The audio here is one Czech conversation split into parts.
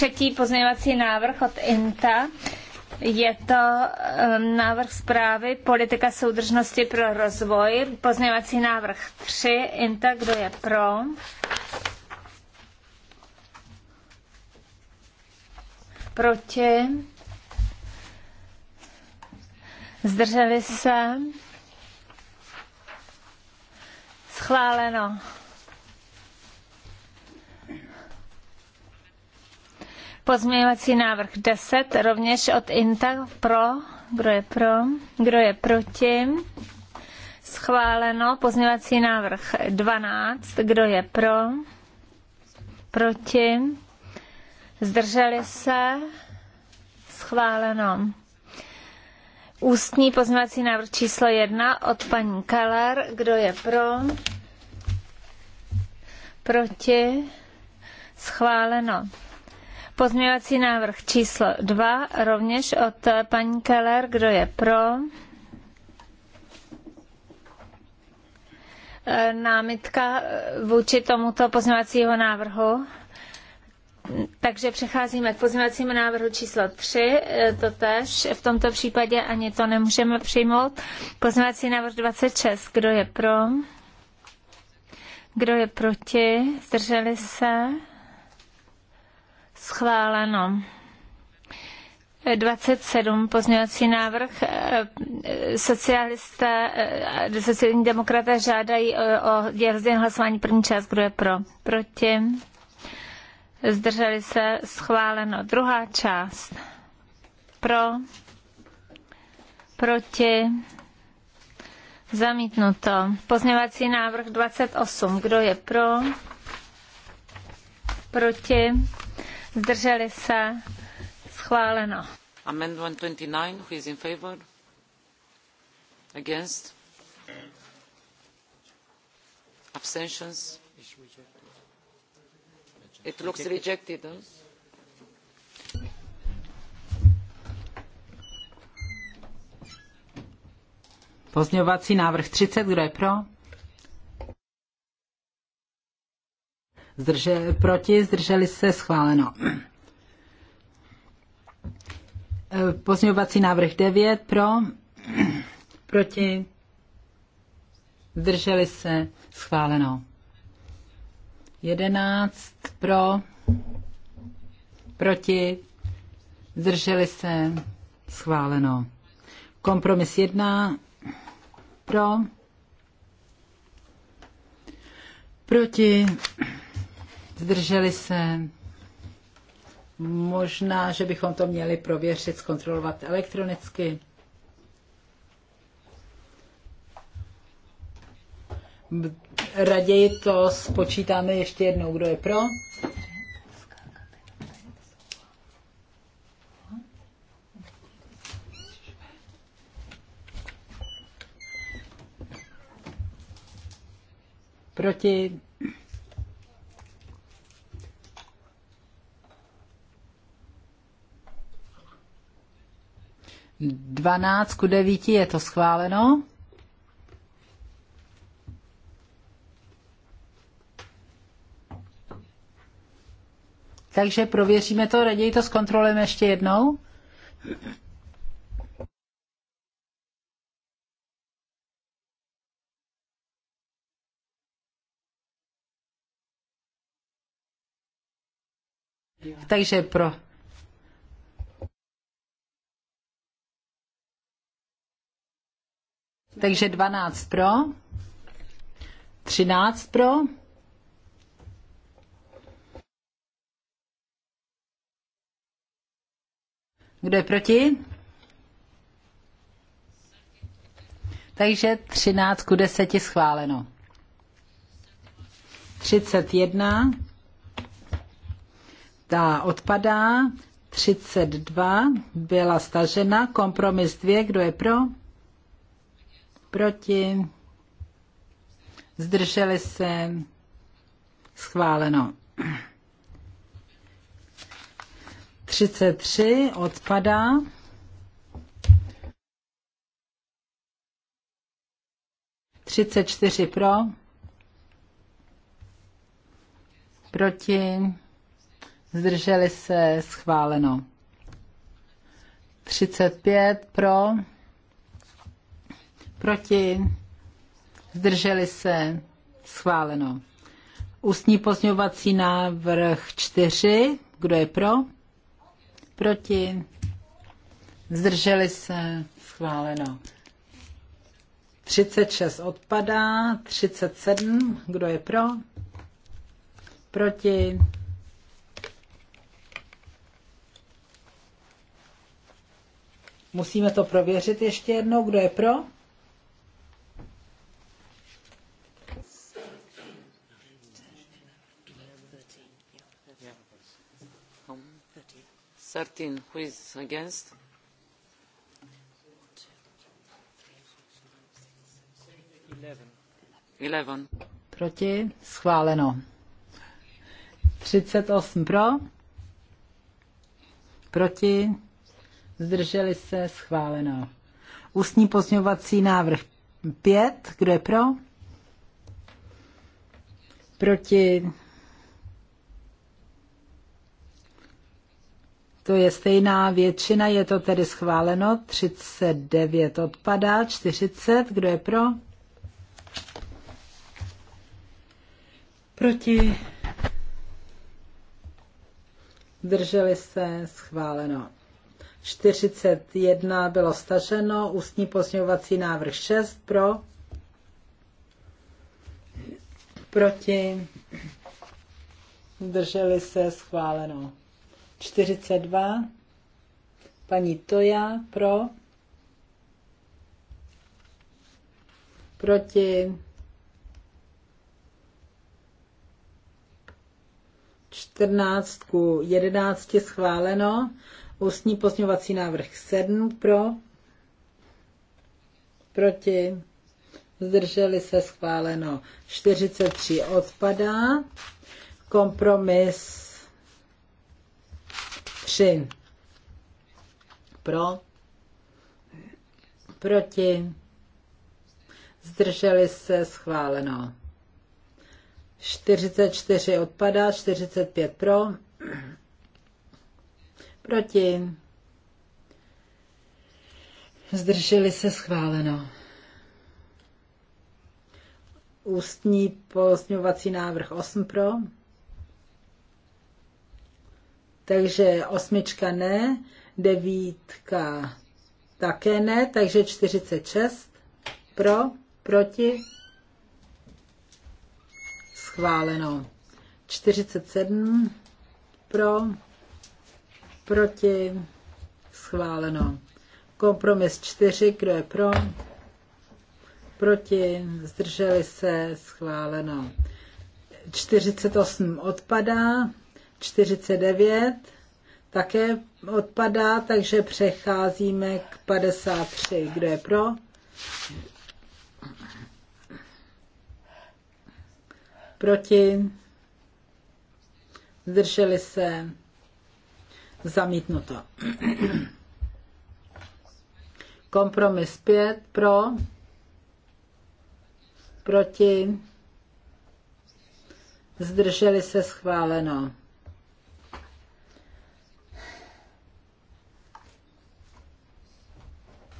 třetí pozměňovací návrh od INTA. Je to um, návrh zprávy Politika soudržnosti pro rozvoj. Pozměňovací návrh 3. INTA, kdo je pro? Proti? Zdrželi se? Schváleno. Pozměňovací návrh 10, rovněž od INTA pro. Kdo je pro? Kdo je proti? Schváleno. Pozměňovací návrh 12. Kdo je pro? Proti? Zdrželi se? Schváleno. Ústní pozměňovací návrh číslo 1 od paní Keller. Kdo je pro? Proti? Schváleno. Pozměňovací návrh číslo 2, rovněž od paní Keller, kdo je pro? E, námitka e, vůči tomuto pozměňovacího návrhu? Takže přecházíme k pozměňovacímu návrhu číslo 3, e, to tež. V tomto případě ani to nemůžeme přijmout. Pozměňovací návrh 26, kdo je pro? Kdo je proti? Zdrželi se? schváleno. 27 pozměňovací návrh. Eh, Socialisté, eh, sociální demokraté žádají eh, o dělzděn hlasování první část, kdo je pro. Proti. Zdrželi se schváleno. Druhá část. Pro. Proti. Zamítnuto. Pozměňovací návrh 28. Kdo je pro? Proti zdrželi se, schváleno. Amendment 29, who is in favor? Against? Abstentions? It looks rejected. Huh? Pozměňovací návrh 30, kdo je pro? zdrže, proti, zdrželi se, schváleno. Pozměňovací návrh 9 pro, proti, zdrželi se, schváleno. 11 pro, proti, zdrželi se, schváleno. Kompromis 1 pro, proti, zdrželi se. Možná, že bychom to měli prověřit, zkontrolovat elektronicky. Raději to spočítáme ještě jednou, kdo je pro. Proti 12 ku 9 je to schváleno. Takže prověříme to, raději to zkontrolujeme ještě jednou. Takže pro Takže 12 pro. 13 pro. Kdo je proti? Takže 13 ku 10 schváleno. 31. Ta odpadá. 32 byla stažena. Kompromis 2. Kdo je pro? proti, zdrželi se, schváleno. 33 odpadá. Třicet čtyři pro, proti, zdrželi se, schváleno. Třicet pět pro, Proti? Zdrželi se? Schváleno. Ústní pozňovací návrh 4. Kdo je pro? Proti? Zdrželi se? Schváleno. 36 odpadá, 37, kdo je pro? Proti? Musíme to prověřit ještě jednou, kdo je pro? 13 who is against Eleven. Proti? Schváleno. 38 pro. Proti? Zdrželi se? Schváleno. Ústní pozměňovací návrh 5. Kdo je pro? Proti? To je stejná většina, je to tedy schváleno. 39 odpadá, 40, kdo je pro? Proti? Zdrželi se, schváleno. 41 bylo staženo, ústní pozměňovací návrh 6 pro, proti, zdrželi se, schváleno. 42. Paní Toja pro. Proti. Čtrnáctku, jedenácti schváleno. Ústní pozměňovací návrh sedm pro. Proti. Zdrželi se schváleno. 43 odpadá. Kompromis 3. Pro, proti, zdrželi se, schváleno. 44 odpadá, 45 pro, proti, zdrželi se, schváleno. Ústní pozměňovací návrh 8 pro, takže osmička ne, devítka také ne, takže 46 pro, proti, schváleno. 47 pro, proti, schváleno. Kompromis 4, kdo je pro, proti, zdrželi se, schváleno. 48 odpadá, 49 také odpadá, takže přecházíme k 53. Kdo je pro? Proti? Zdrželi se? Zamítnuto. Kompromis 5 pro? Proti? Zdrželi se schváleno.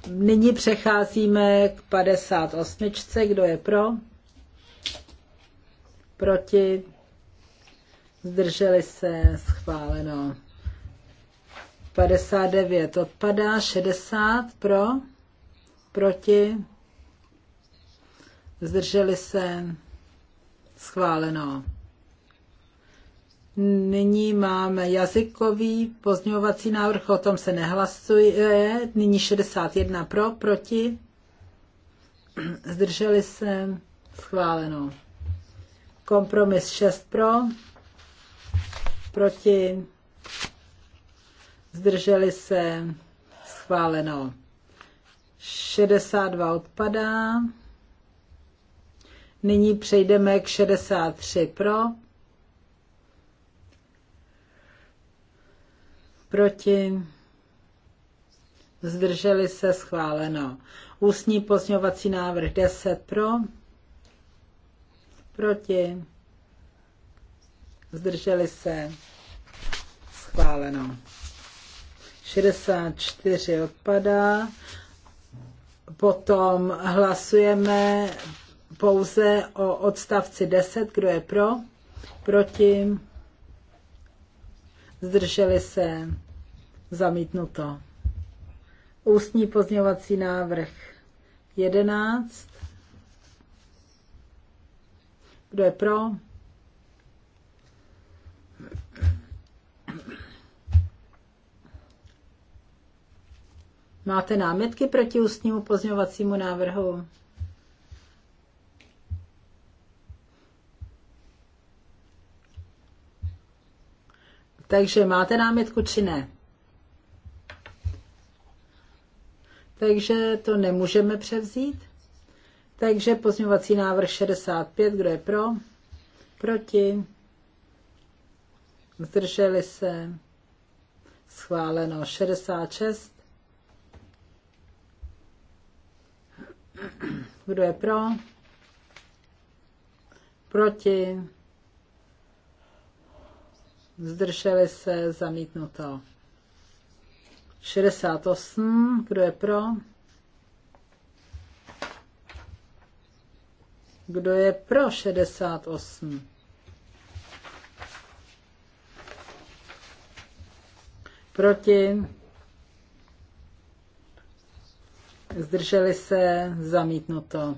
Nyní přecházíme k 58. Kdo je pro? Proti? Zdrželi se? Schváleno. 59 odpadá, 60 pro, proti, zdrželi se, schváleno. Nyní máme jazykový pozměňovací návrh, o tom se nehlasuje. Nyní 61 pro, proti. Zdrželi se. Schváleno. Kompromis 6 pro, proti. Zdrželi se. Schváleno. 62 odpadá. Nyní přejdeme k 63 pro proti, zdrželi se schváleno. Ústní pozňovací návrh 10 pro, proti, zdrželi se schváleno. 64 odpadá. Potom hlasujeme pouze o odstavci 10, kdo je pro, proti, zdrželi se, zamítnuto. Ústní pozměňovací návrh 11. Kdo je pro? Máte námitky proti ústnímu pozměňovacímu návrhu? Takže máte námitku či ne? Takže to nemůžeme převzít. Takže pozměňovací návrh 65, kdo je pro? Proti? Zdrželi se? Schváleno 66. Kdo je pro? Proti? zdrželi se, zamítnuto. 68, kdo je pro? Kdo je pro 68? Proti? Zdrželi se, zamítnuto.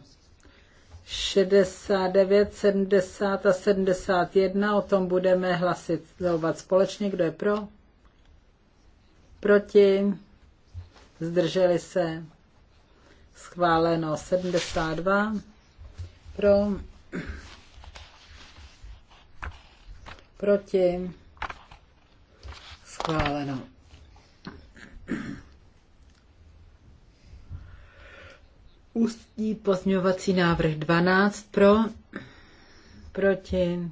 69, 70 a 71. O tom budeme hlasovat společně. Kdo je pro? Proti? Zdrželi se? Schváleno 72. Pro? Proti? Schváleno. Ústní pozměňovací návrh 12 pro, proti,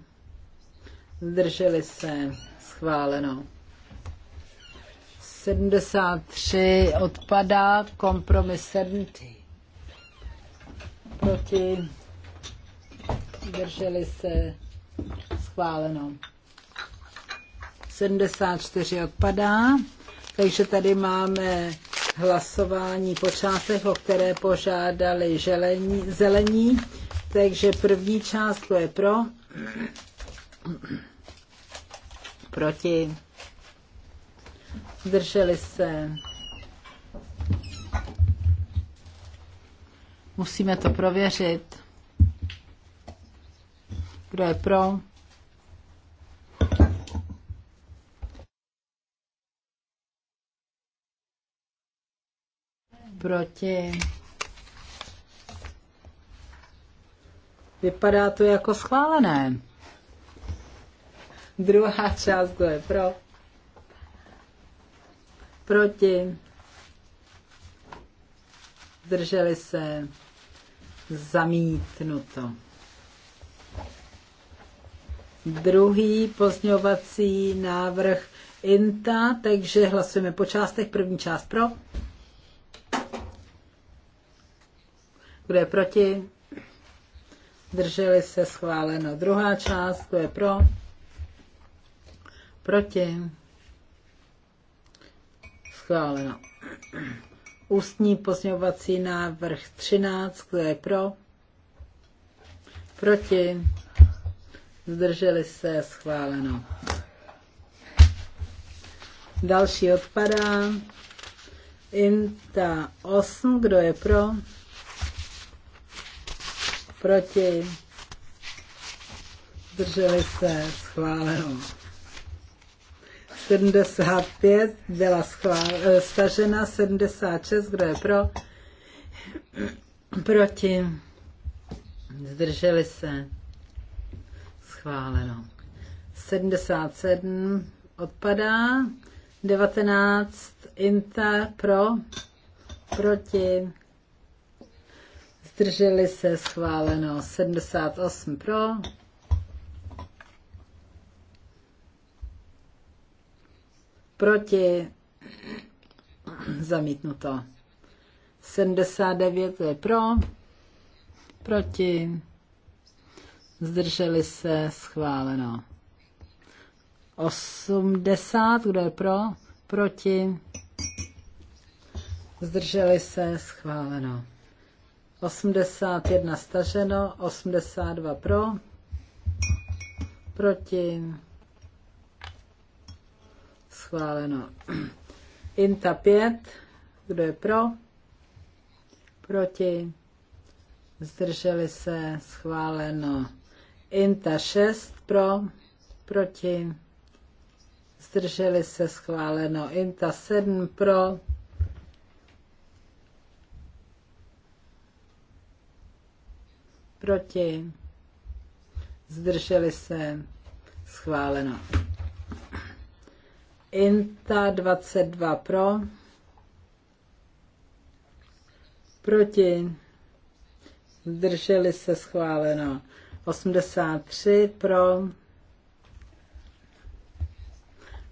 zdrželi se, schváleno. 73 odpadá, kompromis 70. Proti, zdrželi se, schváleno. 74 odpadá, takže tady máme hlasování po částech, o které požádali želení, zelení. Takže první část, to je pro, proti, zdrželi se. Musíme to prověřit. Kdo je pro? Proti. Vypadá to jako schválené. Druhá část, kdo je pro? Proti. Zdrželi se. Zamítnuto. Druhý pozňovací návrh INTA, takže hlasujeme po částech. První část pro Kdo je proti? Drželi se schváleno. Druhá část, kdo je pro? Proti? Schváleno. Ústní pozměňovací návrh 13, kdo je pro? Proti? Zdrželi se schváleno. Další odpadá. Inta 8, kdo je pro? proti, zdrželi se, schváleno. 75 byla schvál, eh, stažena, 76, kdo je pro, proti, zdrželi se, schváleno. 77 odpadá, 19 inta pro, proti, zdrželi se, schváleno 78 pro, proti, zamítnuto. 79 je pro, proti, zdrželi se, schváleno. 80, kdo je pro, proti, zdrželi se, schváleno. 81 staženo, 82 pro, proti, schváleno. Inta 5, kdo je pro, proti, zdrželi se, schváleno. Inta 6 pro, proti, zdrželi se, schváleno. Inta 7 pro, proti. proti, zdrželi se, schváleno. Inta 22 pro, proti, zdrželi se, schváleno. 83 pro,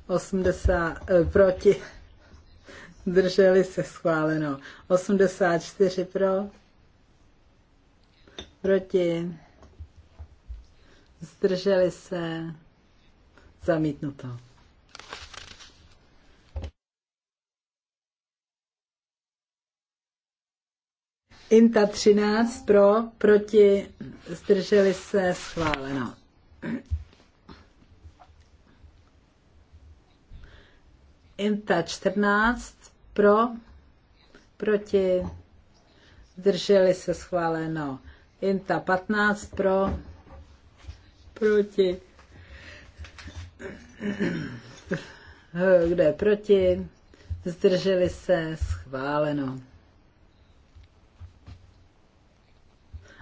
80, eh, proti, zdrželi se, schváleno. 84 pro, Proti. Zdrželi se. Zamítnuto. Inta 13 pro, proti, zdrželi se, schváleno. Inta 14 pro, proti, zdrželi se, schváleno jen ta 15 pro, proti, kdo je proti, zdrželi se, schváleno.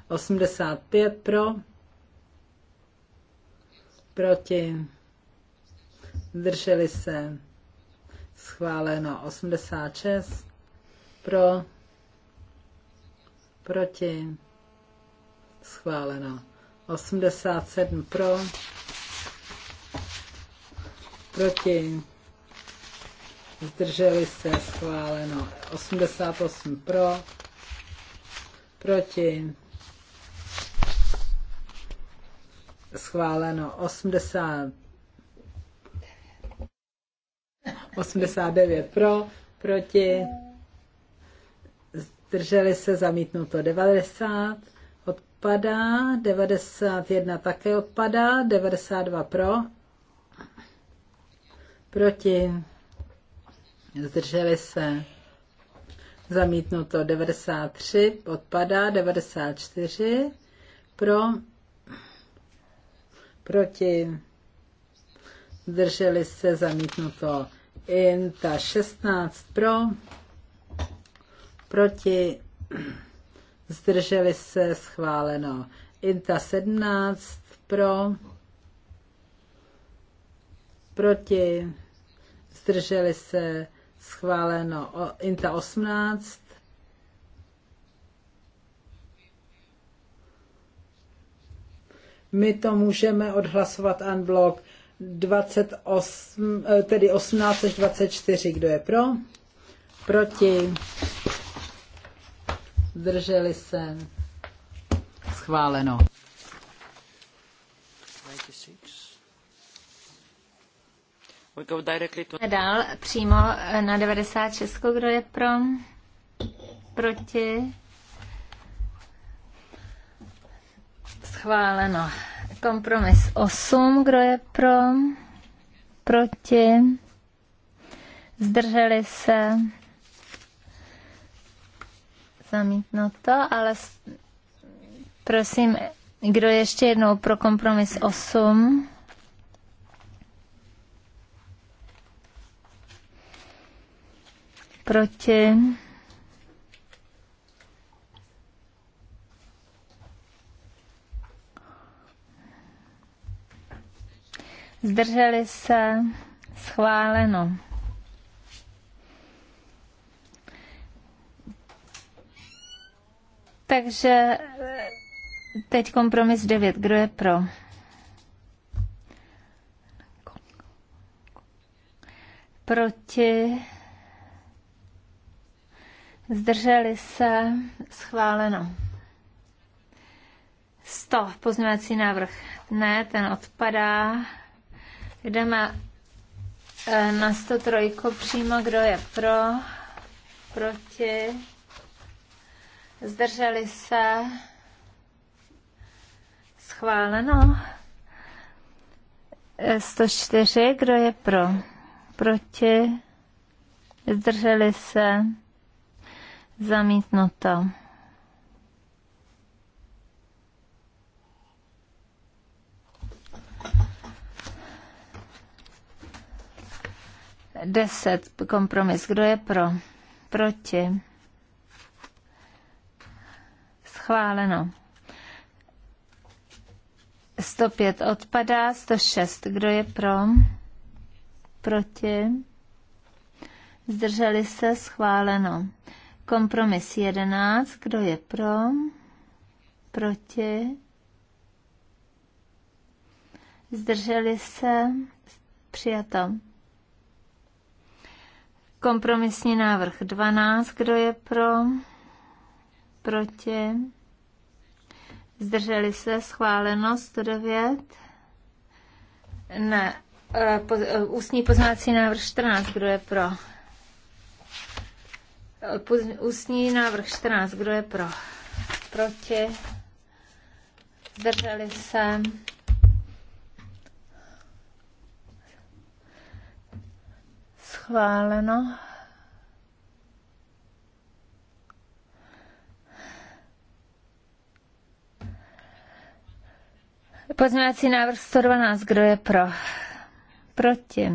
85 pro, proti, zdrželi se, schváleno 86 pro, proti, schváleno. 87 pro, proti, zdrželi se, schváleno. 88 pro, proti, schváleno. 80, 89 pro, proti, zdrželi se, zamítnuto 90 odpadá, 91 také odpadá, 92 pro, proti, zdrželi se, zamítnuto 93, odpadá 94, pro, proti, zdrželi se, zamítnuto ta 16 pro, proti, zdrželi se, schváleno. Inta 17 pro, proti, zdrželi se, schváleno. Inta 18 my to můžeme odhlasovat unblock 28, eh, tedy 18 až 24, kdo je pro, proti, zdrželi se, schváleno. 96. Dál přímo na 96, kdo je pro, proti, schváleno. Kompromis 8, kdo je pro, proti, zdrželi se, Zamítnuto, ale prosím, kdo ještě jednou pro kompromis 8? Proti? Zdrželi se? Schváleno. Takže eh, teď kompromis 9. Kdo je pro? Proti? Zdrželi se? Schváleno. 100. Pozměňovací návrh. Ne, ten odpadá. Jdeme eh, na 103 přímo. Kdo je pro? Proti? zdrželi se, schváleno. 104, kdo je pro? Proti? Zdrželi se? Zamítnuto. Deset, kompromis, kdo je pro? Proti? schváleno. 105 odpadá, 106. Kdo je pro? Proti? Zdrželi se, schváleno. Kompromis 11. Kdo je pro? Proti? Zdrželi se, přijato. Kompromisní návrh 12. Kdo je pro? Proti? zdrželi se, schváleno 109. Ne, e, e, ústní poznávací návrh 14, kdo je pro? E, ústní návrh 14, kdo je pro? Proti? Zdrželi se? Schváleno. Pozměňovací návrh 112, kdo je pro? Proti.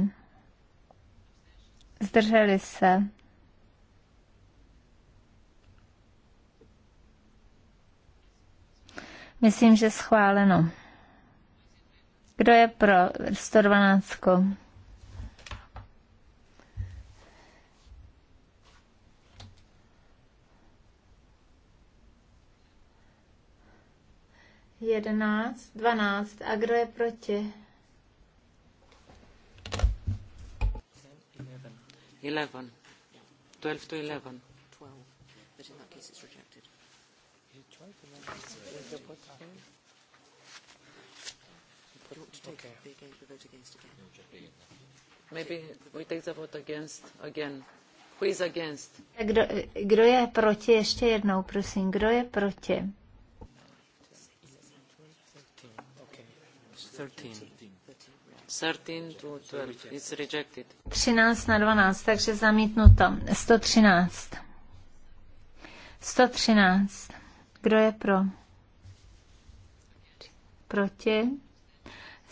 Zdrželi se. Myslím, že schváleno. Kdo je pro 112? 11, 12. A kdo je proti? 11. 12 to 11. 12. But in that case it's rejected. Maybe we take the vote against again. Who is against? Kdo, kdo je proti? Ještě jednou, prosím. Kdo je proti? 13. na 12, takže zamítnuto. 113. 113. Kdo je pro? Proti?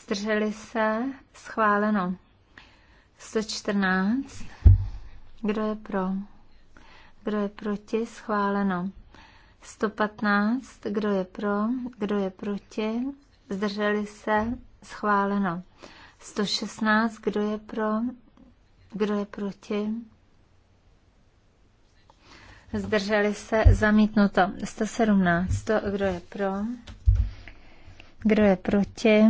Zdrželi se? Schváleno. 114. Kdo je pro? Kdo je proti? Schváleno. 115. Kdo je pro? Kdo je proti? zdrželi se, schváleno. 116, kdo je pro, kdo je proti, zdrželi se, zamítnuto. 117, kdo je pro, kdo je proti,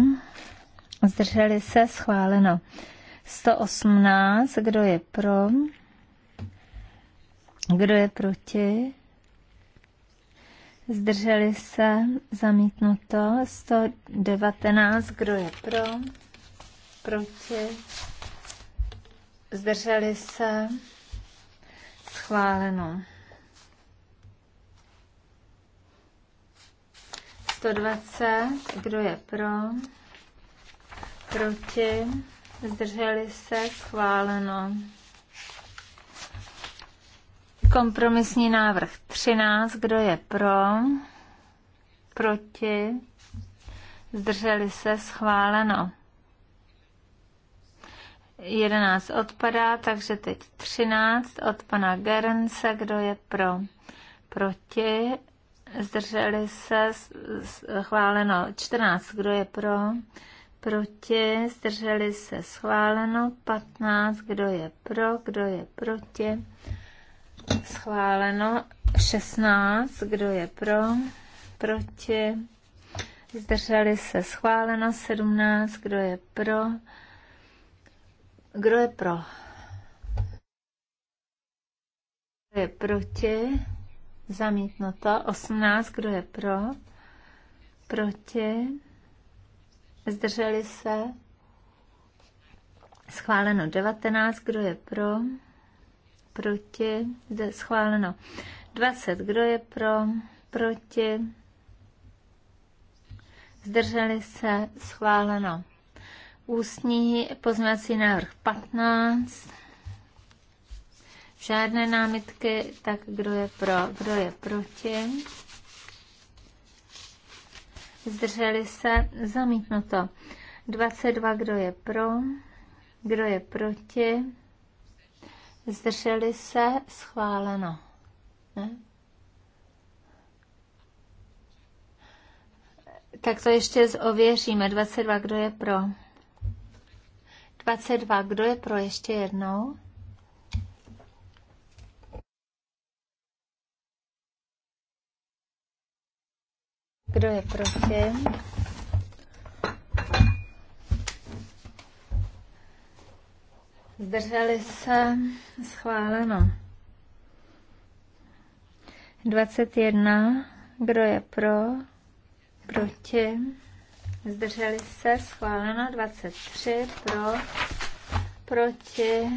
zdrželi se, schváleno. 118, kdo je pro, kdo je proti, zdrželi se, zamítnuto, 119, kdo je pro, proti, zdrželi se, schváleno. 120, kdo je pro, proti, zdrželi se, schváleno. Kompromisní návrh 13. Kdo je pro? Proti? Zdrželi se? Schváleno. 11 odpadá, takže teď 13 od pana Gerence. Kdo je pro? Proti? Zdrželi se? Schváleno. 14. Kdo je pro? Proti? Zdrželi se? Schváleno. 15. Kdo je pro? Kdo je proti? Schváleno 16. Kdo je pro? Proti? Zdrželi se. Schváleno 17. Kdo je pro? Kdo je pro? Kdo je proti? Zamítnuto. 18. Kdo je pro? Proti? Zdrželi se. Schváleno 19. Kdo je pro? proti, schváleno. 20, kdo je pro, proti, zdrželi se, schváleno. Ústní poznací návrh 15, žádné námitky, tak kdo je pro, kdo je proti. Zdrželi se, zamítnuto. 22, kdo je pro, kdo je proti zdrželi se, schváleno. Ne? Tak to ještě ověříme. 22, kdo je pro? 22, kdo je pro ještě jednou? Kdo je proti? Zdrželi se? Schváleno. 21. Kdo je pro? Proti? Zdrželi se? Schváleno. 23. Pro? Proti?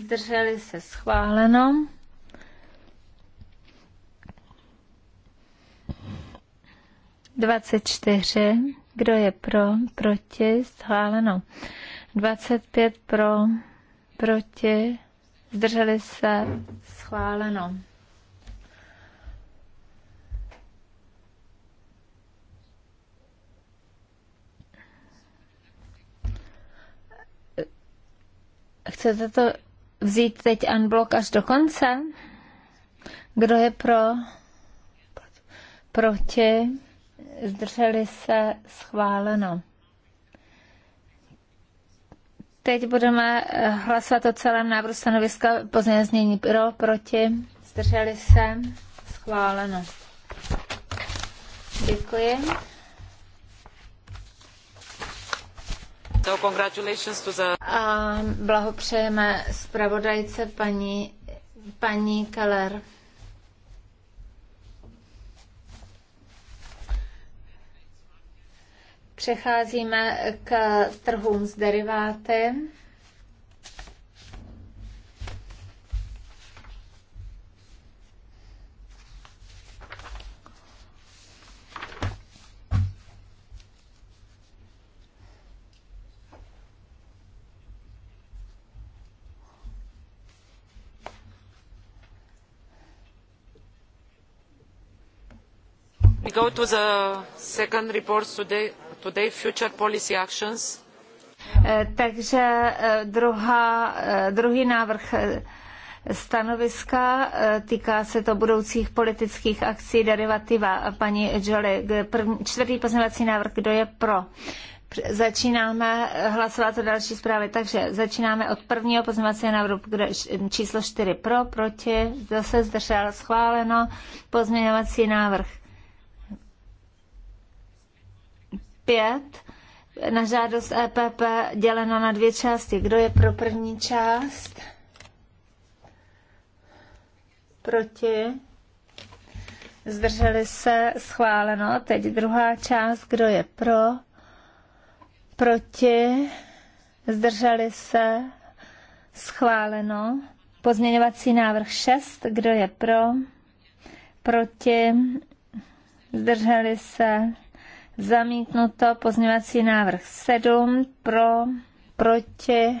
Zdrželi se? Schváleno. Dvacet čtyři. Kdo je pro? Proti? Schváleno. 25 pro, proti, zdrželi se, schváleno. Chcete to vzít teď unblock až do konce? Kdo je pro? Proti? Zdrželi se schváleno. Teď budeme eh, hlasovat o celém návrhu stanoviska pozměnění pro, proti, zdrželi se, schváleno. Děkuji. So congratulations to the... A blahopřejeme zpravodajce paní, paní Keller. Přecházíme k trhům s deriváty. go to the second report today today future policy actions. Eh, takže eh, druhá, eh, druhý návrh stanoviska. Týká se to budoucích politických akcí derivativa. Paní Jolie, první, čtvrtý pozměňovací návrh, kdo je pro? Začínáme hlasovat o další zprávy, takže začínáme od prvního pozměňovacího návrhu kde, hm, číslo 4 pro, proti, zase zdržel schváleno, pozměňovací návrh 5 na žádost EPP děleno na dvě části. Kdo je pro první část? Proti? Zdrželi se? Schváleno. Teď druhá část. Kdo je pro? Proti? Zdrželi se? Schváleno. Pozměňovací návrh 6. Kdo je pro? Proti? Zdrželi se? Zamítnuto pozměvací návrh 7 pro, proti.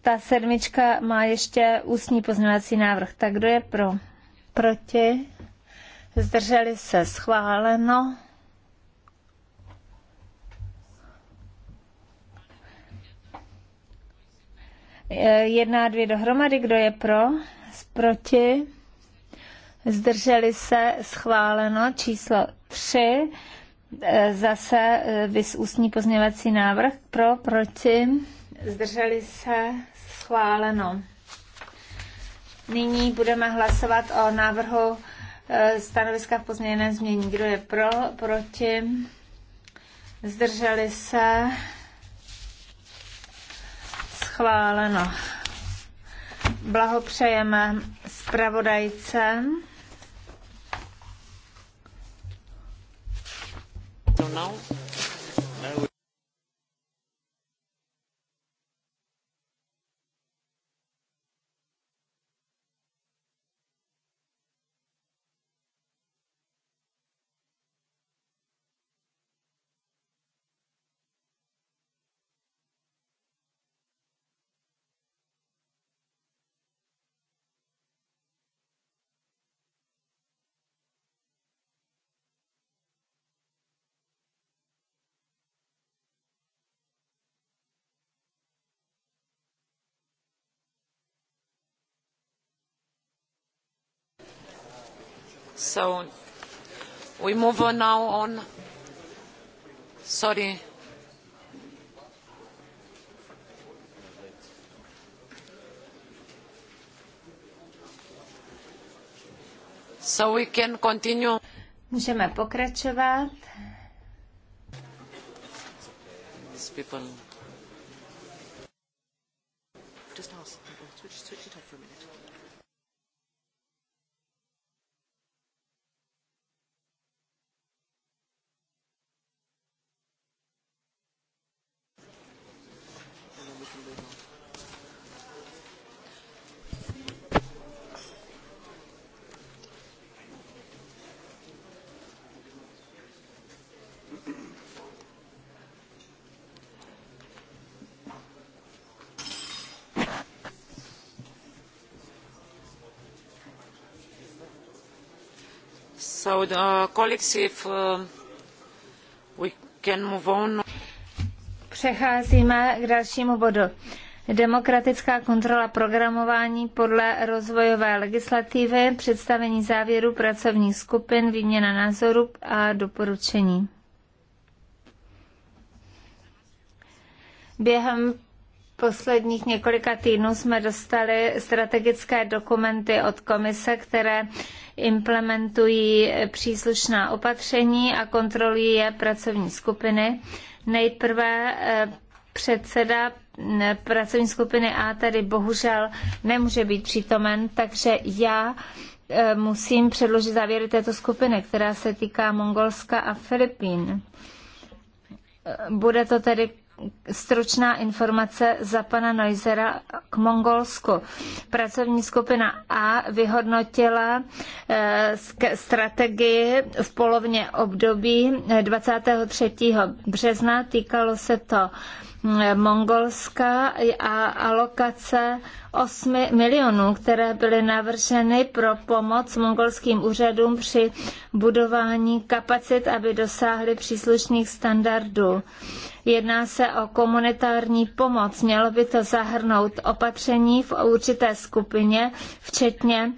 Ta sedmička má ještě ústní pozměvací návrh. Tak kdo je pro? Proti? Zdrželi se schváleno. Jedna a dvě dohromady, kdo je pro? Proti? zdrželi se, schváleno. Číslo 3, e, zase e, vys ústní pozměvací návrh pro, proti, zdrželi se, schváleno. Nyní budeme hlasovat o návrhu e, stanoviska v pozměněném změní. Kdo je pro, proti, zdrželi se, schváleno. Blahopřejeme zpravodajcem. now. So we move on now on. Sorry. So we can continue. Můžeme pokračovat. People. So, uh, colleagues, if uh, we can move on. Přecházíme k dalšímu bodu. Demokratická kontrola programování podle rozvojové legislativy, představení závěru pracovních skupin, výměna názorů a doporučení. Během posledních několika týdnů jsme dostali strategické dokumenty od komise, které implementují příslušná opatření a kontrolují je pracovní skupiny. Nejprve eh, předseda eh, pracovní skupiny A tady bohužel nemůže být přítomen, takže já eh, musím předložit závěry této skupiny, která se týká Mongolska a Filipín. Bude to tedy stručná informace za pana Neusera k Mongolsku. Pracovní skupina A vyhodnotila eh, strategii v polovně období 23. Eh, března. Týkalo se to Mongolska a alokace 8 milionů, které byly navrženy pro pomoc mongolským úřadům při budování kapacit, aby dosáhly příslušných standardů. Jedná se o komunitární pomoc. Mělo by to zahrnout opatření v určité skupině, včetně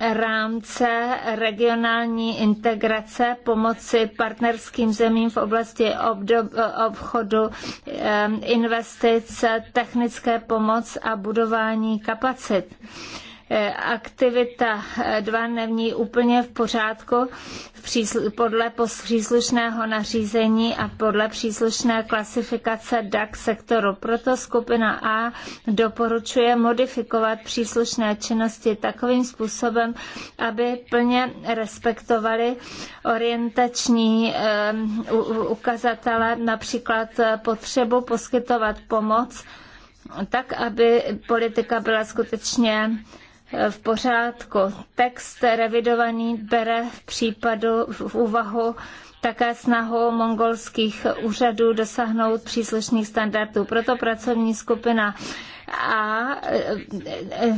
rámce regionální integrace, pomoci partnerským zemím v oblasti obchodu, eh, investic, technické pomoc a budování kapacit aktivita 2 eh, není úplně v pořádku podle příslušného nařízení a podle příslušné klasifikace DAC sektoru. Proto skupina A doporučuje modifikovat příslušné činnosti takovým způsobem, aby plně respektovali orientační eh, ukazatele, například eh, potřebu poskytovat pomoc, tak, aby politika byla skutečně v pořádku. Text revidovaný bere v případu v úvahu také snahu mongolských úřadů dosáhnout příslušných standardů. Proto pracovní skupina a e, e,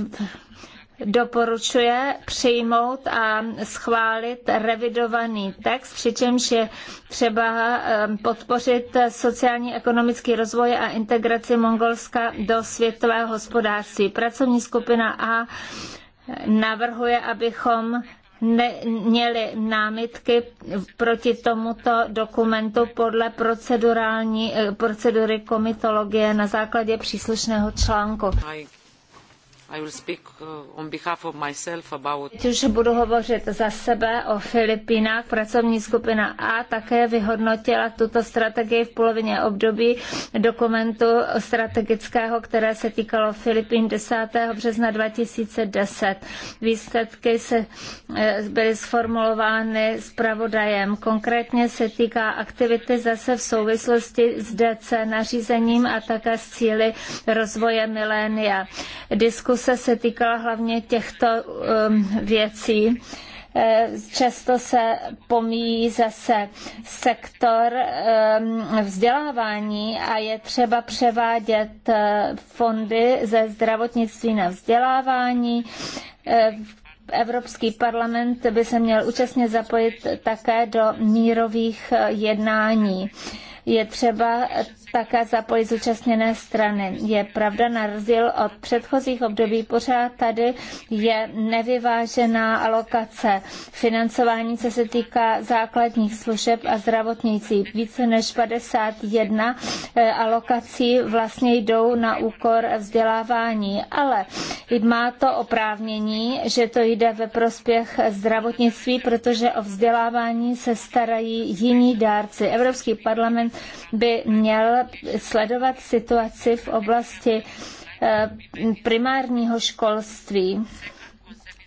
doporučuje přijmout a schválit revidovaný text, přičemž je třeba eh, podpořit sociální ekonomický rozvoj a integraci Mongolska do světového hospodářství. Pracovní skupina A navrhuje, abychom měli námitky proti tomuto dokumentu podle procedurální, eh, procedury komitologie na základě příslušného článku. I Teď už uh, budu hovořit za sebe o Filipínách. Pracovní skupina A také vyhodnotila tuto strategii v polovině období dokumentu strategického, které se týkalo Filipín 10. března 2010. Výsledky se eh, byly sformulovány zpravodajem. Konkrétně se týká aktivity zase v souvislosti s DC nařízením a také s cíly rozvoje milénia. Diskus diskuse se týkala hlavně těchto um, věcí eh, často se pomíjí zase sektor um, vzdělávání a je třeba převádět eh, fondy ze zdravotnictví na vzdělávání. Eh, Evropský parlament by se měl účastně zapojit také do mírových jednání je třeba také zapojit zúčastněné strany. Je pravda, na rozdíl od předchozích období pořád tady je nevyvážená alokace financování, co se týká základních služeb a zdravotnící, Více než 51 eh, alokací vlastně jdou na úkor vzdělávání, ale má to oprávnění, že to jde ve prospěch zdravotnictví, protože o vzdělávání se starají jiní dárci. Evropský parlament by měl sledovat situaci v oblasti eh, primárního školství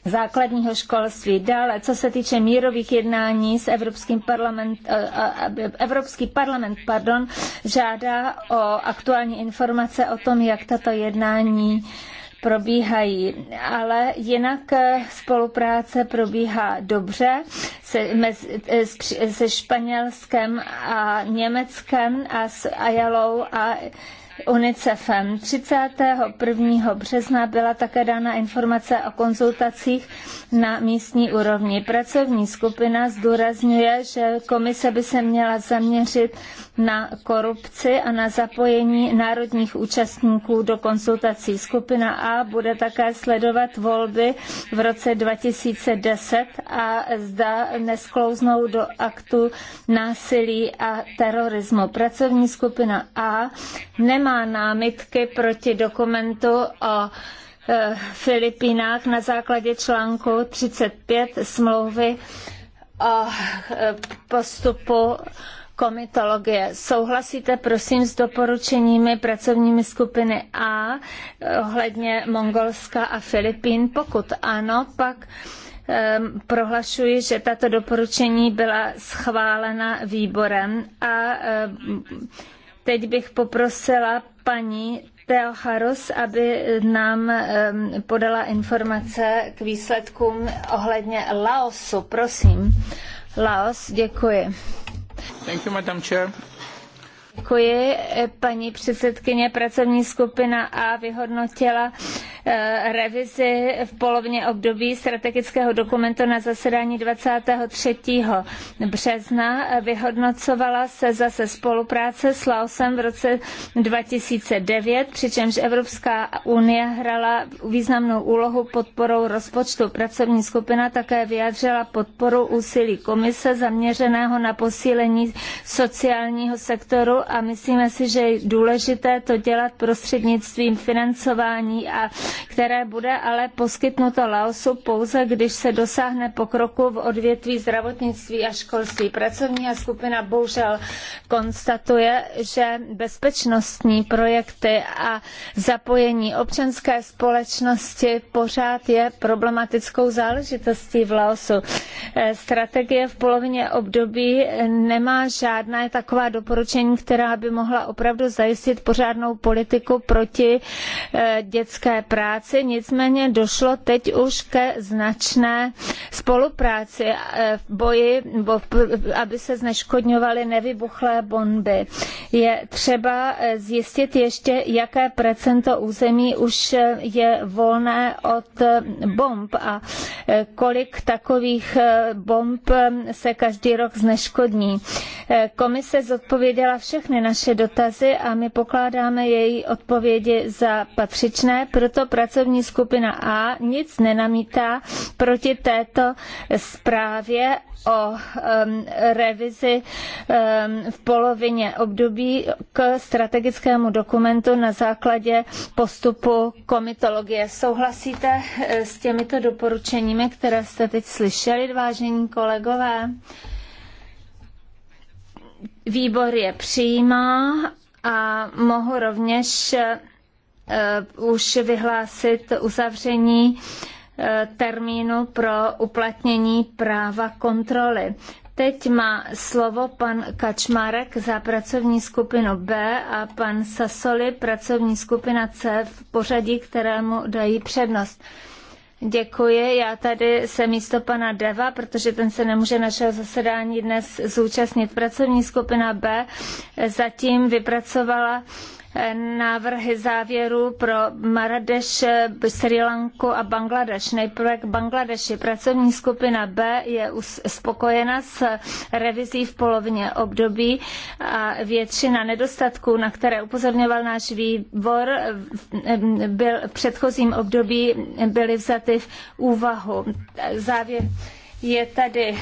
základního školství. Dále, co se týče mírových jednání s Evropským parlament, eh, eh, Evropský parlament pardon, žádá o aktuální informace o tom, jak tato jednání probíhají, ale jinak eh, spolupráce probíhá dobře se, mez, eh, se Španělskem a Německem a s Ajalou a UNICEFem. 31. března byla také dána informace o konzultacích na místní úrovni. Pracovní skupina zdůrazňuje, že komise by se měla zaměřit na korupci a na zapojení národních účastníků do konzultací. Skupina A bude také sledovat volby v roce 2010 a zda nesklouznou do aktu násilí a terorismu. Pracovní skupina A nemá nemá námitky proti dokumentu o e, Filipínách na základě článku 35 smlouvy o e, postupu komitologie. Souhlasíte prosím s doporučeními pracovními skupiny A e, ohledně Mongolska a Filipín? Pokud ano, pak prohlašuji, že tato doporučení byla schválena výborem a Teď bych poprosila paní Teo Harus, aby nám podala informace k výsledkům ohledně Laosu. Prosím. Laos, děkuji. Thank you, Madam Chair. Děkuji, paní předsedkyně. Pracovní skupina A vyhodnotila eh, revizi v polovině období strategického dokumentu na zasedání 23. března. Vyhodnocovala se zase spolupráce s Laosem v roce 2009, přičemž Evropská unie hrála významnou úlohu podporou rozpočtu. Pracovní skupina také vyjádřila podporu úsilí komise zaměřeného na posílení sociálního sektoru a myslíme si, že je důležité to dělat prostřednictvím financování, a které bude ale poskytnuto Laosu pouze, když se dosáhne pokroku v odvětví zdravotnictví a školství. Pracovní skupina bohužel konstatuje, že bezpečnostní projekty a zapojení občanské společnosti pořád je problematickou záležitostí v Laosu. Eh, strategie v polovině období nemá žádná taková doporučení, která která by mohla opravdu zajistit pořádnou politiku proti eh, dětské práci. Nicméně došlo teď už ke značné spolupráci eh, v boji, aby se zneškodňovaly nevybuchlé bomby. Je třeba eh, zjistit ještě, jaké procento území už je volné od bomb a kolik takových bomb se každý rok zneškodní. Komise zodpověděla všech všechny naše dotazy a my pokládáme její odpovědi za patřičné, proto pracovní skupina A nic nenamítá proti této zprávě o um, revizi um, v polovině období k strategickému dokumentu na základě postupu komitologie. Souhlasíte eh, s těmito doporučeními, které jste teď slyšeli, vážení kolegové? výbor je přijímá a mohu rovněž e, už vyhlásit uzavření e, termínu pro uplatnění práva kontroly. Teď má slovo pan Kačmarek za pracovní skupinu B a pan Sasoli pracovní skupina C v pořadí, kterému dají přednost. Děkuji. Já tady jsem místo pana Deva, protože ten se nemůže našeho zasedání dnes zúčastnit. Pracovní skupina B zatím vypracovala návrhy závěrů pro Maradeš, Sri Lanku a Bangladeš. Nejprve k Bangladeši. Pracovní skupina B je spokojena s revizí v polovině období a většina nedostatků, na které upozorňoval náš výbor, byl v předchozím období byly vzaty v úvahu. Závěr je tady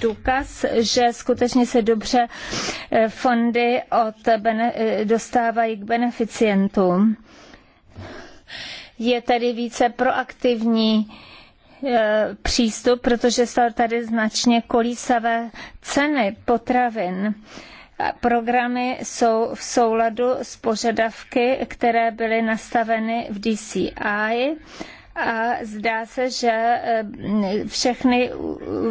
důkaz, že skutečně se dobře e, fondy od e, dostávají k beneficientům. Je tady více proaktivní e, přístup, protože jsou tady značně kolísavé ceny potravin. Programy jsou v souladu s požadavky, které byly nastaveny v DCI a zdá se, že eh, všechny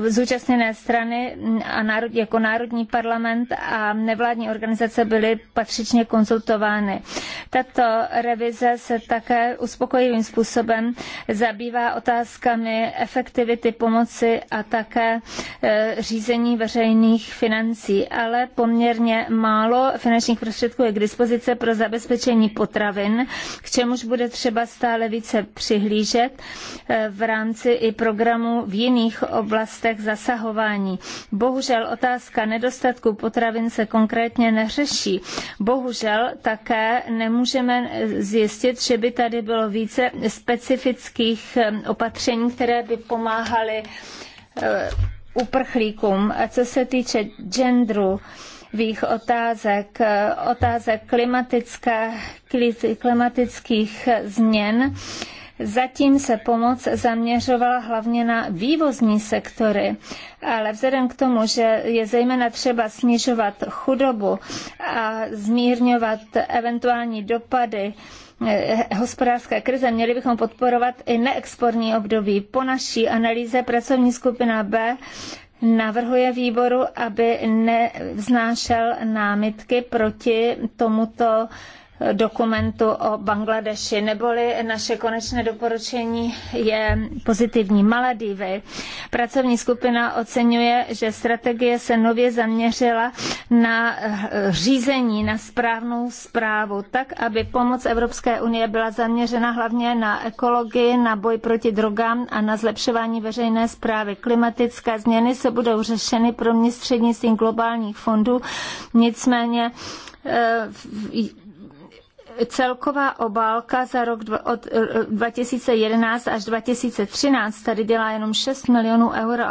zúčastněné strany a národ, jako Národní parlament a nevládní organizace byly patřičně konzultovány. Tato revize se také uspokojivým způsobem zabývá otázkami efektivity pomoci a také eh, řízení veřejných financí, ale poměrně málo finančních prostředků je k dispozici pro zabezpečení potravin, k čemuž bude třeba stále více přihlížet rozpočet eh, v rámci i programu v jiných oblastech zasahování. Bohužel otázka nedostatku potravin se konkrétně neřeší. Bohužel také nemůžeme zjistit, že by tady bylo více specifických eh, opatření, které by pomáhaly eh, uprchlíkům. A co se týče genderu, otázek, otázek klimatické, klimatických změn, Zatím se pomoc zaměřovala hlavně na vývozní sektory, ale vzhledem k tomu, že je zejména třeba snižovat chudobu a zmírňovat eventuální dopady eh, hospodářské krize, měli bychom podporovat i neexportní období. Po naší analýze pracovní skupina B navrhuje výboru, aby nevznášel námitky proti tomuto dokumentu o Bangladeši, neboli naše konečné doporučení je pozitivní. Maledivy. Pracovní skupina oceňuje, že strategie se nově zaměřila na řízení, na správnou správu, tak, aby pomoc Evropské unie byla zaměřena hlavně na ekologii, na boj proti drogám a na zlepšování veřejné správy. Klimatické změny se budou řešeny pro prostřednictvím globálních fondů, nicméně eh, celková obálka za rok od 2011 eh, až 2013 tady dělá jenom 6 milionů euro.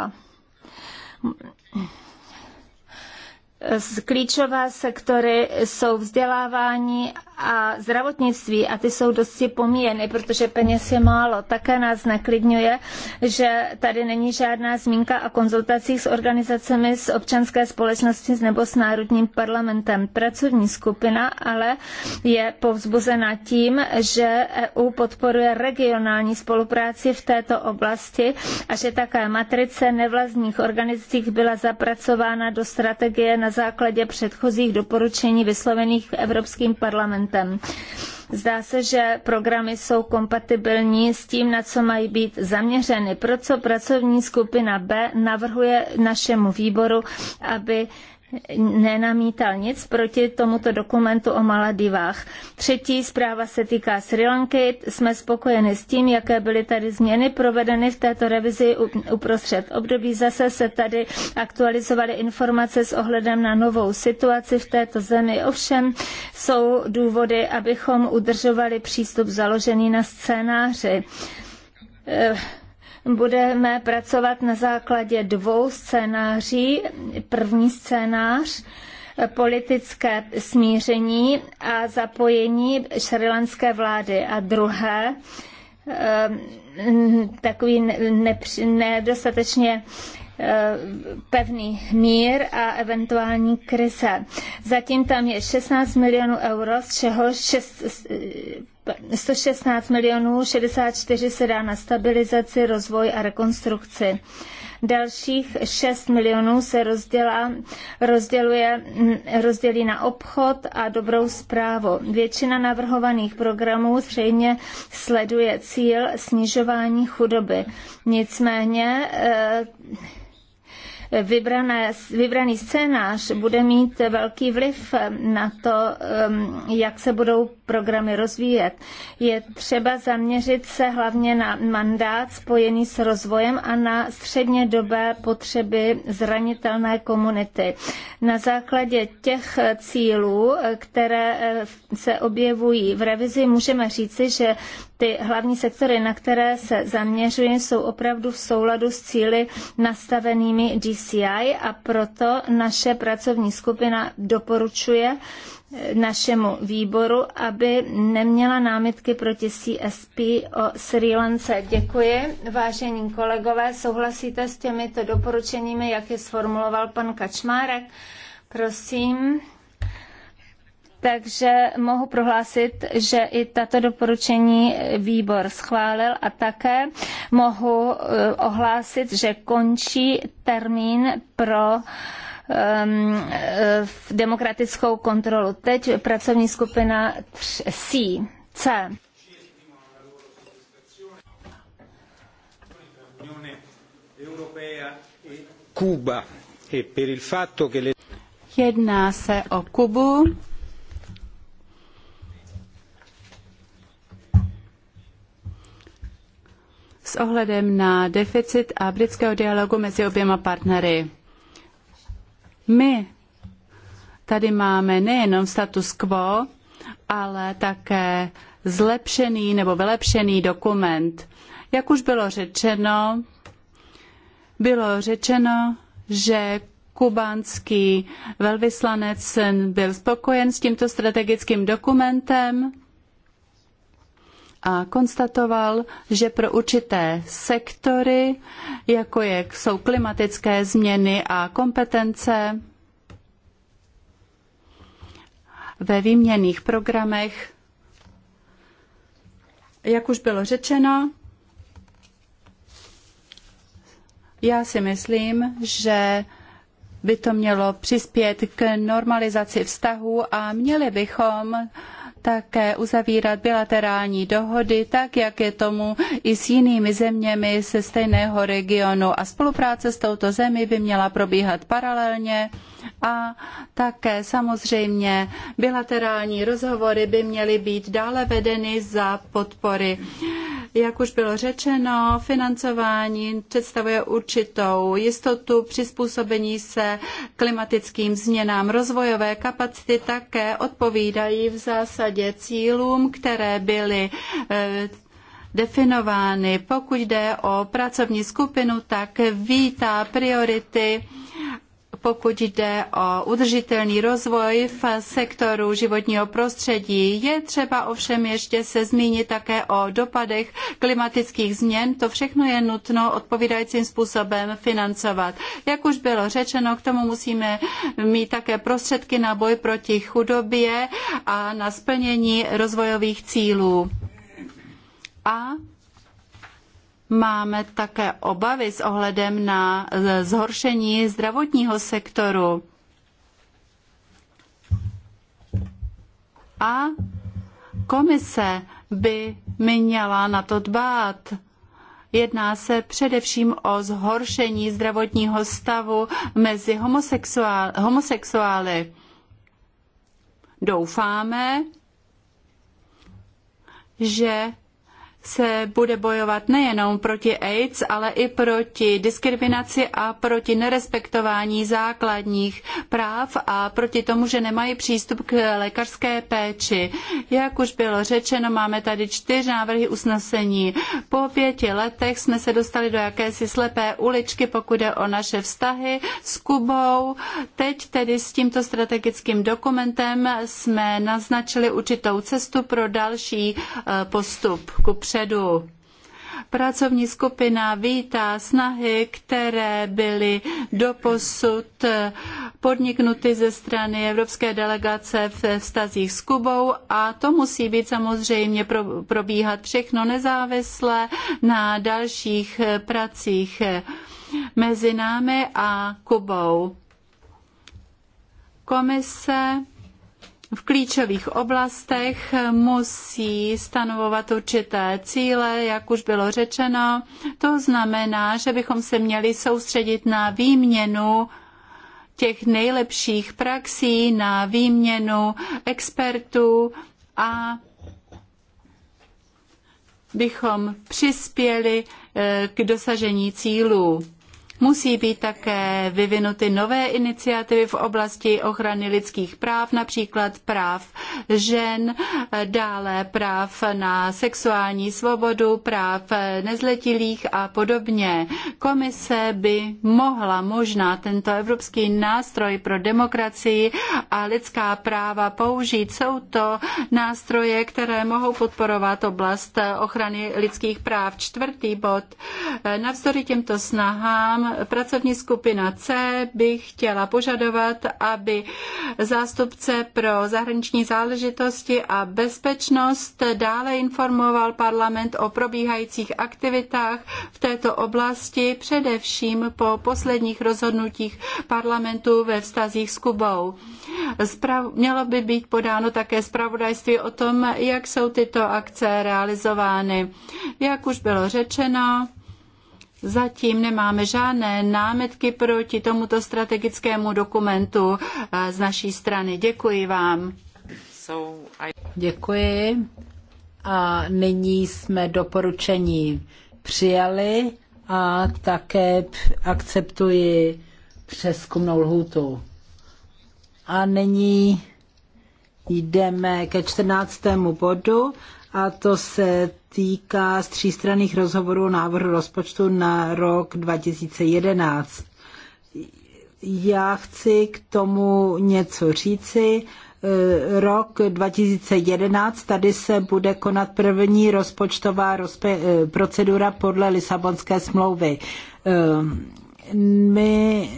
Klíčové sektory jsou vzdělávání a zdravotnictví a ty jsou dosti pomíjeny, protože peněz je málo. Také nás naklidňuje, že tady není žádná zmínka o konzultacích s organizacemi z občanské společnosti nebo s Národním parlamentem. Pracovní skupina ale je povzbuzena tím, že EU podporuje regionální spolupráci v této oblasti a že také matrice nevlastních organizací byla zapracována do strategie na základě předchozích doporučení vyslovených Evropským parlamentem parlamentem. Zdá se, že programy jsou kompatibilní s tím, na co mají být zaměřeny. Proto pracovní skupina B navrhuje našemu výboru, aby nenamítal nic proti tomuto dokumentu o Maladivách. Třetí zpráva se týká Sri Lanky. Jsme spokojeni s tím, jaké byly tady změny provedeny v této revizi uprostřed období. Zase se tady aktualizovaly informace s ohledem na novou situaci v této zemi. Ovšem jsou důvody, abychom udržovali přístup založený na scénáři eh, budeme pracovat na základě dvou scénáří. První scénář politické smíření a zapojení šrilanské vlády a druhé eh, takový nedostatečně eh, pevný mír a eventuální krize. Zatím tam je 16 milionů euro, z čehož 6, 116 milionů, 64 se dá na stabilizaci, rozvoj a rekonstrukci. Dalších 6 milionů se rozděluje, rozdělí na obchod a dobrou zprávu. Většina navrhovaných programů zřejmě sleduje cíl snižování chudoby. Nicméně eh, vybrané, vybraný scénář bude mít velký vliv na to, um, jak se budou programy rozvíjet. Je třeba zaměřit se hlavně na mandát spojený s rozvojem a na středně dobé potřeby zranitelné komunity. Na základě těch cílů, které eh, se objevují v revizi, můžeme říci, že ty hlavní sektory, na které se zaměřují, jsou opravdu v souladu s cíly nastavenými DC DCI a proto naše pracovní skupina doporučuje eh, našemu výboru, aby neměla námitky proti CSP o Sri Lance. Děkuji. Vážení kolegové, souhlasíte s těmito doporučeními, jak je sformuloval pan Kačmárek? Prosím. Takže mohu prohlásit, že i tato doporučení výbor schválil a také mohu eh, ohlásit, že končí termín pro ehm, eh, demokratickou kontrolu. Teď pracovní skupina C. C. E Jedná se o Kubu s ohledem na deficit a britského dialogu mezi oběma partnery. My tady máme nejenom status quo, ale také zlepšený nebo vylepšený dokument. Jak už bylo řečeno, bylo řečeno, že kubánský velvyslanec byl spokojen s tímto strategickým dokumentem a konstatoval, že pro určité sektory, jako je, jsou klimatické změny a kompetence, ve výměných programech, jak už bylo řečeno, já si myslím, že by to mělo přispět k normalizaci vztahů a měli bychom také uzavírat bilaterální dohody, tak jak je tomu i s jinými zeměmi ze stejného regionu. A spolupráce s touto zemí by měla probíhat paralelně. A také samozřejmě bilaterální rozhovory by měly být dále vedeny za podpory. Jak už bylo řečeno, financování představuje určitou jistotu přizpůsobení se klimatickým změnám. Rozvojové kapacity také odpovídají v zásadě cílům, které byly eh, definovány. Pokud jde o pracovní skupinu, tak vítá priority pokud jde o udržitelný rozvoj v sektoru životního prostředí. Je třeba ovšem ještě se zmínit také o dopadech klimatických změn. To všechno je nutno odpovídajícím způsobem financovat. Jak už bylo řečeno, k tomu musíme mít také prostředky na boj proti chudobě a na splnění rozvojových cílů. A Máme také obavy s ohledem na zhoršení zdravotního sektoru. A komise by měla na to dbát. Jedná se především o zhoršení zdravotního stavu mezi homosexuál, homosexuály. Doufáme, že se bude bojovat nejenom proti AIDS, ale i proti diskriminaci a proti nerespektování základních práv a proti tomu, že nemají přístup k lékařské péči. Jak už bylo řečeno, máme tady čtyři návrhy usnesení. Po pěti letech jsme se dostali do jakési slepé uličky, pokud je o naše vztahy s Kubou. Teď tedy s tímto strategickým dokumentem jsme naznačili určitou cestu pro další eh, postup kupředu předu. Pracovní skupina vítá snahy, které byly doposud podniknuty ze strany Evropské delegace v vztazích s Kubou a to musí být samozřejmě probíhat všechno nezávisle na dalších pracích mezi námi a Kubou. Komise v klíčových oblastech musí stanovovat určité cíle, jak už bylo řečeno. To znamená, že bychom se měli soustředit na výměnu těch nejlepších praxí, na výměnu expertů a bychom přispěli eh, k dosažení cílů. Musí být také vyvinuty nové iniciativy v oblasti ochrany lidských práv, například práv žen, dále práv na sexuální svobodu, práv nezletilých a podobně. Komise by mohla možná tento evropský nástroj pro demokracii a lidská práva použít. Jsou to nástroje, které mohou podporovat oblast ochrany lidských práv. Čtvrtý bod. Navzdory těmto snahám pracovní skupina C by chtěla požadovat, aby zástupce pro zahraniční záležitosti a bezpečnost dále informoval parlament o probíhajících aktivitách v této oblasti, především po posledních rozhodnutích parlamentu ve vztazích s Kubou. Sprav- mělo by být podáno také zpravodajství o tom, jak jsou tyto akce realizovány. Jak už bylo řečeno, Zatím nemáme žádné námetky proti tomuto strategickému dokumentu eh, z naší strany. Děkuji vám. Děkuji. A nyní jsme doporučení přijali a také akceptuji přeskumnou lhůtu. A nyní jdeme ke čtrnáctému bodu a to se týká z třístranných rozhovorů návrhu rozpočtu na rok 2011. Já chci k tomu něco říci. Eh, rok 2011, tady se bude konat první rozpočtová eh, procedura podle Lisabonské smlouvy. Eh, my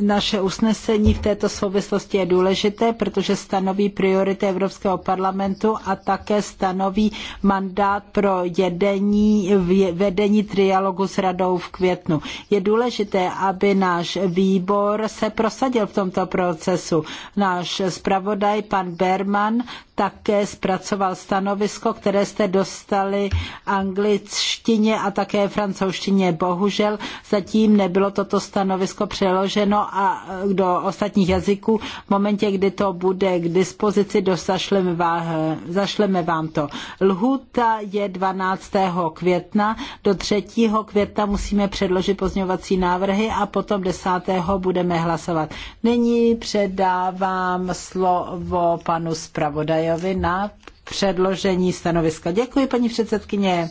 naše usnesení v této souvislosti je důležité, protože stanoví priority Evropského parlamentu a také stanoví mandát pro jedení, vedení trialogu s radou v květnu. Je důležité, aby náš výbor se prosadil v tomto procesu. Náš zpravodaj, pan Berman, také zpracoval stanovisko, které jste dostali angličtině a také francouzštině. Bohužel zatím nebylo toto stanovisko přeloženo a do ostatních jazyků. V momentě, kdy to bude k dispozici, dosašleme vám, zašleme vám to. Lhuta je 12. května. Do 3. května musíme předložit pozměňovací návrhy a potom 10. budeme hlasovat. Nyní předávám slovo panu zpravodaji zpravodajovi na předložení stanoviska. Děkuji, paní předsedkyně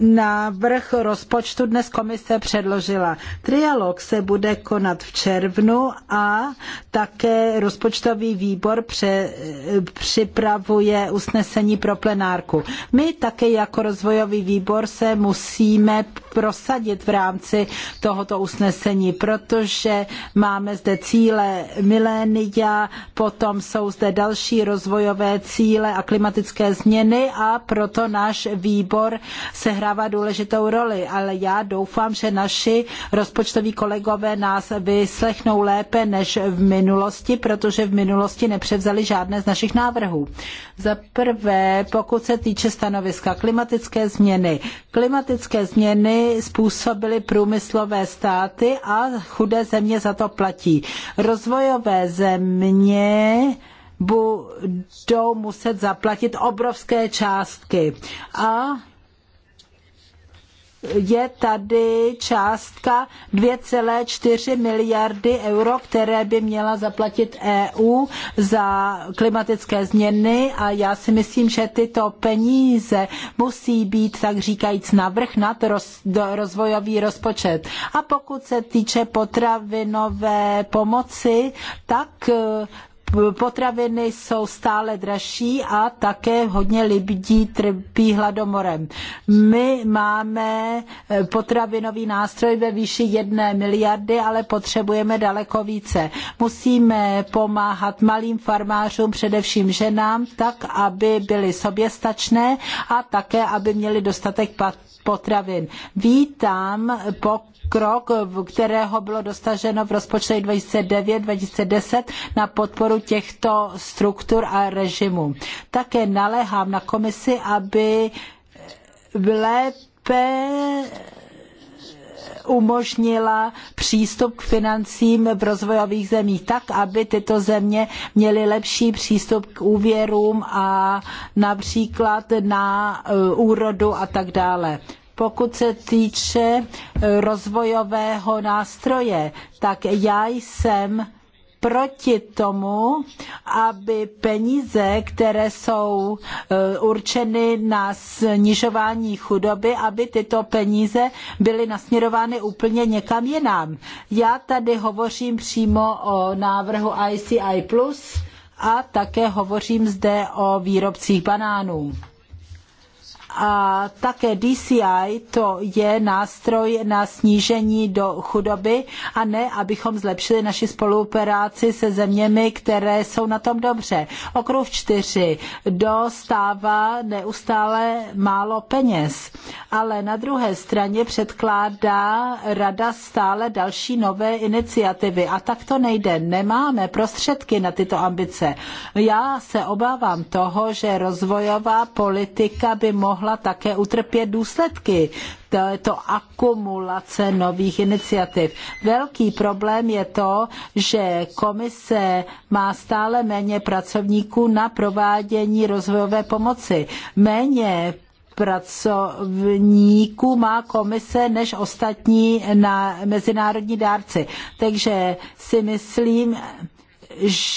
návrh rozpočtu dnes komise předložila. Trialog se bude konat v červnu a také rozpočtový výbor pře, připravuje usnesení pro plenárku. My také jako rozvojový výbor se musíme prosadit v rámci tohoto usnesení, protože máme zde cíle milénia, potom jsou zde další rozvojové cíle a klimatické změny a proto náš výbor sehrá sehrává důležitou roli, ale já doufám, že naši rozpočtoví kolegové nás vyslechnou lépe než v minulosti, protože v minulosti nepřevzali žádné z našich návrhů. Za prvé, pokud se týče stanoviska klimatické změny. Klimatické změny způsobily průmyslové státy a chudé země za to platí. Rozvojové země budou muset zaplatit obrovské částky. A je tady částka 2,4 miliardy euro, které by měla zaplatit EU za klimatické změny a já si myslím, že tyto peníze musí být, tak říkajíc, navrh nad roz, rozvojový rozpočet. A pokud se týče potravinové pomoci, tak eh, potraviny jsou stále dražší a také hodně lidí trpí hladomorem. My máme eh, potravinový nástroj ve výši jedné miliardy, ale potřebujeme daleko více. Musíme pomáhat malým farmářům, především ženám, tak, aby byly soběstačné a také, aby měli dostatek pat potravin. Vítám pokrok, kterého bylo dosaženo v rozpočtu 2009-2010 na podporu těchto struktur a režimů. Také naléhám na komisi, aby lépe umožnila přístup k financím v rozvojových zemích tak, aby tyto země měly lepší přístup k úvěrům a například na eh, úrodu a tak dále. Pokud se týče eh, rozvojového nástroje, tak já jsem proti tomu, aby peníze, které jsou eh, určeny na snižování chudoby, aby tyto peníze byly nasměrovány úplně někam jinam. Já tady hovořím přímo o návrhu ICI a také hovořím zde o výrobcích banánů a také DCI to je nástroj na snížení do chudoby a ne, abychom zlepšili naši spolupráci se zeměmi, které jsou na tom dobře. Okruh čtyři dostává neustále málo peněz, ale na druhé straně předkládá rada stále další nové iniciativy a tak to nejde. Nemáme prostředky na tyto ambice. Já se obávám toho, že rozvojová politika by mohla mohla také utrpět důsledky této akumulace nových iniciativ. Velký problém je to, že komise má stále méně pracovníků na provádění rozvojové pomoci. Méně pracovníků má komise než ostatní na mezinárodní dárci. Takže si myslím,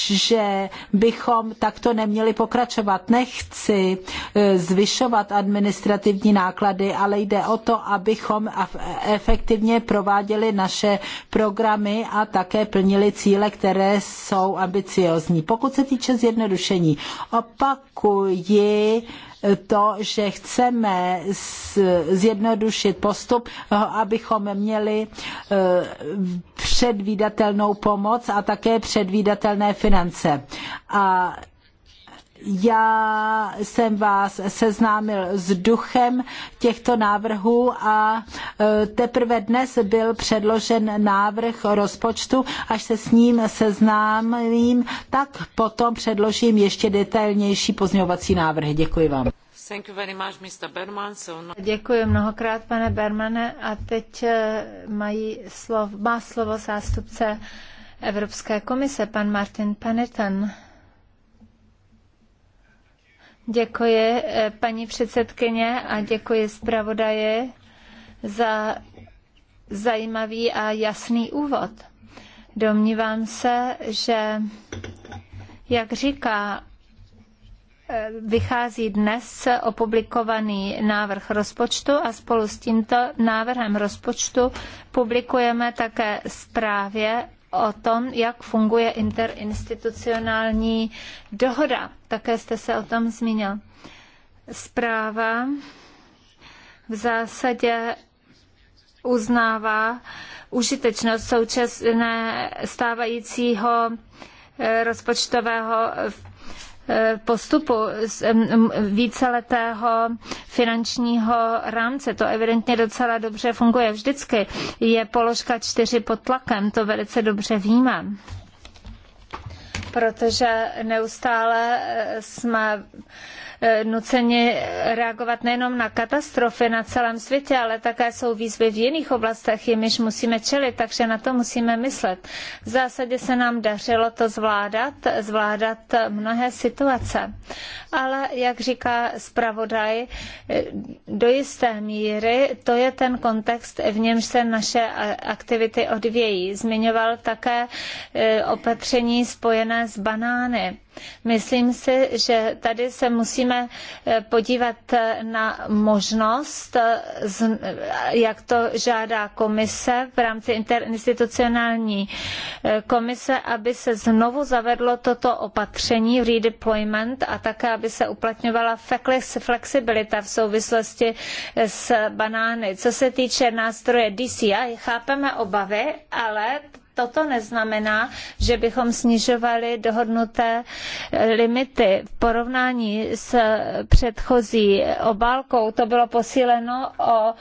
že bychom takto neměli pokračovat. Nechci eh, zvyšovat administrativní náklady, ale jde o to, abychom efektivně prováděli naše programy a také plnili cíle, které jsou ambiciozní. Pokud se týče zjednodušení, opakuji, to, že chceme zjednodušit postup, abychom měli eh, předvídatelnou pomoc a také předvídatelné finance. A já jsem vás seznámil s duchem těchto návrhů a e, teprve dnes byl předložen návrh rozpočtu. Až se s ním seznámím, tak potom předložím ještě detailnější pozměňovací návrhy. Děkuji vám. Děkuji mnohokrát, pane Bermane. A teď e, mají slov, má slovo zástupce Evropské komise, pan Martin Panetan. Děkuji eh, paní předsedkyně a děkuji zpravodaji za zajímavý a jasný úvod. Domnívám se, že, jak říká, eh, vychází dnes opublikovaný návrh rozpočtu a spolu s tímto návrhem rozpočtu publikujeme také zprávě o tom, jak funguje interinstitucionální dohoda. Také jste se o tom zmínil. Zpráva v zásadě uznává užitečnost současné stávajícího eh, rozpočtového postupu z víceletého finančního rámce. To evidentně docela dobře funguje. Vždycky je položka čtyři pod tlakem, to velice dobře víme protože neustále eh, jsme Eh, nuceni reagovat nejenom na katastrofy na celém světě, ale také jsou výzvy v jiných oblastech, jimiž musíme čelit, takže na to musíme myslet. V zásadě se nám dařilo to zvládat, zvládat mnohé situace. Ale, jak říká zpravodaj, eh, do jisté míry to je ten kontext, v němž se naše aktivity odvějí. Zmiňoval také eh, opatření spojené s banány. Myslím si, že tady se musíme eh, podívat eh, na možnost, eh, jak to žádá komise v rámci interinstitucionální komise, aby se znovu zavedlo toto opatření redeployment a také, aby se uplatňovala flexibilita v souvislosti s banány. Co se týče nástroje DCI, chápeme obavy, ale toto neznamená, že bychom snižovali dohodnuté limity. V porovnání s předchozí obálkou to bylo posíleno o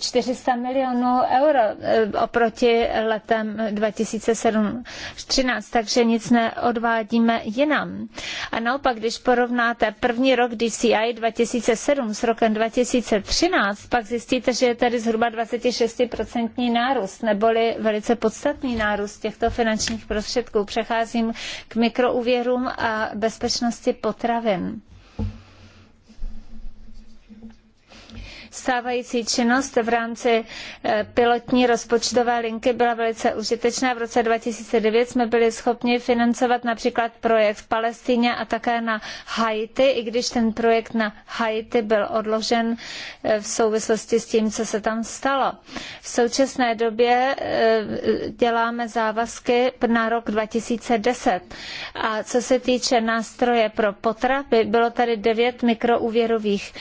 400 milionů euro eh, oproti letem 2013, takže nic neodvádíme jinam. A naopak, když porovnáte první rok DCI 2007 s rokem 2013, pak zjistíte, že je tady zhruba 26% nárůst, neboli velice podstatný nárůst těchto finančních prostředků. Přecházím k mikrouvěrům a bezpečnosti potravin. stávající činnost v rámci e, pilotní rozpočtové linky byla velice užitečná. V roce 2009 jsme byli schopni financovat například projekt v Palestíně a také na Haiti, i když ten projekt na Haiti byl odložen e, v souvislosti s tím, co se tam stalo. V současné době e, děláme závazky na rok 2010. A co se týče nástroje pro potrapy, bylo tady devět mikroúvěrových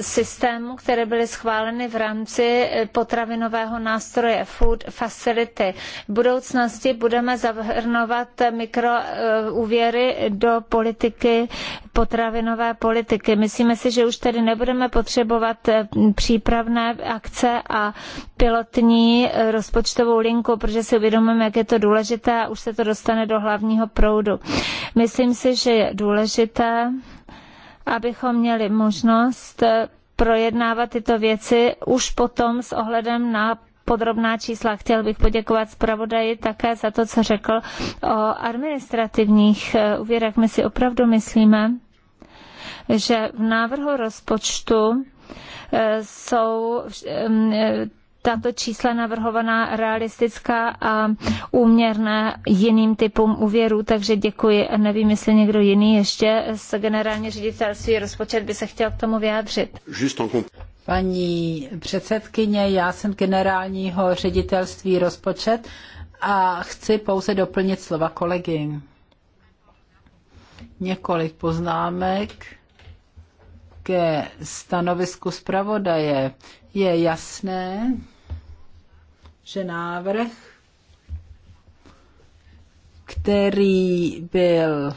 systémů, programů, které byly schváleny v rámci eh, potravinového nástroje Food Facility. V budoucnosti budeme zahrnovat eh, mikroúvěry eh, do politiky, potravinové politiky. Myslíme si, že už tedy nebudeme potřebovat přípravné akce a pilotní rozpočtovou linku, protože si uvědomujeme, jak je to důležité a už se to dostane do hlavního proudu. Myslím si, že je důležité, abychom měli možnost projednávat tyto věci už potom s ohledem na podrobná čísla. Chtěl bych poděkovat zpravodaji také za to, co řekl o administrativních eh, úvěrech. My si opravdu myslíme, že v návrhu rozpočtu eh, jsou eh, tato čísla navrhovaná realistická a úměrná jiným typům úvěrů, takže děkuji. Nevím, jestli někdo jiný ještě z generální ředitelství rozpočet by se chtěl k tomu vyjádřit. Paní předsedkyně, já jsem generálního ředitelství rozpočet a chci pouze doplnit slova kolegy. Několik poznámek ke stanovisku zpravodaje. Je jasné, že návrh, který byl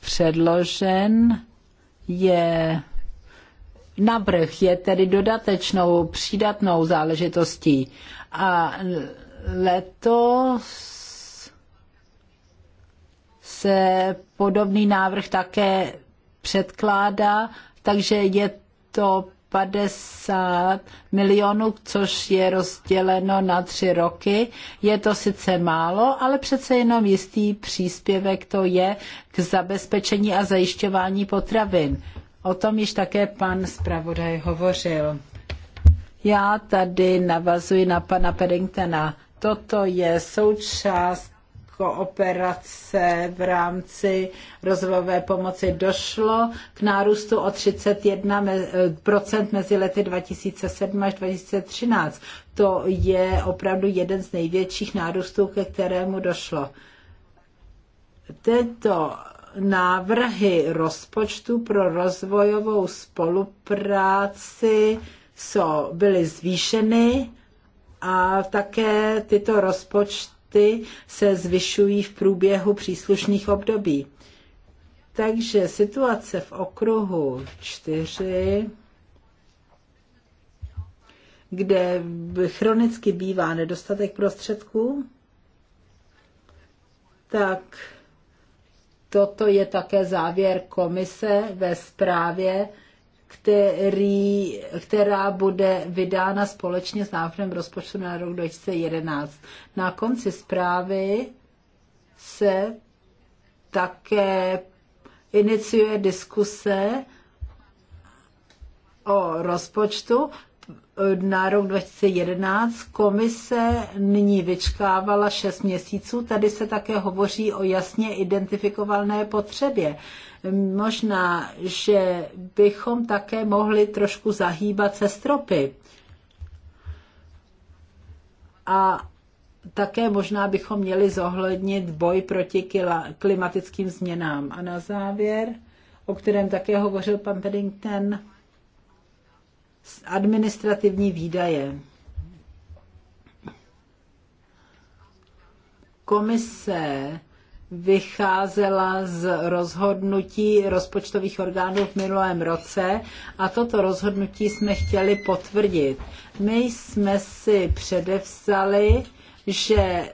předložen, je navrh, je tedy dodatečnou přídatnou záležitostí. A letos se podobný návrh také předkládá, takže je to 50 milionů, což je rozděleno na tři roky. Je to sice málo, ale přece jenom jistý příspěvek to je k zabezpečení a zajišťování potravin. O tom již také pan zpravodaj hovořil. Já tady navazuji na pana Peddingtona. Toto je součást kooperace v rámci rozvojové pomoci došlo k nárůstu o 31% eh, mezi lety 2007 až 2013. To je opravdu jeden z největších nárůstů, ke kterému došlo. Tento návrhy rozpočtu pro rozvojovou spolupráci jsou, byly zvýšeny a také tyto rozpočty platy se zvyšují v průběhu příslušných období. Takže situace v okruhu 4, kde chronicky bývá nedostatek prostředků, tak toto je také závěr komise ve zprávě který, která bude vydána společně s návrhem rozpočtu na rok 2011. Na konci zprávy se také iniciuje diskuse o rozpočtu na rok 2011. Komise nyní vyčkávala 6 měsíců. Tady se také hovoří o jasně identifikované potřebě. Možná, že bychom také mohli trošku zahýbat se stropy. A také možná bychom měli zohlednit boj proti klimatickým změnám. A na závěr, o kterém také hovořil pan Paddington, administrativní výdaje. Komise vycházela z rozhodnutí rozpočtových orgánů v minulém roce a toto rozhodnutí jsme chtěli potvrdit. My jsme si předevzali, že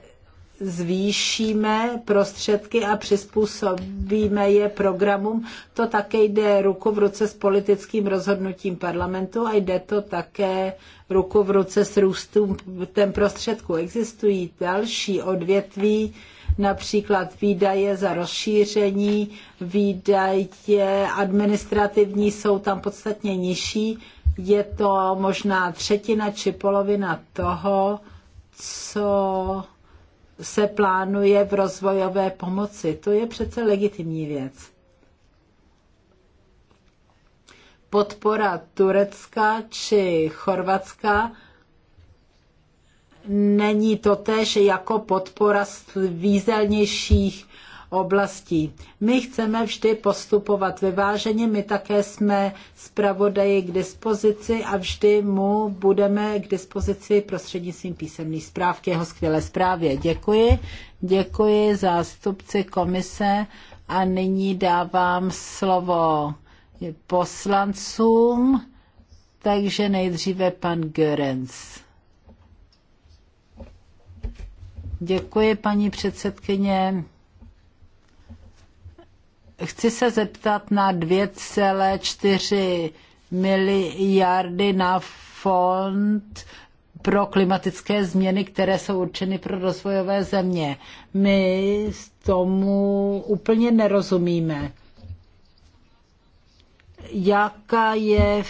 zvýšíme prostředky a přizpůsobíme je programům, to také jde ruku v ruce s politickým rozhodnutím parlamentu a jde to také ruku v ruce s růstem ten prostředku. Existují další odvětví, například výdaje za rozšíření, výdaje administrativní jsou tam podstatně nižší. Je to možná třetina či polovina toho, co se plánuje v rozvojové pomoci. To je přece legitimní věc. Podpora Turecka či Chorvatska není totéž jako podpora výzelnějších oblastí. My chceme vždy postupovat vyváženě, my také jsme zpravodaji k dispozici a vždy mu budeme k dispozici prostřednictvím písemných zpráv k jeho skvělé zprávě. Děkuji, děkuji zástupci komise a nyní dávám slovo poslancům, takže nejdříve pan Görens. Děkuji, paní předsedkyně chci se zeptat na 2,4 miliardy na fond pro klimatické změny, které jsou určeny pro rozvojové země. My tomu úplně nerozumíme. Jaká je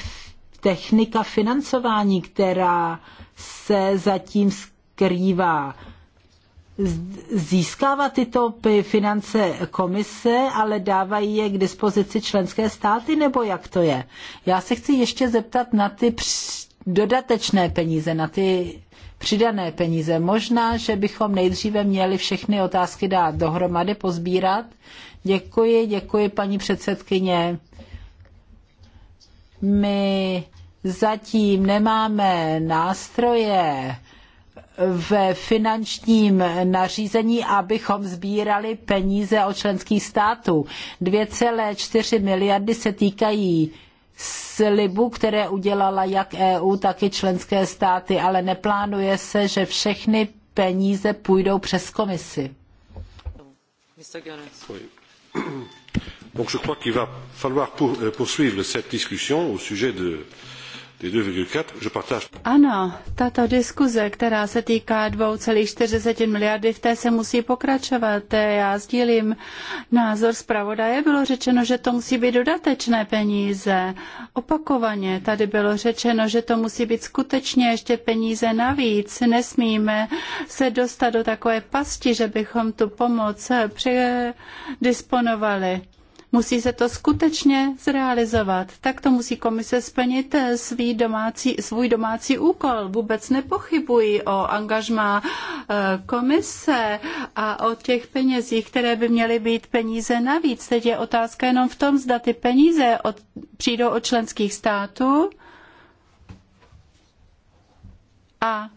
technika financování, která se zatím skrývá? získává tyto finance komise, ale dávají je k dispozici členské státy, nebo jak to je? Já se chci ještě zeptat na ty dodatečné peníze, na ty přidané peníze. Možná, že bychom nejdříve měli všechny otázky dát dohromady, pozbírat. Děkuji, děkuji paní předsedkyně. My zatím nemáme nástroje, ve finančním nařízení, abychom sbírali peníze od členských států. 2,4 miliardy se týkají slibu, které udělala jak EU, tak i členské státy, ale neplánuje se, že všechny peníze půjdou přes komisi. Donc je crois qu'il va falloir euh, poursuivre cette discussion au sujet de, ano, tato diskuze, která se týká 2,4 miliardy, v té se musí pokračovat. Já sdílím názor zpravodaje. Bylo řečeno, že to musí být dodatečné peníze. Opakovaně tady bylo řečeno, že to musí být skutečně ještě peníze navíc. Nesmíme se dostat do takové pasti, že bychom tu pomoc předisponovali. Musí se to skutečně zrealizovat. Tak to musí komise splnit eh, svý domácí, svůj domácí úkol. Vůbec nepochybuji o angažmá eh, komise a o těch penězích, které by měly být peníze navíc. Teď je otázka jenom v tom, zda ty peníze od, přijdou od členských států a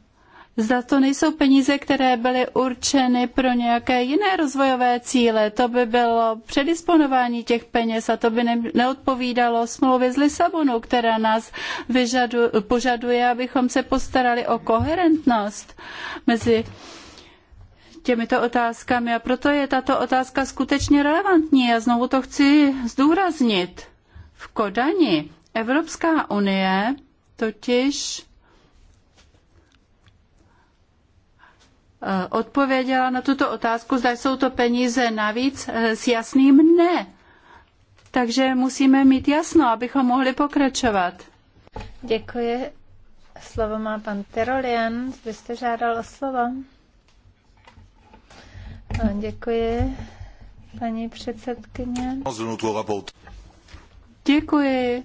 Zda to nejsou peníze, které byly určeny pro nějaké jiné rozvojové cíle. To by bylo předisponování těch peněz a to by neodpovídalo smlouvě z Lisabonu, která nás vyžadu, požaduje, abychom se postarali o koherentnost mezi těmito otázkami a proto je tato otázka skutečně relevantní a znovu to chci zdůraznit. V Kodani Evropská unie totiž Eh, odpověděla na tuto otázku, zda jsou to peníze navíc eh, s jasným ne. Takže musíme mít jasno, abychom mohli pokračovat. Děkuji. Slovo má pan Terolian. Vy jste žádal o slovo. No, děkuji, paní předsedkyně. Děkuji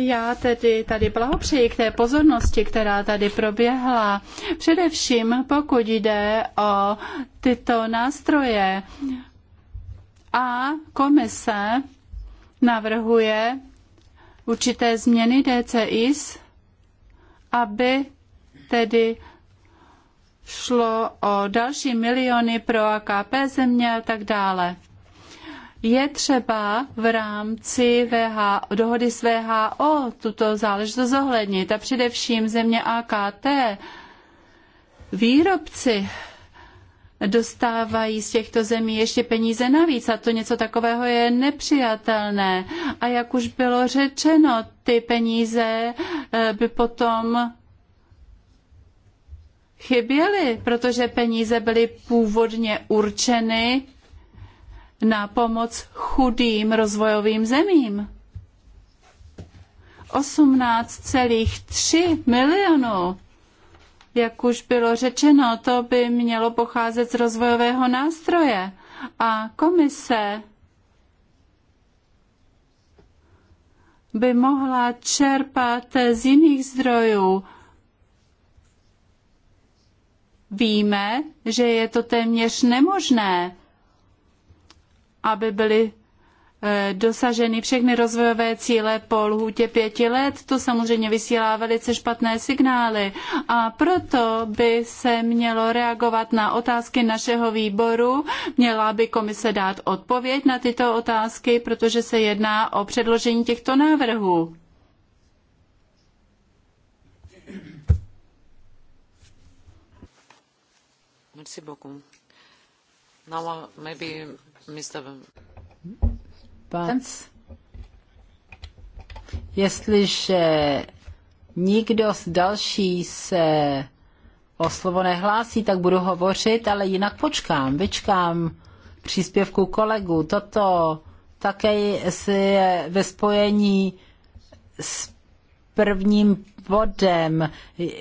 já tedy tady blahopřeji k té pozornosti, která tady proběhla. Především pokud jde o tyto nástroje. A komise navrhuje určité změny DCIs, aby tedy šlo o další miliony pro AKP země a tak dále je třeba v rámci VH, dohody s VHO tuto záležitost zohlednit a především země AKT výrobci dostávají z těchto zemí ještě peníze navíc a to něco takového je nepřijatelné. A jak už bylo řečeno, ty peníze eh, by potom chyběly, protože peníze byly původně určeny na pomoc chudým rozvojovým zemím. 18,3 milionů, jak už bylo řečeno, to by mělo pocházet z rozvojového nástroje. A komise by mohla čerpat z jiných zdrojů. Víme, že je to téměř nemožné aby byly eh, dosaženy všechny rozvojové cíle po lhůtě pěti let, to samozřejmě vysílá velice špatné signály. A proto by se mělo reagovat na otázky našeho výboru, měla by komise dát odpověď na tyto otázky, protože se jedná o předložení těchto návrhů. Merci beaucoup. Now, uh, maybe místa. jestliže nikdo z další se o slovo nehlásí, tak budu hovořit, ale jinak počkám, vyčkám příspěvku kolegů. Toto také je ve spojení s prvním bodem.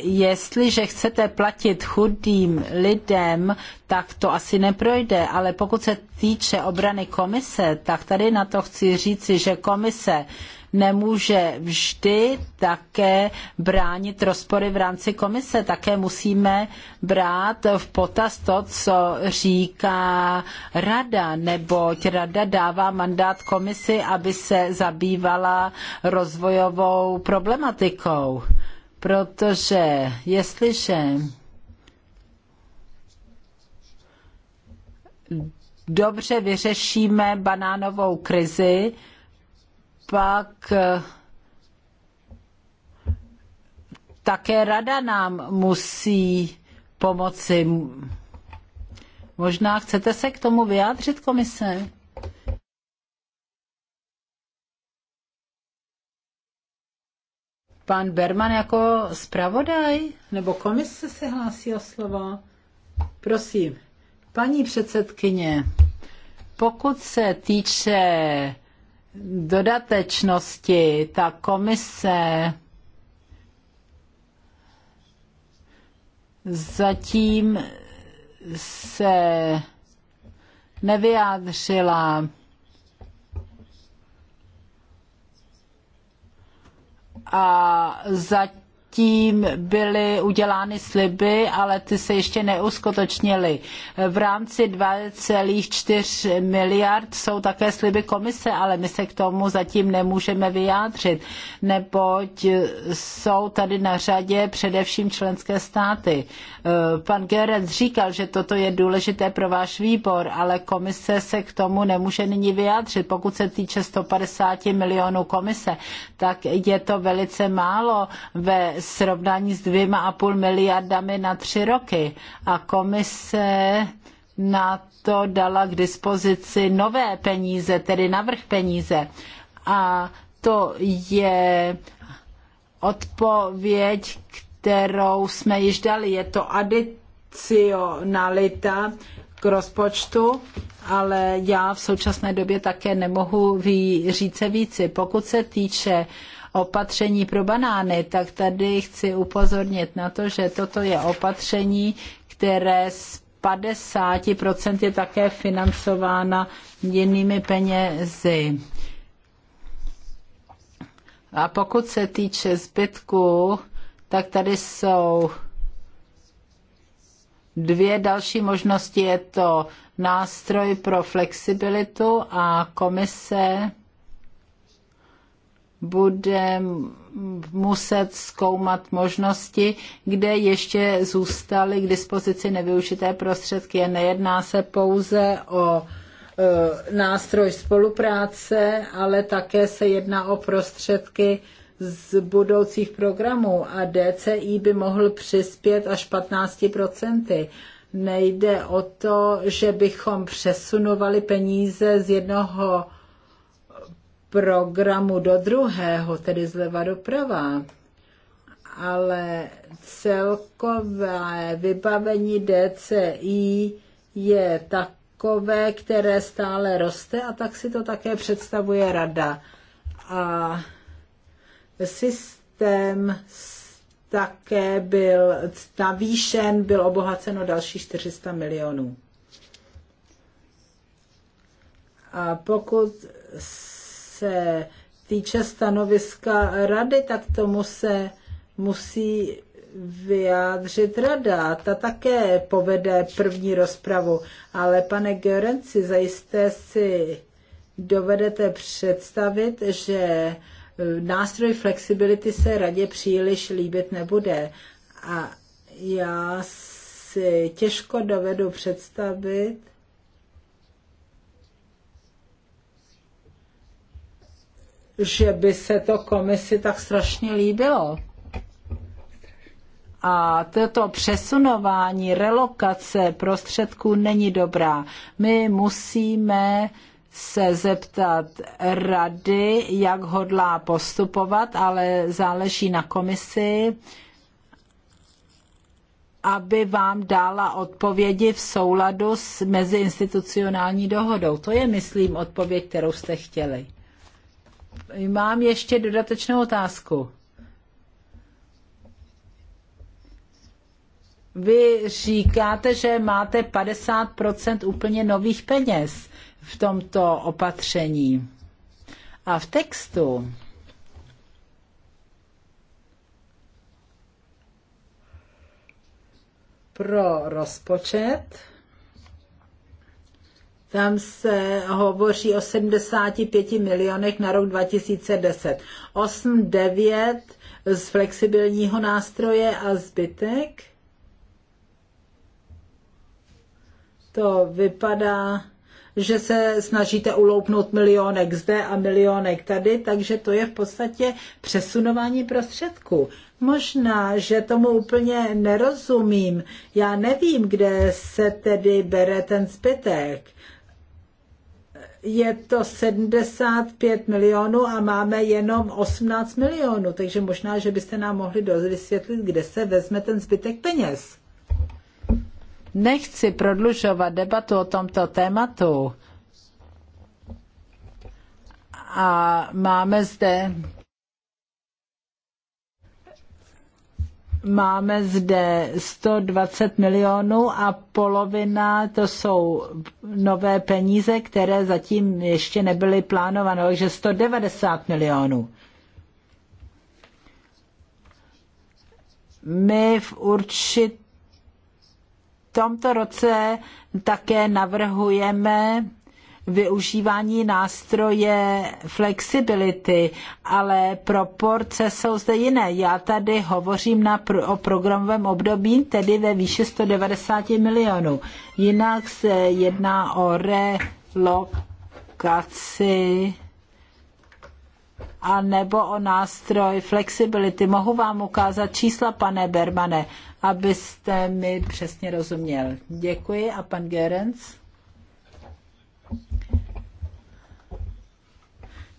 Jestliže chcete platit chudým lidem, tak to asi neprojde, ale pokud se týče obrany komise, tak tady na to chci říci, že komise nemůže vždy také bránit rozpory v rámci komise. Také musíme brát v potaz to, co říká rada, neboť rada dává mandát komisi, aby se zabývala rozvojovou problematikou. Protože jestliže dobře vyřešíme banánovou krizi, pak eh, také rada nám musí pomoci. Možná chcete se k tomu vyjádřit, komise? Pan Berman jako zpravodaj nebo komise se hlásí o slovo? Prosím, paní předsedkyně, pokud se týče dodatečnosti ta komise zatím se nevyjádřila a zatím tím byly udělány sliby, ale ty se ještě neuskutečnily. V rámci 2,4 miliard jsou také sliby komise, ale my se k tomu zatím nemůžeme vyjádřit, neboť jsou tady na řadě především členské státy. Pan Gerenc říkal, že toto je důležité pro váš výbor, ale komise se k tomu nemůže nyní vyjádřit. Pokud se týče 150 milionů komise, tak je to velice málo ve srovnání s dvěma a půl miliardami na tři roky. A komise na to dala k dispozici nové peníze, tedy navrh peníze. A to je odpověď, kterou jsme již dali. Je to adicionalita k rozpočtu, ale já v současné době také nemohu říct se víci. Pokud se týče uh, opatření pro banány, tak tady chci upozornit na to, že toto je opatření, které z 50% je také financována jinými penězi. A pokud se týče zbytku, tak tady jsou dvě další možnosti. Je to nástroj pro flexibilitu a komise bude muset zkoumat možnosti, kde ještě zůstaly k dispozici nevyužité prostředky. Nejedná se pouze o e, nástroj spolupráce, ale také se jedná o prostředky z budoucích programů a DCI by mohl přispět až 15%. Nejde o to, že bychom přesunovali peníze z jednoho programu do druhého, tedy zleva doprava, ale celkové vybavení DCI je takové, které stále roste a tak si to také představuje rada. A systém také byl navýšen, byl obohaceno další 400 milionů. A pokud se týče stanoviska rady, tak tomu se musí vyjádřit rada. Ta také povede první rozpravu. Ale pane Görenci, zajisté si dovedete představit, že nástroj flexibility se radě příliš líbit nebude. A já si těžko dovedu představit, že by se to komisi tak strašně líbilo. A toto přesunování, relokace prostředků není dobrá. My musíme se zeptat rady, jak hodlá postupovat, ale záleží na komisi, aby vám dala odpovědi v souladu s meziinstitucionální dohodou. To je, myslím, odpověď, kterou jste chtěli. Mám ještě dodatečnou otázku. Vy říkáte, že máte 50% úplně nových peněz v tomto opatření. A v textu pro rozpočet tam se hovoří o 75 milionech na rok 2010. 8, 9 z flexibilního nástroje a zbytek. To vypadá, že se snažíte uloupnout milionek zde a milionek tady, takže to je v podstatě přesunování prostředků. Možná, že tomu úplně nerozumím. Já nevím, kde se tedy bere ten zbytek je to 75 milionů a máme jenom 18 milionů, takže možná, že byste nám mohli vysvětlit, kde se vezme ten zbytek peněz. Nechci prodlužovat debatu o tomto tématu. A máme zde máme zde 120 milionů a polovina to jsou nové peníze, které zatím ještě nebyly plánované, takže 190 milionů. My v určitém tomto roce také navrhujeme využívání nástroje flexibility, ale proporce jsou zde jiné. Já tady hovořím na pro, o programovém období, tedy ve výši 190 milionů. Jinak se jedná o relokaci a nebo o nástroj flexibility. Mohu vám ukázat čísla, pane Bermane, abyste mi přesně rozuměl. Děkuji a pan Gerenc.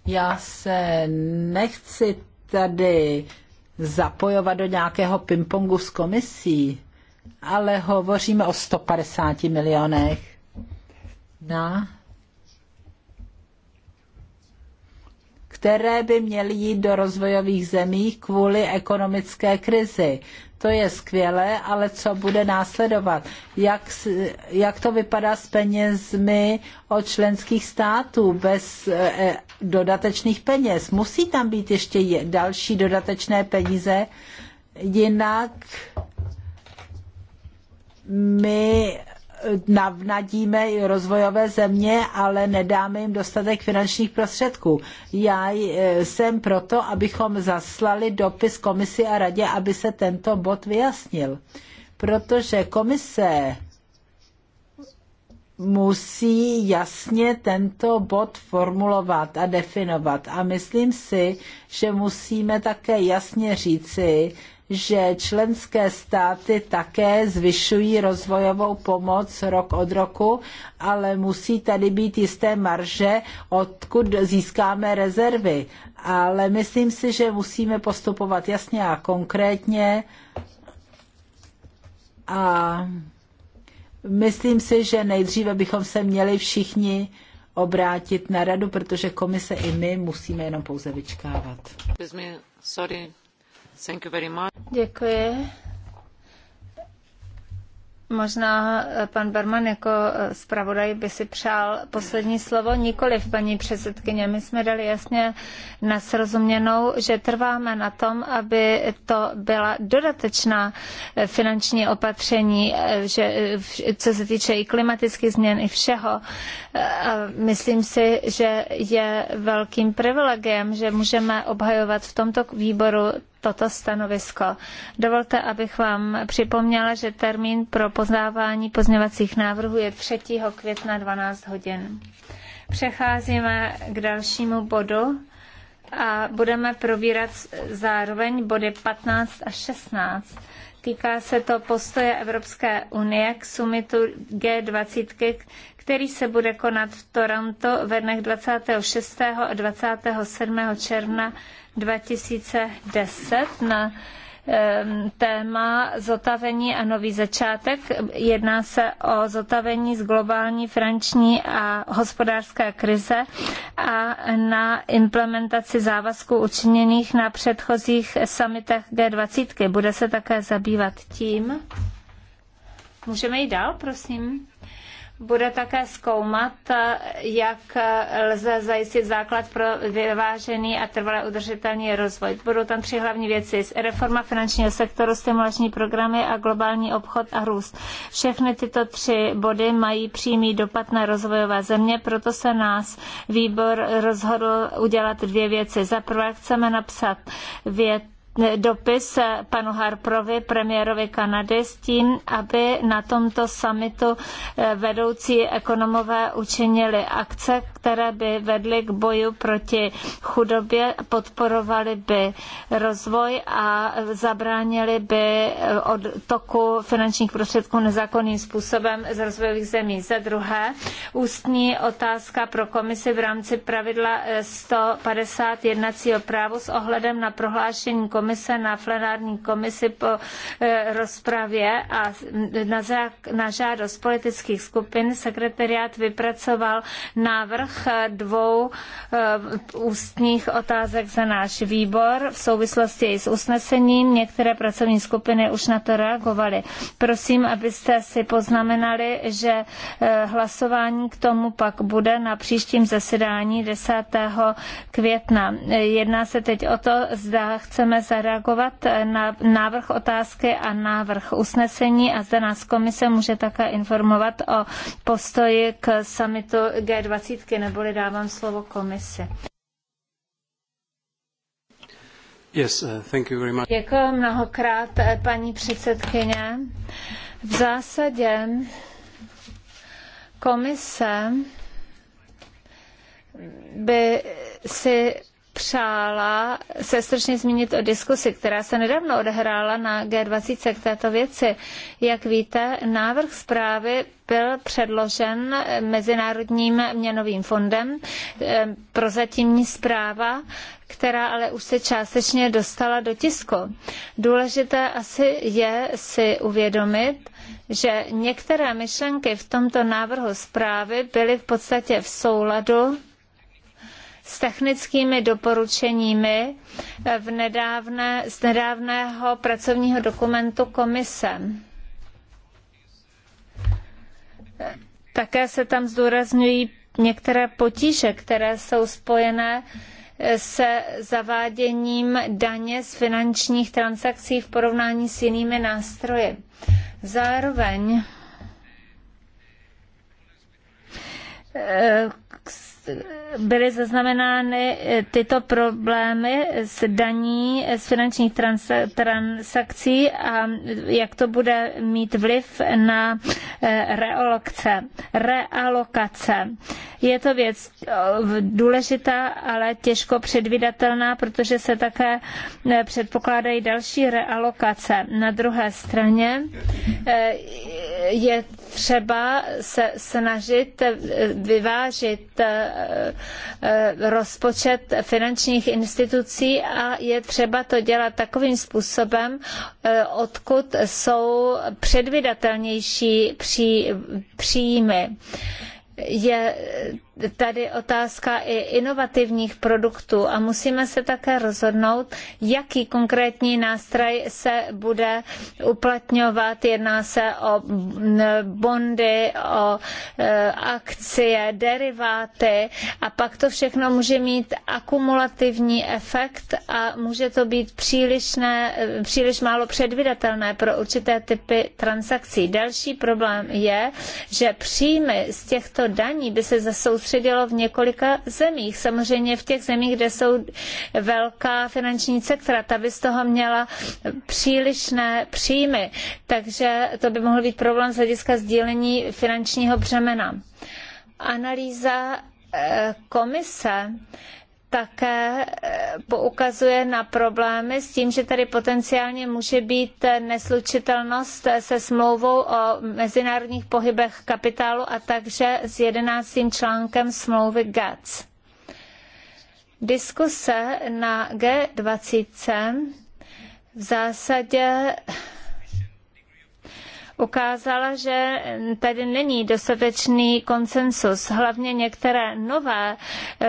Já se nechci tady zapojovat do nějakého pingpongu s komisí, ale hovoříme o 150 milionech. Na které by měly jít do rozvojových zemí kvůli ekonomické krizi. To je skvělé, ale co bude následovat? Jak, jak to vypadá s penězmi od členských států bez eh, dodatečných peněz. Musí tam být ještě další dodatečné peníze, jinak my eh, navnadíme rozvojové země, ale nedáme jim dostatek finančních prostředků. Já eh, jsem proto, abychom zaslali dopis komisi a radě, aby se tento bod vyjasnil. Protože komise musí jasně tento bod formulovat a definovat. A myslím si, že musíme také jasně říci, že členské státy také zvyšují rozvojovou pomoc rok od roku, ale musí tady být jisté marže, odkud získáme rezervy. Ale myslím si, že musíme postupovat jasně a konkrétně. A Myslím si, že nejdříve bychom se měli všichni obrátit na radu, protože komise i my musíme jenom pouze vyčkávat. Děkuji. Možná eh, pan Berman jako eh, zpravodaj by si přál poslední slovo. Nikoliv, paní předsedkyně, my jsme dali jasně na srozuměnou, že trváme na tom, aby to byla dodatečná eh, finanční opatření, že, co se týče i klimatických změn, i všeho. Myslím si, že je velkým privilegiem, že můžeme obhajovat v tomto výboru toto stanovisko. Dovolte, abych vám připomněla, že termín pro poznávání pozněvacích návrhů je 3. května 12 hodin. Přecházíme k dalšímu bodu a budeme probírat zároveň body 15 a 16. Týká se to postoje Evropské unie k sumitu G20, který se bude konat v Toronto ve dnech 26. a 27. června 2010 na téma zotavení a nový začátek. Jedná se o zotavení z globální finanční a hospodářské krize a na implementaci závazků učiněných na předchozích summitech G20. Bude se také zabývat tím. Můžeme jít dál, prosím? bude také zkoumat, jak lze zajistit základ pro vyvážený a trvale udržitelný rozvoj. Budou tam tři hlavní věci. Reforma finančního sektoru, stimulační programy a globální obchod a růst. Všechny tyto tři body mají přímý dopad na rozvojové země, proto se nás výbor rozhodl udělat dvě věci. Za prvé chceme napsat vět dopis panu Harprovi, premiérovi Kanady, s tím, aby na tomto summitu eh, vedoucí ekonomové učinili akce, které by vedly k boju proti chudobě, podporovaly by rozvoj a zabránili by eh, od toku finančních prostředků nezákonným způsobem z rozvojových zemí. Za druhé, ústní otázka pro komisi v rámci pravidla 150 eh, jednacího právu s ohledem na prohlášení komise komise na plenární komisi po e, rozpravě a na, žádost politických skupin sekretariát vypracoval návrh dvou e, ústních otázek za náš výbor v souvislosti i s usnesením. Některé pracovní skupiny už na to reagovaly. Prosím, abyste si poznamenali, že e, hlasování k tomu pak bude na příštím zasedání 10. května. Jedná se teď o to, zda chceme za zareagovat na návrh otázky a návrh usnesení a zde nás komise může také informovat o postoji k summitu G20, neboli dávám slovo komisi. Yes, uh, thank you very much. Děkuji mnohokrát, eh, paní předsedkyně. V zásadě komise by si přála se stručně zmínit o diskusi, která se nedávno odehrála na G20 k této věci. Jak víte, návrh zprávy byl předložen Mezinárodním měnovým fondem, eh, prozatímní zpráva, která ale už se částečně dostala do tisku. Důležité asi je si uvědomit, že některé myšlenky v tomto návrhu zprávy byly v podstatě v souladu s technickými doporučeními eh, v nedávné, z nedávného pracovního dokumentu komise. Eh, také se tam zdůrazňují některé potíže, které jsou spojené eh, se zaváděním daně z finančních transakcí v porovnání s jinými nástroji. Zároveň byly zaznamenány eh, tyto problémy s daní s finančních transakcí a jak to bude mít vliv na eh, realokce. realokace. Je to věc eh, důležitá, ale těžko předvídatelná, protože se také předpokládají další realokace. Na druhé straně je třeba se snažit vyvážit Eh, rozpočet finančních institucí a je třeba to dělat takovým způsobem, eh, odkud jsou předvydatelnější příjmy je tady otázka i inovativních produktů a musíme se také rozhodnout, jaký konkrétní nástroj se bude uplatňovat. Jedná se o bondy, o e, akcie, deriváty a pak to všechno může mít akumulativní efekt a může to být přílišné, e, příliš málo předvydatelné pro určité typy transakcí. Další problém je, že příjmy z těchto daní by se zasoustředily soustředilo v několika zemích. Samozřejmě v těch zemích, kde jsou velká finanční sektora, ta by z toho měla přílišné příjmy. Takže to by mohl být problém z hlediska sdílení finančního břemena. Analýza eh, komise také eh, poukazuje na problémy s tím, že tady potenciálně může být eh, neslučitelnost eh, se smlouvou o mezinárodních pohybech kapitálu a takže s jedenáctým článkem smlouvy GATS. Diskuse na G20 v zásadě ukázala, že tady není dostatečný konsensus. Hlavně některé nové,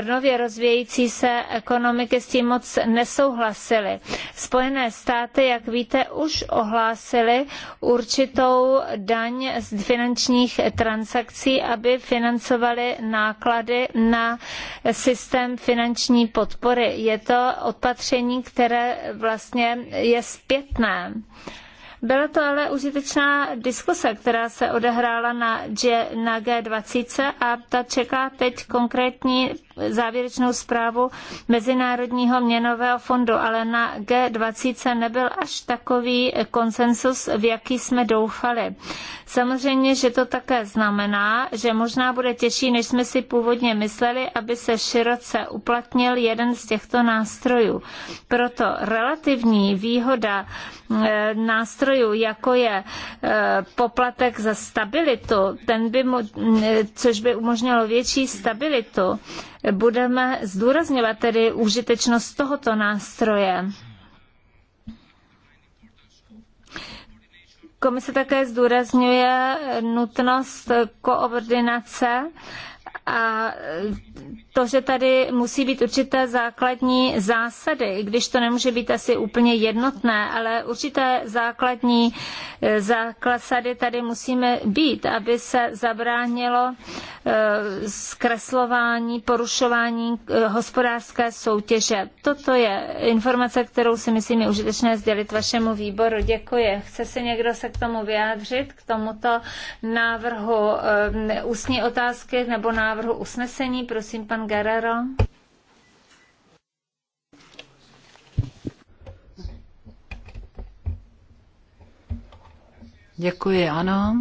nově rozvějící se ekonomiky s tím moc nesouhlasily. Spojené státy, jak víte, už ohlásily určitou daň z finančních transakcí, aby financovaly náklady na systém finanční podpory. Je to opatření, které vlastně je zpětné. Byla to ale užitečná diskuse, která se odehrála na, G, na G20 a ta čeká teď konkrétní závěrečnou zprávu Mezinárodního měnového fondu, ale na G20 nebyl až takový konsensus, v jaký jsme doufali. Samozřejmě, že to také znamená, že možná bude těžší, než jsme si původně mysleli, aby se široce uplatnil jeden z těchto nástrojů. Proto relativní výhoda Eh, nástrojů, jako je eh, poplatek za stabilitu, ten by mu, což by umožnilo větší stabilitu, budeme zdůrazňovat tedy užitečnost tohoto nástroje. Komise také zdůrazňuje nutnost koordinace a to, že tady musí být určité základní zásady, i když to nemůže být asi úplně jednotné, ale určité základní eh, zásady tady musíme být, aby se zabránilo eh, zkreslování, porušování eh, hospodářské soutěže. Toto je informace, kterou si myslím je užitečné sdělit vašemu výboru. Děkuji. Chce se někdo se k tomu vyjádřit, k tomuto návrhu ústní otázky nebo návrhu návrhu usnesení. Prosím, pan Guerrero. Děkuji, ano.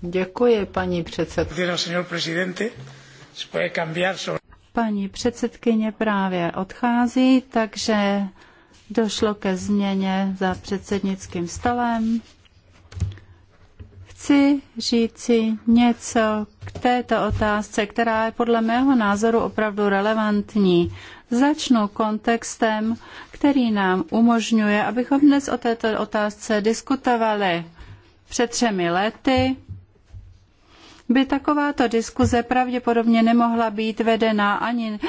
Děkuji, paní předsedkyně. Paní předsedkyně právě odchází, takže došlo ke změně za předsednickým stolem chci říci něco k této otázce, která je podle mého názoru opravdu relevantní. Začnu kontextem, který nám umožňuje, abychom dnes o této otázce diskutovali. Před třemi lety by takováto diskuze pravděpodobně nemohla být vedena ani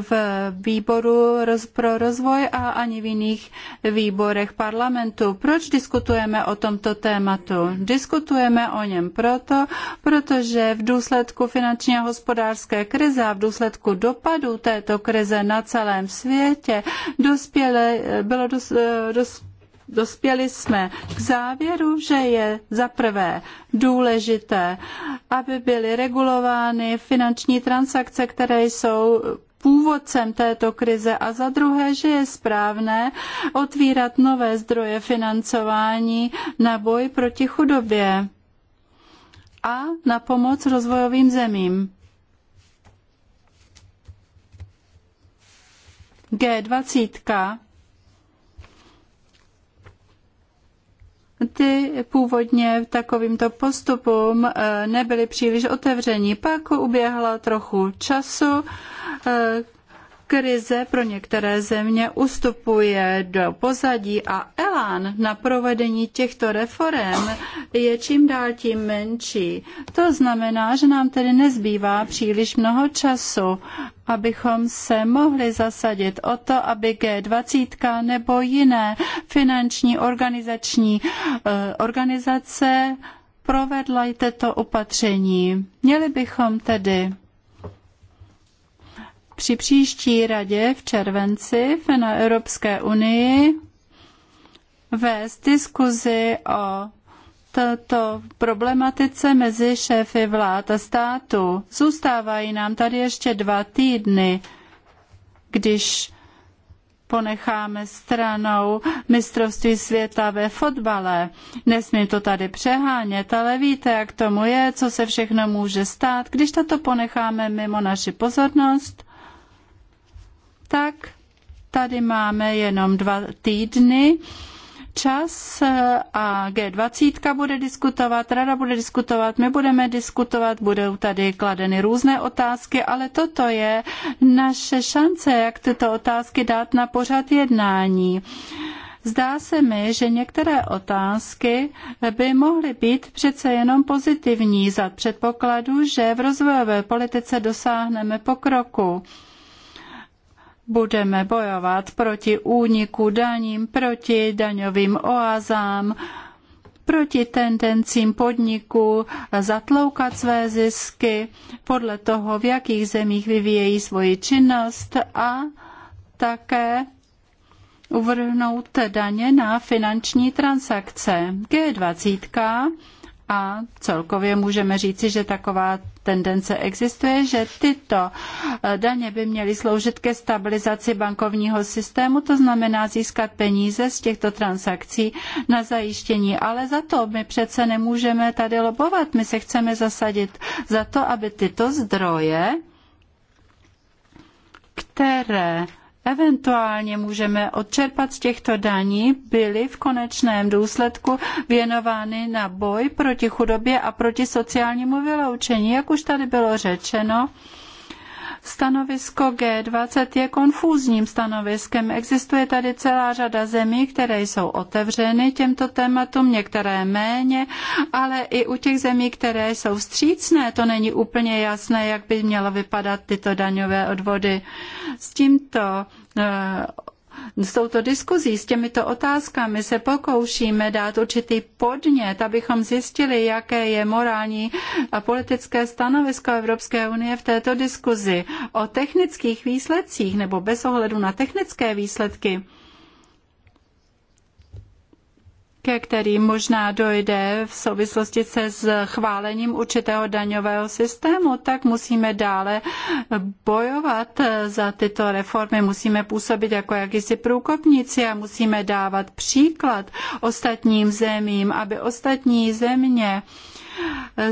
v výboru pro rozvoj a ani v jiných výborech parlamentu. Proč diskutujeme o tomto tématu? Diskutujeme o něm proto, protože v důsledku finanční a hospodářské krize a v důsledku dopadů této krize na celém světě dospěle, bylo dos, dos dospěli jsme k závěru, že je za prvé důležité, aby byly regulovány finanční transakce, které jsou původcem této krize a za druhé, že je správné otvírat nové zdroje financování na boj proti chudobě a na pomoc rozvojovým zemím. G20 Ty původně takovýmto postupům eh, nebyly příliš otevření. Pak uběhla trochu času, eh, Krize pro některé země ustupuje do pozadí a elán na provedení těchto reform je čím dál tím menší. To znamená, že nám tedy nezbývá příliš mnoho času, abychom se mohli zasadit o to, aby G20 nebo jiné finanční organizační eh, organizace provedla i opatření. Měli bychom tedy při příští radě v červenci na Evropské unii vést diskuzi o této problematice mezi šéfy vlád a státu. Zůstávají nám tady ještě dva týdny, když ponecháme stranou mistrovství světa ve fotbale. Nesmím to tady přehánět, ale víte, jak tomu je, co se všechno může stát, když tato ponecháme mimo naši pozornost tak tady máme jenom dva týdny čas eh, a G20 bude diskutovat, rada bude diskutovat, my budeme diskutovat, budou tady kladeny různé otázky, ale toto je naše šance, jak tyto otázky dát na pořad jednání. Zdá se mi, že některé otázky by mohly být přece jenom pozitivní za předpokladu, že v rozvojové politice dosáhneme pokroku budeme bojovat proti úniku daním, proti daňovým oázám, proti tendencím podniků zatloukat své zisky podle toho, v jakých zemích vyvíjejí svoji činnost a také uvrhnout daně na finanční transakce. G20 a celkově můžeme říci, že taková tendence existuje, že tyto eh, daně by měly sloužit ke stabilizaci bankovního systému, to znamená získat peníze z těchto transakcí na zajištění. Ale za to my přece nemůžeme tady lobovat. My se chceme zasadit za to, aby tyto zdroje, které eventuálně můžeme odčerpat z těchto daní, byly v konečném důsledku věnovány na boj proti chudobě a proti sociálnímu vyloučení. Jak už tady bylo řečeno, Stanovisko G20 je konfúzním stanoviskem. Existuje tady celá řada zemí, které jsou otevřeny těmto tématům, některé méně, ale i u těch zemí, které jsou vstřícné, to není úplně jasné, jak by měla vypadat tyto daňové odvody. S tímto eh, s touto diskuzí, s těmito otázkami se pokoušíme dát určitý podnět, abychom zjistili, jaké je morální a politické stanovisko Evropské unie v této diskuzi o technických výsledcích nebo bez ohledu na technické výsledky ke kterým možná dojde v souvislosti se schválením určitého daňového systému, tak musíme dále bojovat za tyto reformy. Musíme působit jako jakýsi průkopníci a musíme dávat příklad ostatním zemím, aby ostatní země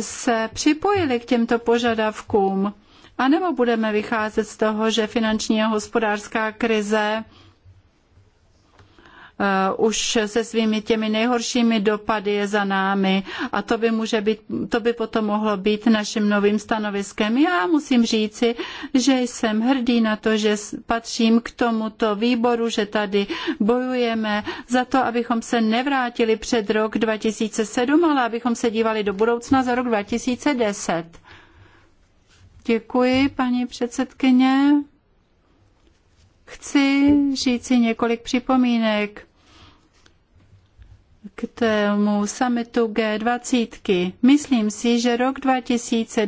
se připojily k těmto požadavkům. A nebo budeme vycházet z toho, že finanční a hospodářská krize Eh, už se svými těmi nejhoršími dopady je za námi a to by, může být, to by potom mohlo být naším novým stanoviskem. Já musím říci, že jsem hrdý na to, že patřím k tomuto výboru, že tady bojujeme za to, abychom se nevrátili před rok 2007, ale abychom se dívali do budoucna za rok 2010. Děkuji, paní předsedkyně. Chci říci několik připomínek k tomu summitu G20. Myslím si, že rok 2010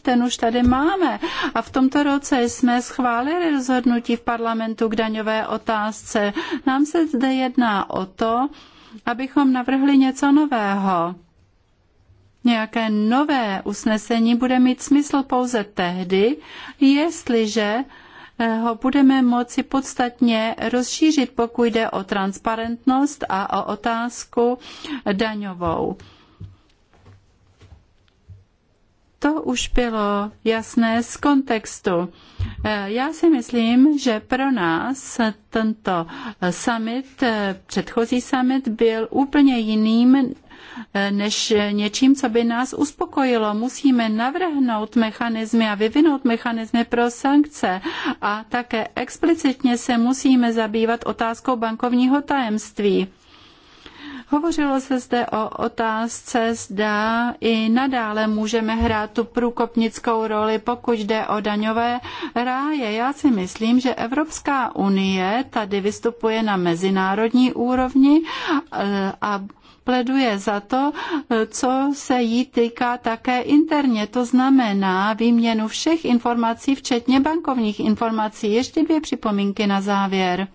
ten už tady máme a v tomto roce jsme schválili rozhodnutí v parlamentu k daňové otázce. Nám se zde jedná o to, abychom navrhli něco nového. Nějaké nové usnesení bude mít smysl pouze tehdy, jestliže ho budeme moci podstatně rozšířit, pokud jde o transparentnost a o otázku daňovou. to už bylo jasné z kontextu. Eh, já si myslím, že pro nás tento summit, eh, předchozí summit, byl úplně jiným než něčím, co by nás uspokojilo. Musíme navrhnout mechanismy a vyvinout mechanismy pro sankce a také explicitně se musíme zabývat otázkou bankovního tajemství. Hovořilo se zde o otázce, zda i nadále můžeme hrát tu průkopnickou roli, pokud jde o daňové ráje. Já si myslím, že Evropská unie tady vystupuje na mezinárodní úrovni eh, a pleduje za to, co se jí týká také interně. To znamená výměnu všech informací, včetně bankovních informací. Ještě dvě připomínky na závěr.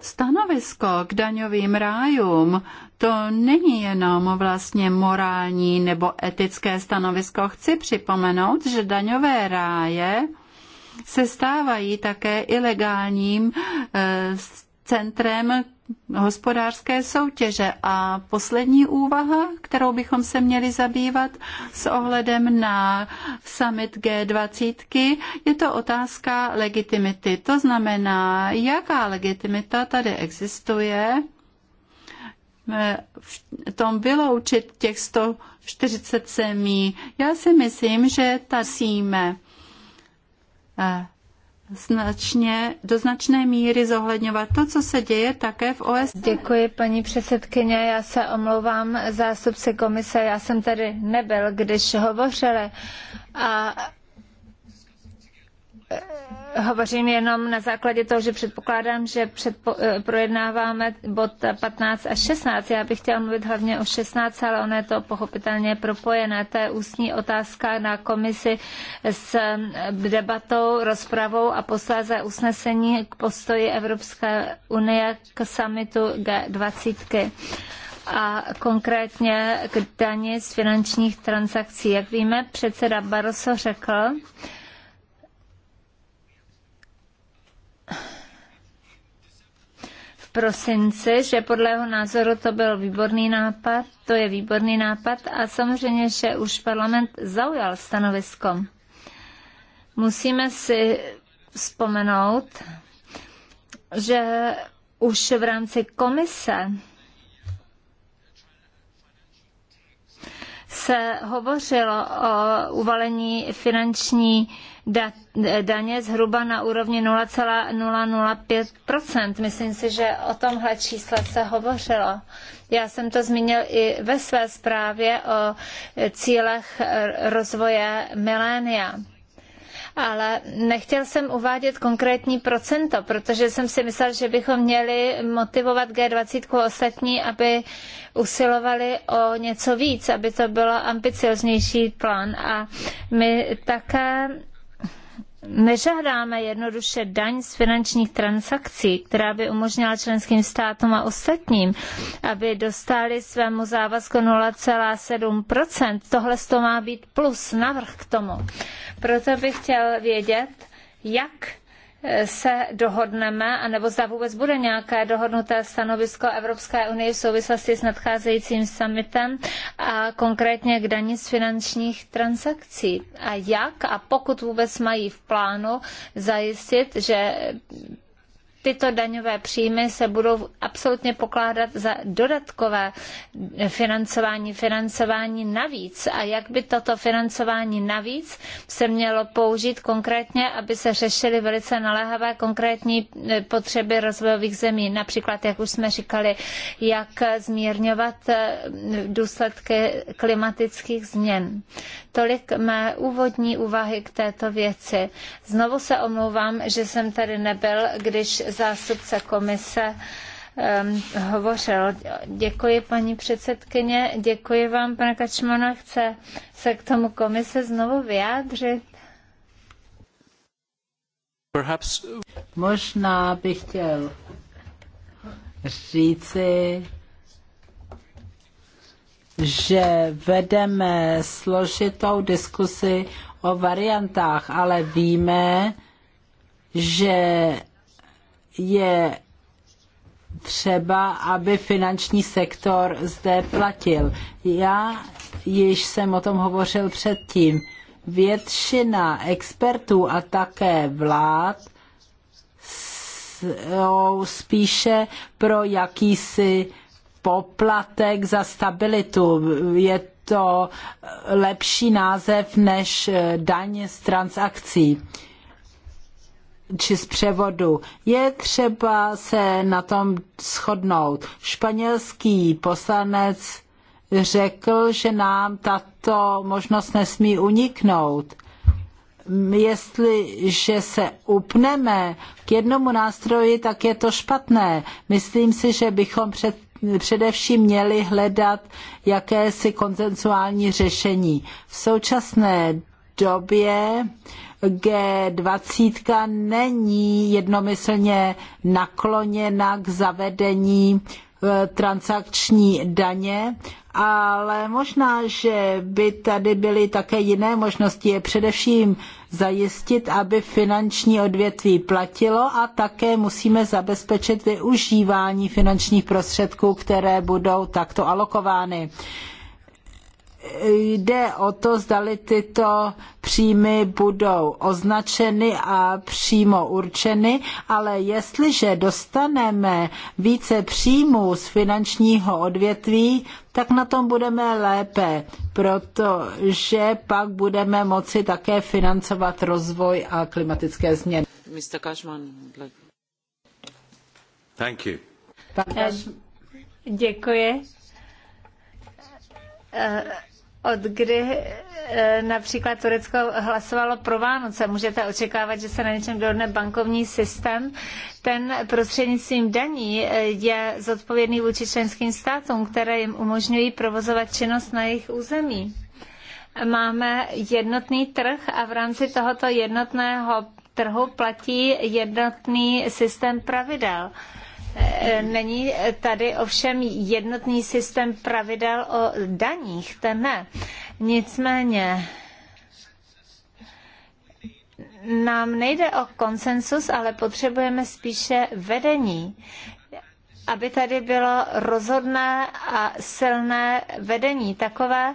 Stanovisko k daňovým rájům to není jenom vlastně morální nebo etické stanovisko. Chci připomenout, že daňové ráje se stávají také ilegálním e, centrem hospodářské soutěže. A poslední úvaha, kterou bychom se měli zabývat s ohledem na summit G20, je to otázka legitimity. To znamená, jaká legitimita tady existuje v tom vyloučit těch 140 zemí. Já si myslím, že ta síme eh, značně, do značné míry zohledňovat to, co se děje také v OSN. Děkuji, paní předsedkyně. Já se omlouvám zástupci komise. Já jsem tady nebyl, když hovořili. A hovořím jenom na základě toho, že předpokládám, že předpo, eh, projednáváme bod 15 a 16. Já bych chtěla mluvit hlavně o 16, ale ono je to pochopitelně propojené. To je ústní otázka na komisi s eh, debatou, rozpravou a posléze usnesení k postoji Evropské unie k summitu G20. a konkrétně k daně z finančních transakcí. Jak víme, předseda Barroso řekl, prosince, že podle jeho názoru to byl výborný nápad, to je výborný nápad a samozřejmě, že už parlament zaujal stanovisko. Musíme si vzpomenout, že už v rámci komise se hovořilo o uvalení finanční daně zhruba na úrovni 0,005%. Myslím si, že o tomhle čísle se hovořilo. Já jsem to zmínil i ve své zprávě o cílech rozvoje milénia ale nechtěl jsem uvádět konkrétní procento, protože jsem si myslel, že bychom měli motivovat G20 ostatní, aby usilovali o něco víc, aby to bylo ambicioznější plán. A my také nežádáme jednoduše daň z finančních transakcí, která by umožnila členským státům a ostatním, aby dostali svému závazku 0,7%. Tohle to má být plus navrh k tomu. Proto bych chtěl vědět, jak se dohodneme, anebo zda vůbec bude nějaké dohodnuté stanovisko Evropské unie v souvislosti s nadcházejícím summitem a konkrétně k daní z finančních transakcí. A jak a pokud vůbec mají v plánu zajistit, že tyto daňové příjmy se budou absolutně pokládat za dodatkové financování, financování navíc a jak by toto financování navíc se mělo použít konkrétně, aby se řešily velice naléhavé konkrétní e, potřeby rozvojových zemí, například, jak už jsme říkali, jak zmírňovat e, důsledky klimatických změn. Tolik mé úvodní úvahy k této věci. Znovu se omlouvám, že jsem tady nebyl, když zástupce komise hovořil. Děkuji, paní předsedkyně, děkuji vám, pane Kačmana. Chce se k tomu komise znovu vyjádřit? Perhaps... Možná bych chtěl říci, že vedeme složitou diskusi o variantách, ale víme, že je třeba, aby finanční sektor zde platil. Já již jsem o tom hovořil předtím. Většina expertů a také vlád jsou spíše pro jakýsi poplatek za stabilitu. Je to lepší název než daň z transakcí či z převodu. Je třeba se na tom shodnout. Španělský poslanec řekl, že nám tato možnost nesmí uniknout. Jestliže se upneme k jednomu nástroji, tak je to špatné. Myslím si, že bychom před, především měli hledat jakési konsensuální řešení. V současné době G20 není jednomyslně nakloněna k zavedení eh, transakční daně, ale možná, že by tady byly také jiné možnosti. Je především zajistit, aby finanční odvětví platilo a také musíme zabezpečit využívání finančních prostředků, které budou takto alokovány jde o to, zdali tyto příjmy budou označeny a přímo určeny, ale jestliže dostaneme více příjmů z finančního odvětví, tak na tom budeme lépe, protože pak budeme moci také financovat rozvoj a klimatické změny. Mr. Cashman, Thank you. Pan Kaš... Eh, děkuji. Uh od kdy eh, například Turecko hlasovalo pro Vánoce. Můžete očekávat, že se na něčem dohodne bankovní systém. Ten prostřednictvím daní eh, je zodpovědný vůči členským státům, které jim umožňují provozovat činnost na jejich území. Máme jednotný trh a v rámci tohoto jednotného trhu platí jednotný systém pravidel. Eh, není tady ovšem jednotný systém pravidel o daních, ten ne. Nicméně nám nejde o konsensus, ale potřebujeme spíše vedení aby tady bylo rozhodné a silné vedení takové,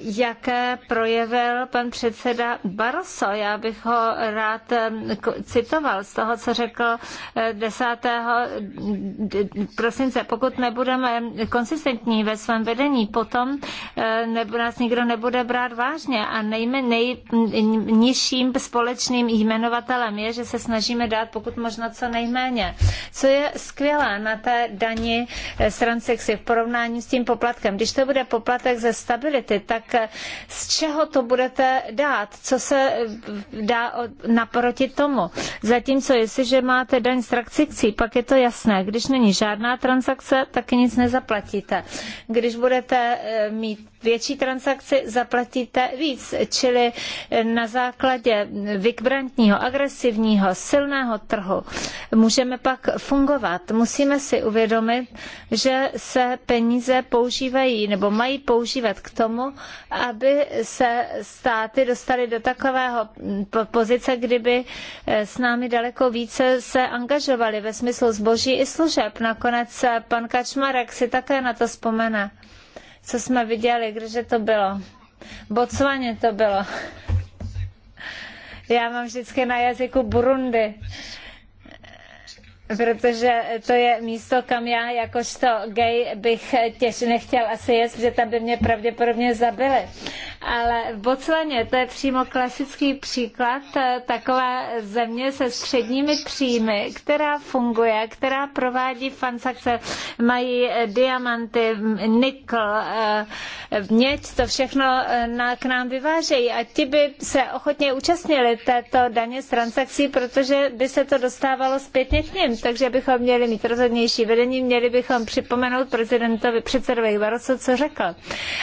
jaké projevil pan předseda Barroso. Já bych ho rád citoval z toho, co řekl 10. Eh, prosince. Pokud nebudeme konsistentní ve svém vedení, potom eh, nás nikdo nebude brát vážně a nejnižším společným jmenovatelem je, že se snažíme dát pokud možno co nejméně. Co je skvělé na té dani z eh, transexy v porovnání s tím poplatkem? Když to bude poplatek ze stability, projekty, tak eh, z čeho to budete dát? Co se eh, dá naproti tomu? Zatímco, jestliže máte daň z transakcí, pak je to jasné. Když není žádná transakce, tak nic nezaplatíte. Když budete eh, mít větší transakci zaplatíte víc. Čili eh, na základě vykbrantního, agresivního, silného trhu můžeme pak fungovat. Musíme si uvědomit, že se peníze používají nebo mají používat k tomu, aby se státy dostaly do takového mm, pozice, kdyby eh, s námi daleko více se angažovali ve smyslu zboží i služeb. Nakonec eh, pan Kačmarek si také na to vzpomene co jsme viděli, kdeže to bylo. Botswaně to bylo. Já mám vždycky na jazyku Burundi protože to je místo, kam já jakožto gay bych těž nechtěl asi jet, protože tam by mě pravděpodobně zabili. Ale v Botswaně to je přímo klasický příklad eh, takové země se středními příjmy, která funguje, která provádí transakce, mají eh, diamanty, nikl, eh, měď, to všechno k nám vyvážejí a ti by se ochotně účastnili této daně z transakcí, protože by se to dostávalo zpětně k nim takže bychom měli mít rozhodnější vedení, měli bychom připomenout prezidentovi předsedovi Barroso, co řekl.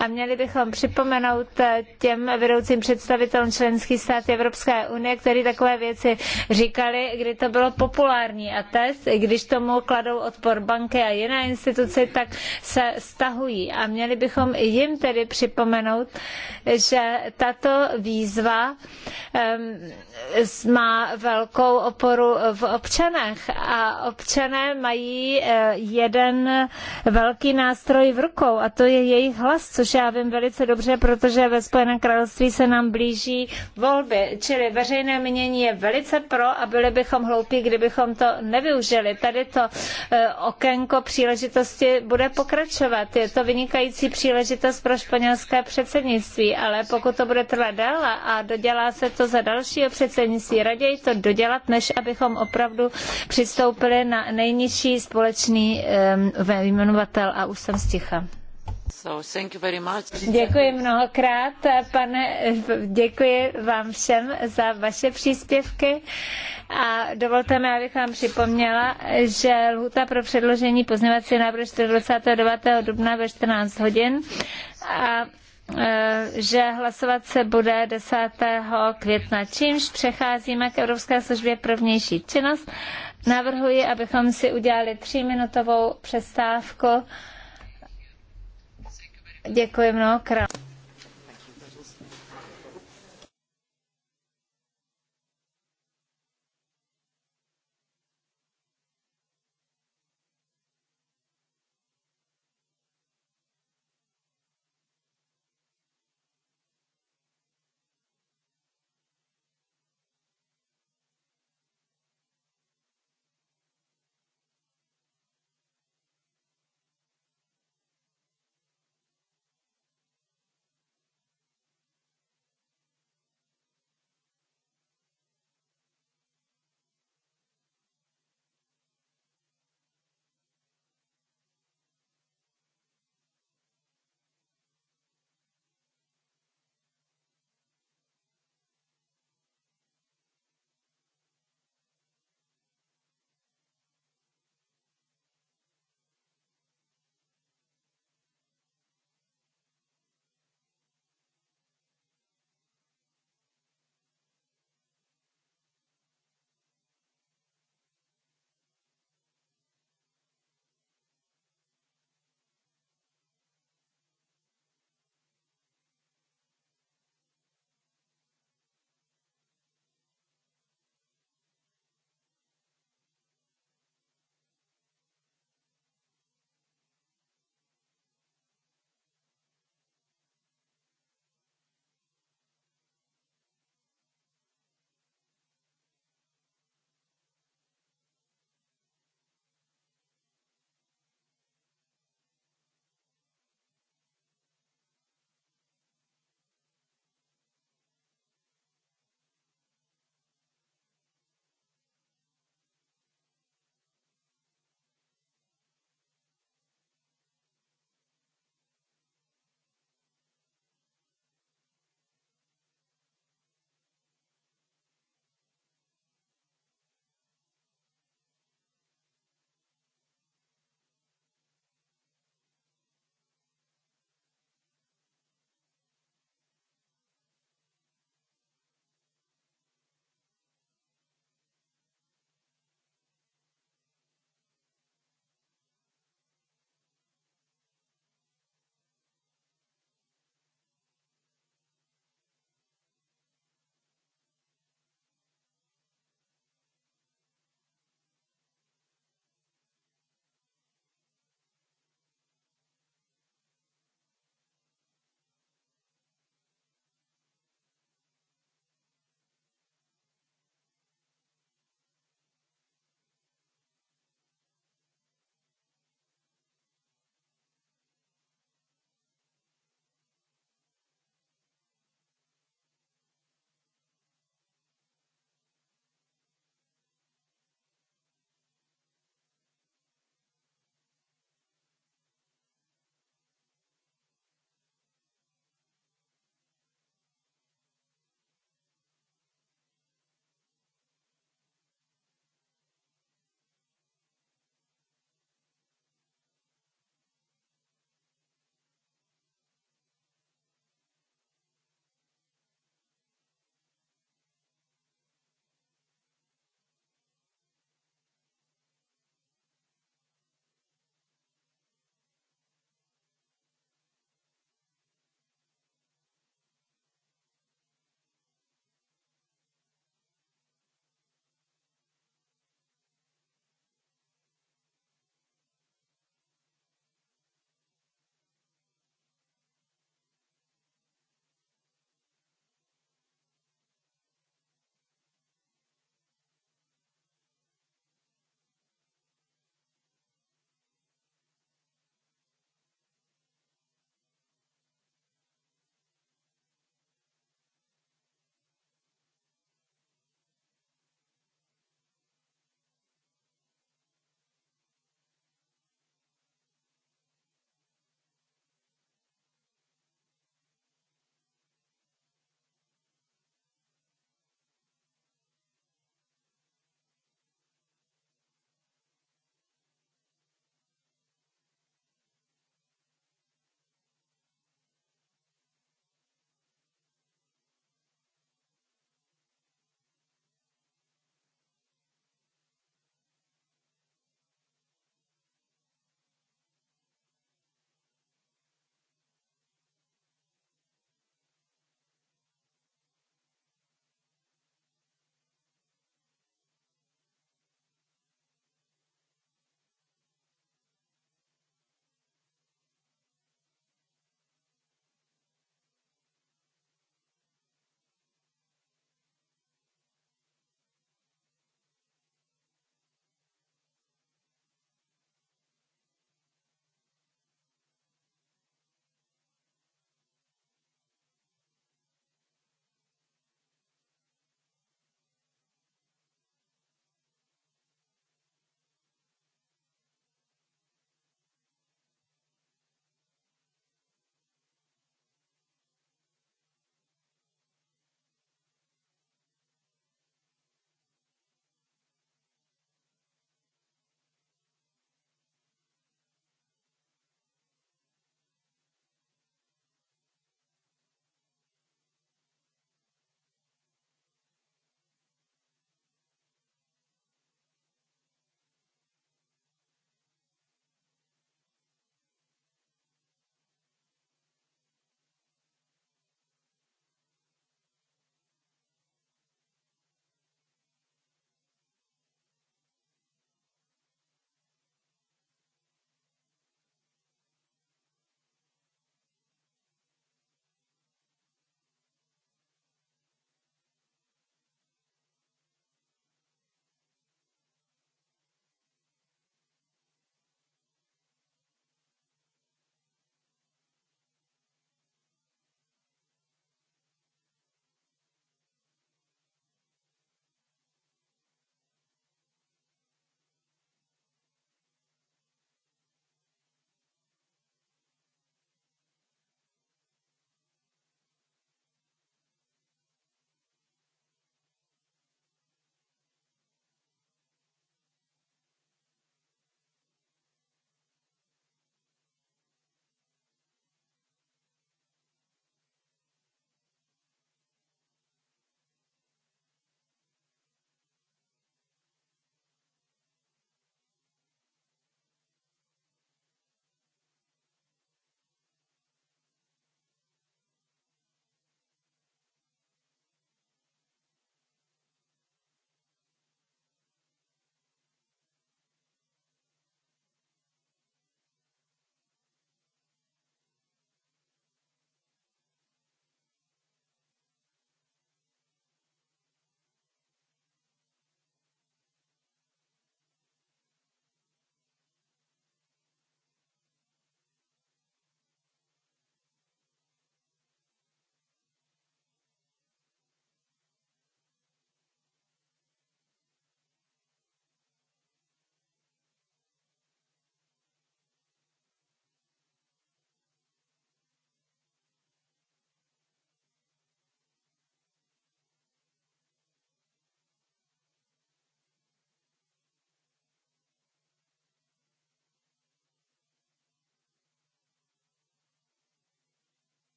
A měli bychom připomenout eh, těm vedoucím představitelům členských států Evropské unie, který takové věci říkali, kdy to bylo populární. A test, když tomu kladou odpor banky a jiné instituce, tak se stahují. A měli bychom i jim tedy připomenout, že tato výzva um, má velkou oporu v občanech a občané mají eh, jeden velký nástroj v rukou a to je jejich hlas, což já vím velice dobře, protože ve Spojeném království se nám blíží volby, čili veřejné mínění je velice pro a byli bychom hloupí, kdybychom to nevyužili. Tady to eh, okénko příležitosti bude pokračovat. Je to vynikající příležitost pro španělské předsednictví, ale pokud to bude trvat dál a dodělá se to za dalšího předsednictví, raději to dodělat, než abychom opravdu přistoupili přistoupili na nejnižší společný jmenovatel a už jsem sticha. So, děkuji mnohokrát, pane, děkuji vám všem za vaše příspěvky a dovolte mi, abych vám připomněla, že lhuta pro předložení pozměvací návrhu 29. dubna ve 14 hodin a e, že hlasovat se bude 10. května, čímž přecházíme k Evropské službě pro vnější činnost Navrhuji, abychom si udělali tříminutovou přestávku. Děkuji mnohokrát.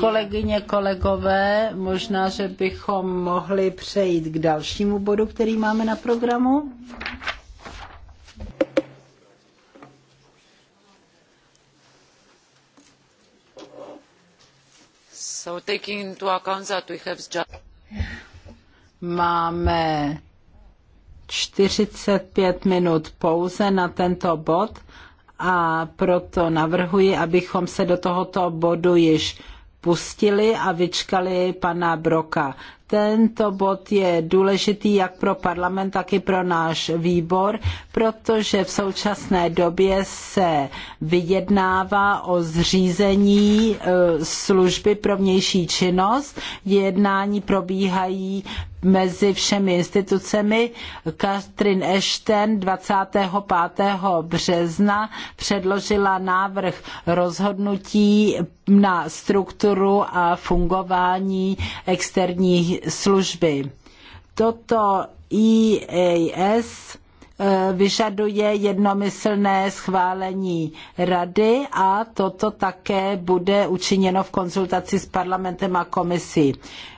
Kolegyně, kolegové, možná, že bychom mohli přejít k dalšímu bodu, který máme na programu. So taking into account that we have just... Máme 45 minut pouze na tento bod a proto navrhuji, abychom se do tohoto bodu již pustili a vyčkali pana Broka. Tento bod je důležitý jak pro parlament, tak i pro náš výbor, protože v současné době se vyjednává o zřízení e, služby pro vnější činnost. Jednání probíhají mezi všemi institucemi. Katrin Ashton 25. března předložila návrh rozhodnutí na strukturu a fungování externích služby. Toto EAS eh, vyžaduje jednomyslné schválení rady a toto také bude učiněno v konzultaci s parlamentem a komisí.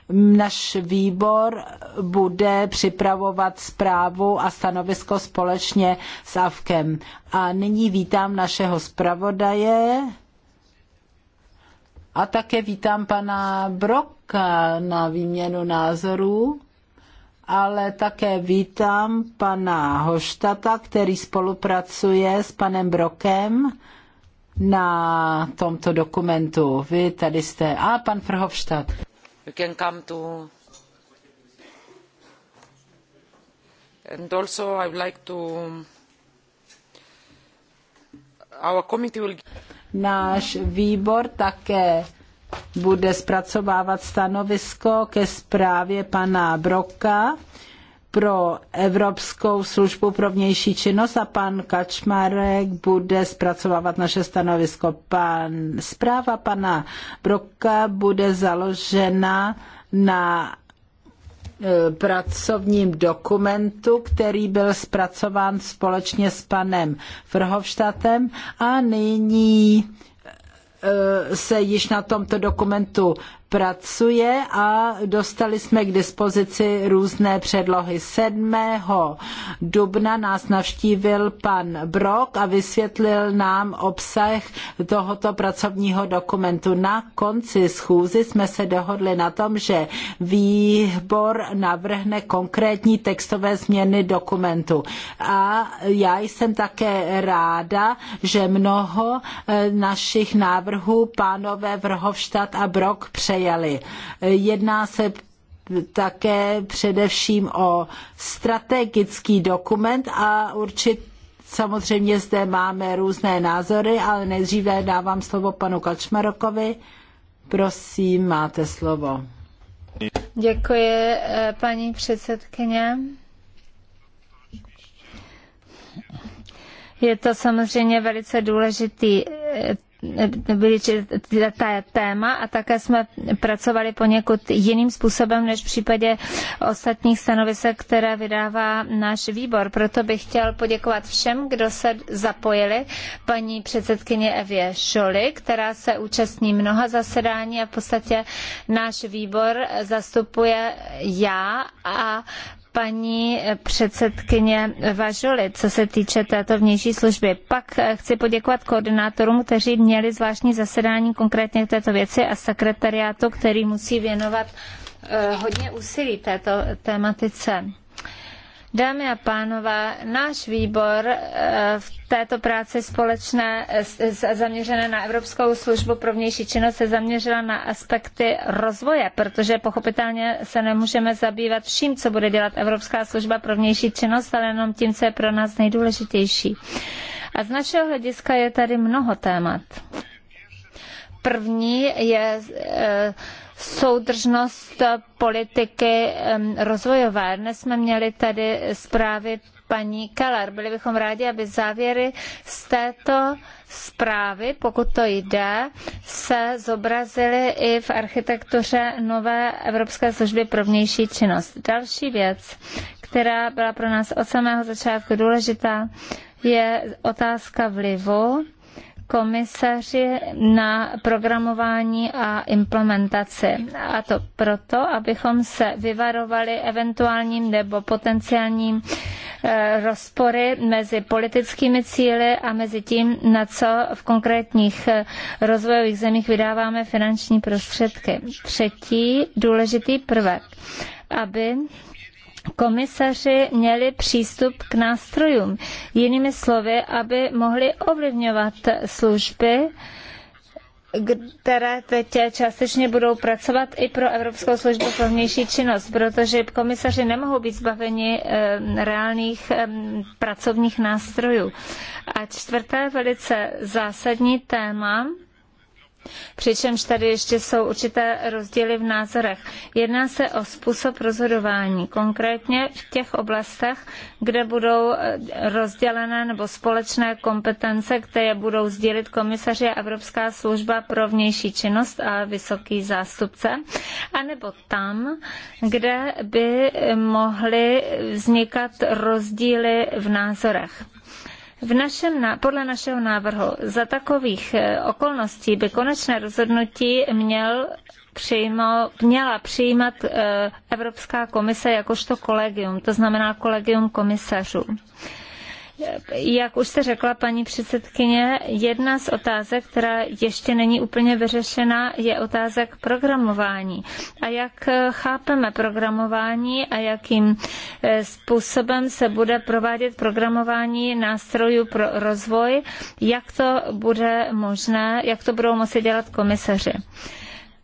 Náš výbor bude připravovat zprávu a stanovisko společně s AVKem. A nyní vítám našeho zpravodaje a také vítám pana Broka na výměnu názorů, ale také vítám pana Hoštata, který spolupracuje s panem Brokem na tomto dokumentu. Vy tady jste. A pan Frhovštat. You can come to... And also like to... Our committee will... Náš výbor také bude zpracovávat stanovisko ke zprávě pana Broka pro Evropskou službu pro vnější činnost a pan Kačmarek bude zpracovávat naše stanovisko. Pan, zpráva pana Broka bude založena na E, pracovním dokumentu, který byl zpracován společně s panem Frhovštatem a nyní e, se již na tomto dokumentu pracuje a dostali jsme k dispozici různé předlohy. 7. dubna nás navštívil pan Brok a vysvětlil nám obsah tohoto pracovního dokumentu. Na konci schůzy jsme se dohodli na tom, že výbor navrhne konkrétní textové změny dokumentu. A já jsem také ráda, že mnoho eh, našich návrhů pánové Vrhovštat a Brok před přejali. Jedná se také především o strategický dokument a určitě samozřejmě zde máme různé názory, ale nejdříve dávám slovo panu Kačmarokovi. Prosím, máte slovo. Děkuji, eh, paní předsedkyně. Je to samozřejmě velice důležitý eh, Eh, byly ta téma a také jsme pracovali poněkud jiným způsobem než v případě ostatních stanovisek, které vydává náš výbor. Proto bych chtěl poděkovat všem, kdo se zapojili. Paní předsedkyně Evě Šoli, která se účastní mnoha zasedání a v podstatě náš výbor zastupuje já a paní předsedkyně Važoli, co se týče této vnější služby. Pak eh, chci poděkovat koordinátorům, kteří měli zvláštní zasedání konkrétně k této věci a sekretariátu, který musí věnovat eh, hodně úsilí této tématice. Dámy a pánové, náš výbor eh, v této práci společné eh, zaměřené na Evropskou službu pro vnější činnost se zaměřila na aspekty rozvoje, protože pochopitelně se nemůžeme zabývat vším, co bude dělat Evropská služba pro vnější činnost, ale jenom tím, co je pro nás nejdůležitější. A z našeho hlediska je tady mnoho témat. První je eh, soudržnost politiky rozvojové. Dnes jsme měli tady zprávy paní Keller. Byli bychom rádi, aby závěry z této zprávy, pokud to jde, se zobrazily i v architektuře nové Evropské služby pro vnější činnost. Další věc, která byla pro nás od samého začátku důležitá, je otázka vlivu komisaři na programování a implementaci. A to proto, abychom se vyvarovali eventuálním nebo potenciálním eh, rozpory mezi politickými cíly a mezi tím, na co v konkrétních eh, rozvojových zemích vydáváme finanční prostředky. Třetí důležitý prvek, aby komisaři měli přístup k nástrojům. Jinými slovy, aby mohli ovlivňovat služby, které teď částečně budou pracovat i pro Evropskou službu pro vnější činnost, protože komisaři nemohou být zbaveni eh, reálných eh, pracovních nástrojů. A čtvrté velice zásadní téma, Přičemž tady ještě jsou určité rozdíly v názorech. Jedná se o způsob rozhodování, konkrétně v těch oblastech, kde budou eh, rozdělené nebo společné kompetence, které budou sdělit komisaři Evropská služba pro vnější činnost a vysoký zástupce, anebo tam, kde by mohly vznikat rozdíly v názorech. V našem, podle našeho návrhu za takových eh, okolností by konečné rozhodnutí měl přijmo, měla přijímat eh, Evropská komise jakožto kolegium, to znamená kolegium komisařů. Jak už jste řekla, paní předsedkyně, jedna z otázek, která ještě není úplně vyřešena, je otázek programování. A jak chápeme programování a jakým e, způsobem se bude provádět programování nástrojů pro rozvoj, jak to bude možné, jak to budou moci dělat komisaři.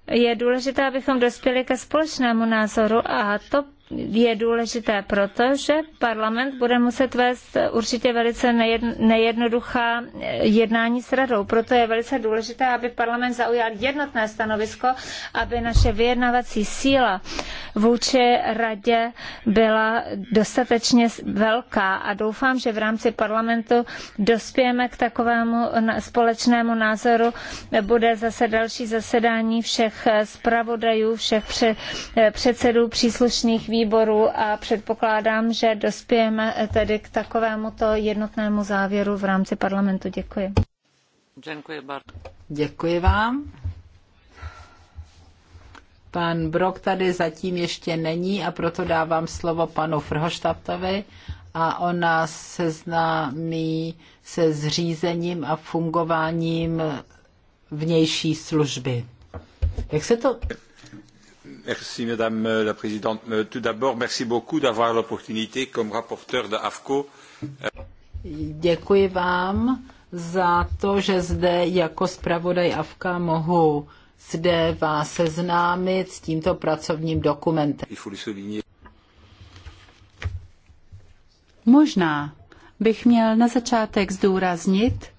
Je důležité, abychom dospěli ke společnému názoru a to je důležité proto, že parlament bude muset vést určitě velice nejednoduchá eh, jednání s radou. Proto je velice důležité, aby parlament zaujal jednotné stanovisko, aby naše vyjednavací síla vůči radě byla dostatečně velká a doufám, že v rámci parlamentu dospějeme k takovému společnému názoru. Bude zase další zasedání všech eh, zpravodajů, všech eh, předsedů příslušných výborů výboru a předpokládám, že dospějeme tedy k takovémuto jednotnému závěru v rámci parlamentu. Děkuji. Děkuji, Děkuji vám. Pan Brok tady zatím ještě není a proto dávám slovo panu Frhoštaptovi a on nás seznámí se zřízením a fungováním vnější služby. Jak se to Merci, Madame la Présidente. Euh, tout d'abord, merci beaucoup d'avoir l'opportunité, comme rapporteur de AFCO. Euh, Děkuji vám za to, že zde jako zpravodaj AFKA mohu zde vás seznámit s tímto pracovním dokumentem. Možná bych měl na začátek zdůraznit,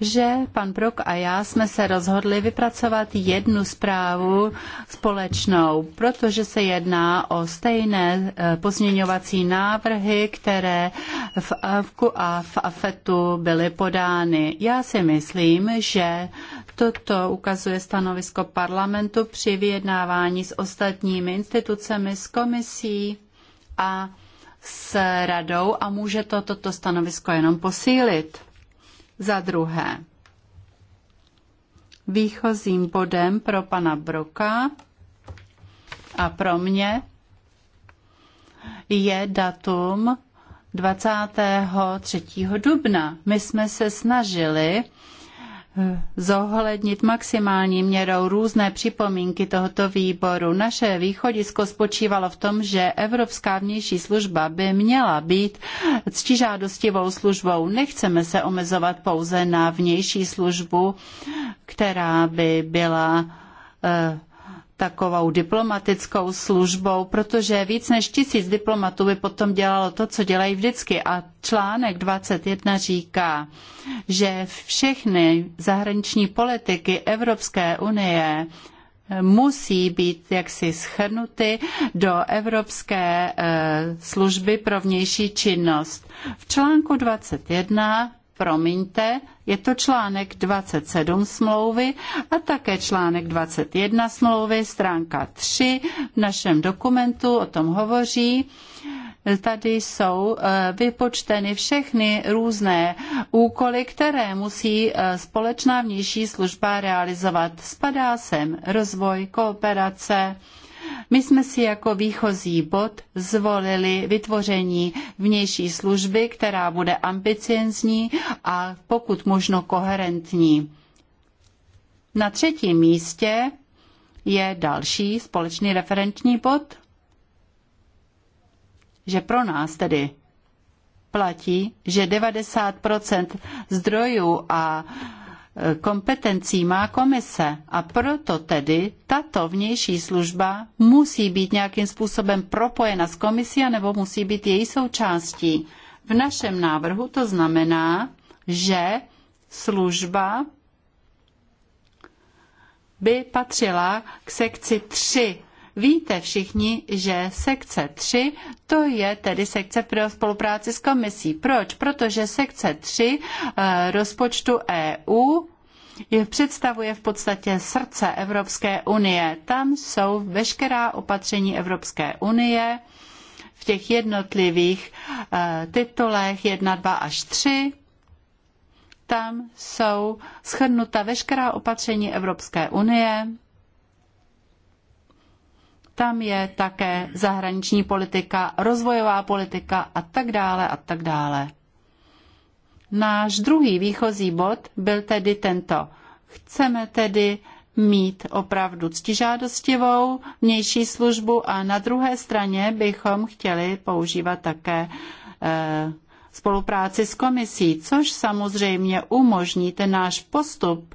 že pan Brok a já jsme se rozhodli vypracovat jednu zprávu společnou, protože se jedná o stejné eh, pozměňovací návrhy, které v AFKu a v AFETu byly podány. Já si myslím, že toto ukazuje stanovisko parlamentu při vyjednávání s ostatními institucemi, s komisí a s radou a může to toto stanovisko jenom posílit. Za druhé, výchozím bodem pro pana Broka a pro mě je datum 23. dubna. My jsme se snažili zohlednit maximální měrou různé připomínky tohoto výboru. Naše východisko spočívalo v tom, že Evropská vnější služba by měla být ctižádostivou službou. Nechceme se omezovat pouze na vnější službu, která by byla eh, takovou diplomatickou službou, protože víc než tisíc diplomatů by potom dělalo to, co dělají vždycky. A článek 21 říká, že všechny zahraniční politiky Evropské unie musí být jaksi schrnuty do Evropské eh, služby pro vnější činnost. V článku 21, promiňte, je to článek 27 smlouvy a také článek 21 smlouvy, stránka 3 v našem dokumentu o tom hovoří. Tady jsou eh, vypočteny všechny různé úkoly, které musí eh, společná vnější služba realizovat. Spadá sem rozvoj, kooperace, my jsme si jako výchozí bod zvolili vytvoření vnější služby, která bude ambiciozní a pokud možno koherentní. Na třetím místě je další společný referenční bod, že pro nás tedy platí, že 90 zdrojů a kompetencí má komise a proto tedy tato vnější služba musí být nějakým způsobem propojena s komisí nebo musí být její součástí. V našem návrhu to znamená, že služba by patřila k sekci 3 víte všichni, že sekce 3, to je tedy sekce pro spolupráci s komisí. Proč? Protože sekce 3 eh, rozpočtu EU je představuje v podstatě srdce Evropské unie. Tam jsou veškerá opatření Evropské unie v těch jednotlivých eh, titulech 1, 2 až 3. Tam jsou schrnuta veškerá opatření Evropské unie tam je také zahraniční politika, rozvojová politika a tak dále a tak dále. Náš druhý výchozí bod byl tedy tento. Chceme tedy mít opravdu ctižádostivou vnější službu a na druhé straně bychom chtěli používat také e, spolupráci s komisí, což samozřejmě umožní ten náš postup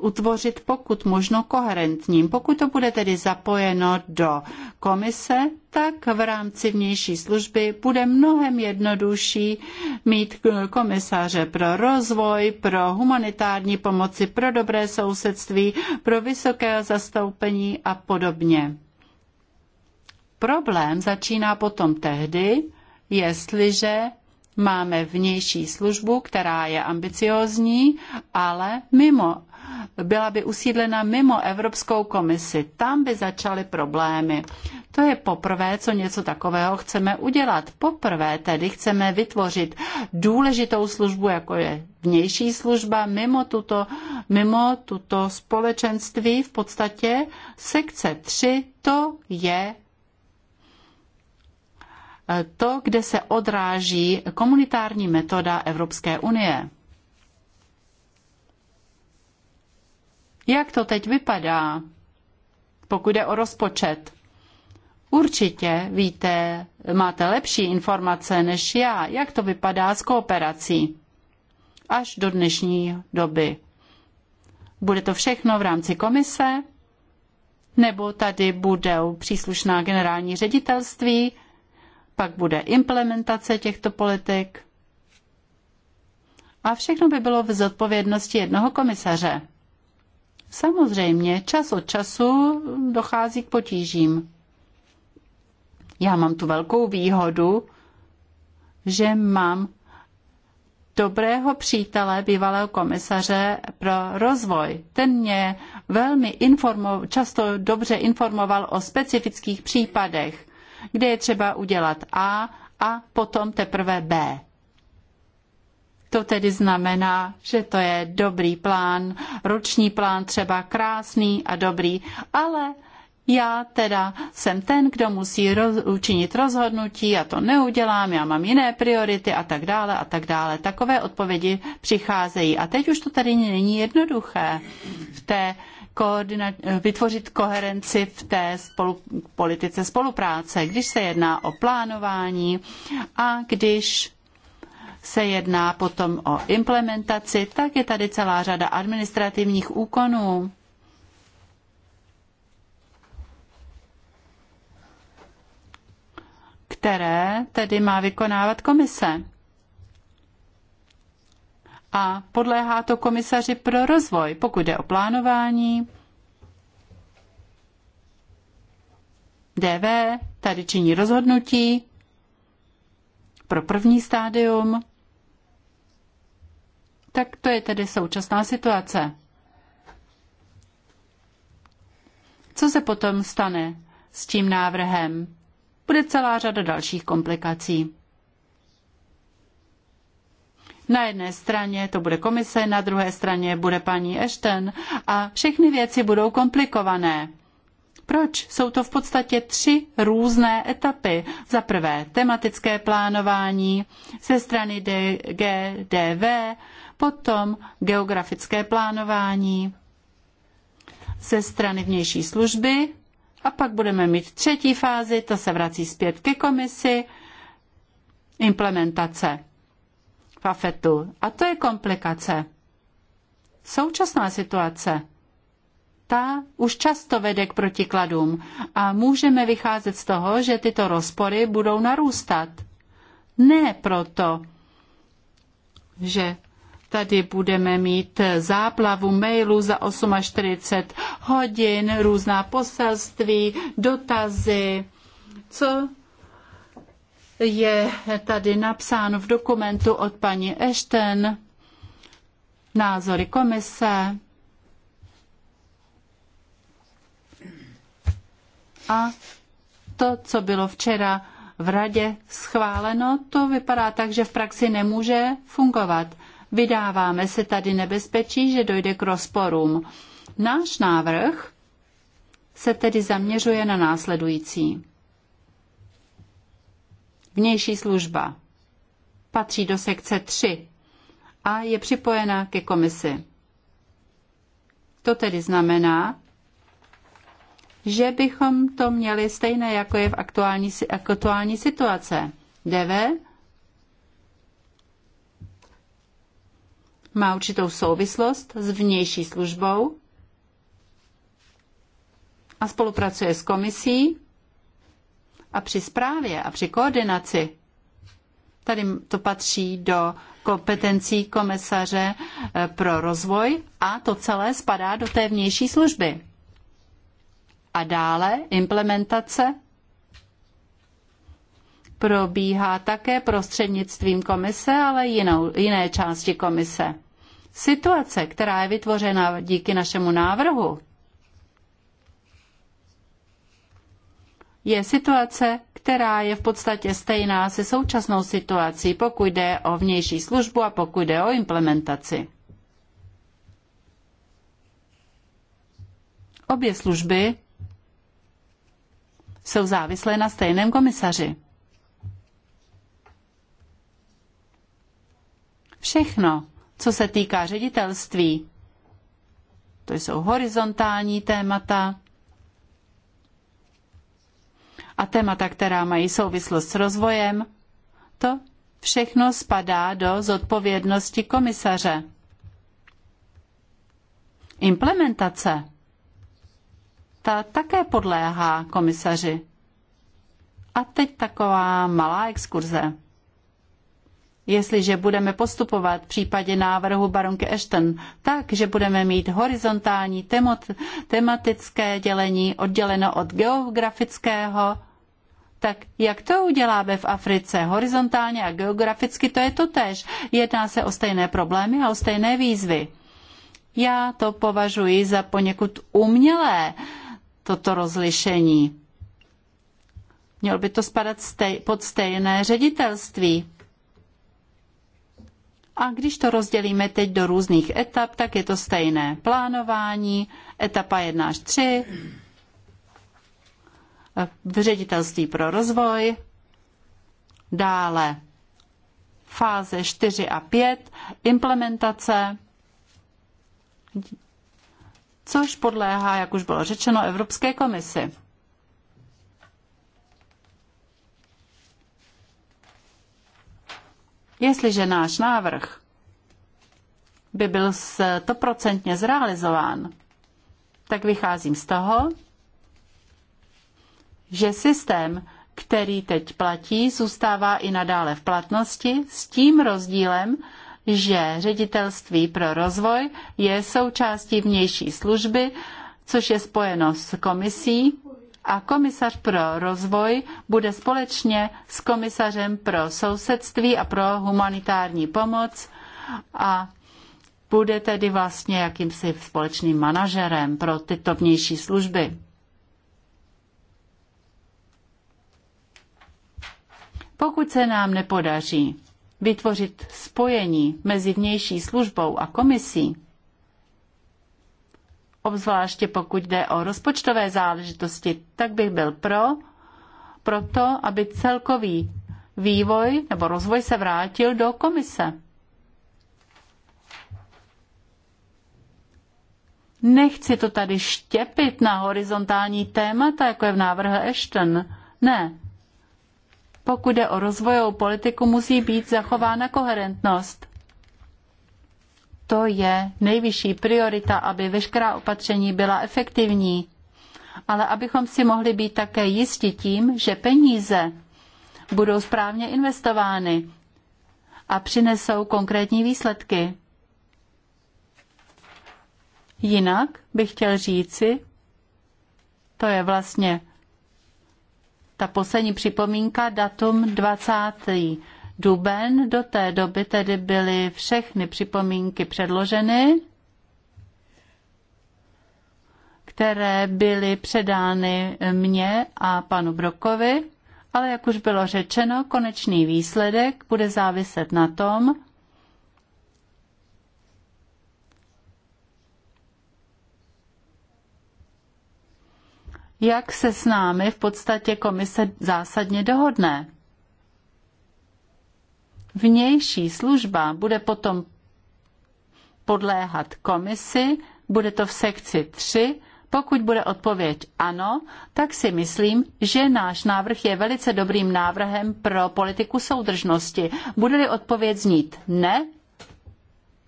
utvořit pokud možno koherentním. Pokud to bude tedy zapojeno do komise, tak v rámci vnější služby bude mnohem jednodušší mít komisaře pro rozvoj, pro humanitární pomoci, pro dobré sousedství, pro vysoké zastoupení a podobně. Problém začíná potom tehdy, jestliže máme vnější službu, která je ambiciózní, ale mimo byla by usídlena mimo Evropskou komisi. Tam by začaly problémy. To je poprvé, co něco takového chceme udělat. Poprvé tedy chceme vytvořit důležitou službu, jako je vnější služba, mimo tuto, mimo tuto společenství. V podstatě sekce 3 to je eh, to, kde se odráží komunitární metoda Evropské unie. Jak to teď vypadá, pokud jde o rozpočet? Určitě víte, máte lepší informace než já, jak to vypadá s kooperací až do dnešní doby. Bude to všechno v rámci komise? Nebo tady bude příslušná generální ředitelství? Pak bude implementace těchto politik? A všechno by bylo v zodpovědnosti jednoho komisaře. Samozřejmě, čas od času dochází k potížím. Já mám tu velkou výhodu, že mám dobrého přítele, bývalého komisaře pro rozvoj. Ten mě velmi informo, často dobře informoval o specifických případech, kde je třeba udělat A a potom teprve B. To tedy znamená, že to je dobrý plán, roční plán třeba krásný a dobrý, ale já teda jsem ten, kdo musí roz, učinit rozhodnutí, já to neudělám, já mám jiné priority a tak dále a tak dále. Takové odpovědi přicházejí. A teď už to tady není jednoduché v té koordina- vytvořit koherenci v té spolu- politice spolupráce, když se jedná o plánování a když se jedná potom o implementaci, tak je tady celá řada administrativních úkonů. které tedy má vykonávat komise. A podléhá to komisaři pro rozvoj, pokud jde o plánování. DV tady činí rozhodnutí pro první stádium tak to je tedy současná situace. Co se potom stane s tím návrhem? Bude celá řada dalších komplikací. Na jedné straně to bude komise, na druhé straně bude paní Ashton a všechny věci budou komplikované. Proč? Jsou to v podstatě tři různé etapy. Za prvé tematické plánování ze strany DGDV, potom geografické plánování ze strany vnější služby a pak budeme mít třetí fázi, to se vrací zpět ke komisi, implementace FAFETu. A to je komplikace. Současná situace ta už často vede k protikladům a můžeme vycházet z toho, že tyto rozpory budou narůstat. Ne proto, že tady budeme mít záplavu mailů za 48 hodin, různá poselství, dotazy, co je tady napsáno v dokumentu od paní Ashton, názory komise a to, co bylo včera v radě schváleno, to vypadá tak, že v praxi nemůže fungovat vydáváme se tady nebezpečí, že dojde k rozporům. Náš návrh se tedy zaměřuje na následující. Vnější služba patří do sekce 3 a je připojena ke komisi. To tedy znamená, že bychom to měli stejné, jako je v aktuální, aktuální situace. DV má určitou souvislost s vnější službou a spolupracuje s komisí a při správě a při koordinaci. Tady to patří do kompetencí komisaře eh, pro rozvoj a to celé spadá do té vnější služby. A dále implementace probíhá také prostřednictvím komise, ale jinou, jiné části komise situace, která je vytvořena díky našemu návrhu, je situace, která je v podstatě stejná se současnou situací, pokud jde o vnější službu a pokud jde o implementaci. Obě služby jsou závislé na stejném komisaři. Všechno, co se týká ředitelství, to jsou horizontální témata a témata, která mají souvislost s rozvojem, to všechno spadá do zodpovědnosti komisaře. Implementace. Ta také podléhá komisaři. A teď taková malá exkurze jestliže budeme postupovat v případě návrhu baronky Ashton tak, že budeme mít horizontální temot, tematické dělení odděleno od geografického, tak jak to uděláme v Africe? Horizontálně a geograficky to je to tež. Jedná se o stejné problémy a o stejné výzvy. Já to považuji za poněkud umělé, toto rozlišení. Mělo by to spadat stej, pod stejné ředitelství. A když to rozdělíme teď do různých etap, tak je to stejné plánování, etapa 1 až 3, v ředitelství pro rozvoj, dále fáze 4 a 5, implementace, což podléhá, jak už bylo řečeno, Evropské komisi. Jestliže náš návrh by byl stoprocentně zrealizován, tak vycházím z toho, že systém, který teď platí, zůstává i nadále v platnosti s tím rozdílem, že ředitelství pro rozvoj je součástí vnější služby, což je spojeno s komisí a komisař pro rozvoj bude společně s komisařem pro sousedství a pro humanitární pomoc a bude tedy vlastně jakýmsi společným manažerem pro tyto vnější služby. Pokud se nám nepodaří vytvořit spojení mezi vnější službou a komisí, obzvláště pokud jde o rozpočtové záležitosti, tak bych byl pro, proto, aby celkový vývoj nebo rozvoj se vrátil do komise. Nechci to tady štěpit na horizontální témata, jako je v návrhu Ashton. Ne. Pokud jde o rozvojovou politiku, musí být zachována koherentnost to je nejvyšší priorita, aby veškerá opatření byla efektivní. Ale abychom si mohli být také jisti tím, že peníze budou správně investovány a přinesou konkrétní výsledky. Jinak bych chtěl říci, to je vlastně ta poslední připomínka, datum 20 duben. Do té doby tedy byly všechny připomínky předloženy, které byly předány mně a panu Brokovi, ale jak už bylo řečeno, konečný výsledek bude záviset na tom, jak se s námi v podstatě komise zásadně dohodne vnější služba bude potom podléhat komisi, bude to v sekci 3. Pokud bude odpověď ano, tak si myslím, že náš návrh je velice dobrým návrhem pro politiku soudržnosti. Bude-li odpověď znít ne,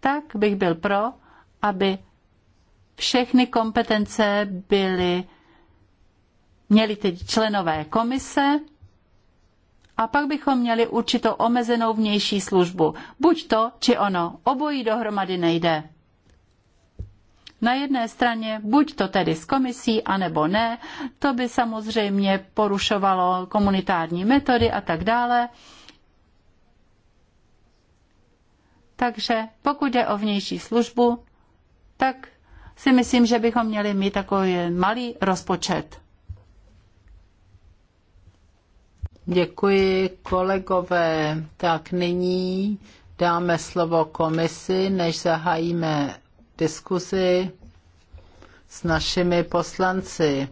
tak bych byl pro, aby všechny kompetence byly, měli teď členové komise, a pak bychom měli určitou omezenou vnější službu. Buď to, či ono. Obojí dohromady nejde. Na jedné straně buď to tedy s komisí, anebo ne, to by samozřejmě porušovalo komunitární metody a tak dále. Takže pokud jde o vnější službu, tak si myslím, že bychom měli mít takový malý rozpočet. Děkuji kolegové. Tak nyní dáme slovo komisi, než zahájíme diskuzi s našimi poslanci.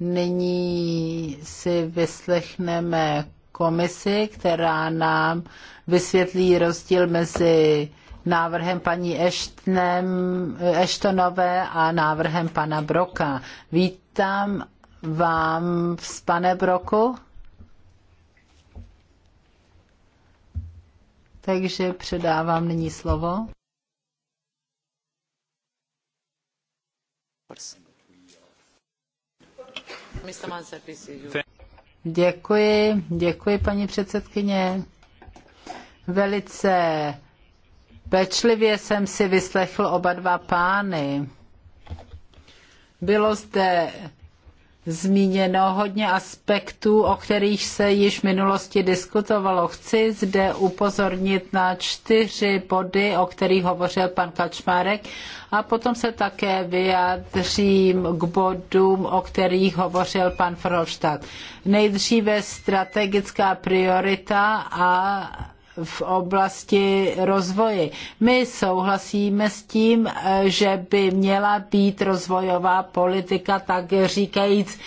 Nyní si vyslechneme komisi, která nám vysvětlí rozdíl mezi návrhem paní Eštnem, Eštonové a návrhem pana Broka. Vítám vám, pane Broku. takže předávám nyní slovo. Děkuji, děkuji paní předsedkyně. Velice pečlivě jsem si vyslechl oba dva pány. Bylo zde zmíněno hodně aspektů, o kterých se již v minulosti diskutovalo. Chci zde upozornit na čtyři body, o kterých hovořil pan Kačmárek a potom se také vyjádřím k bodům, o kterých hovořil pan Frohlstadt. Nejdříve strategická priorita a v oblasti rozvoje. My souhlasíme s tím, že by měla být rozvojová politika, tak říkajíc,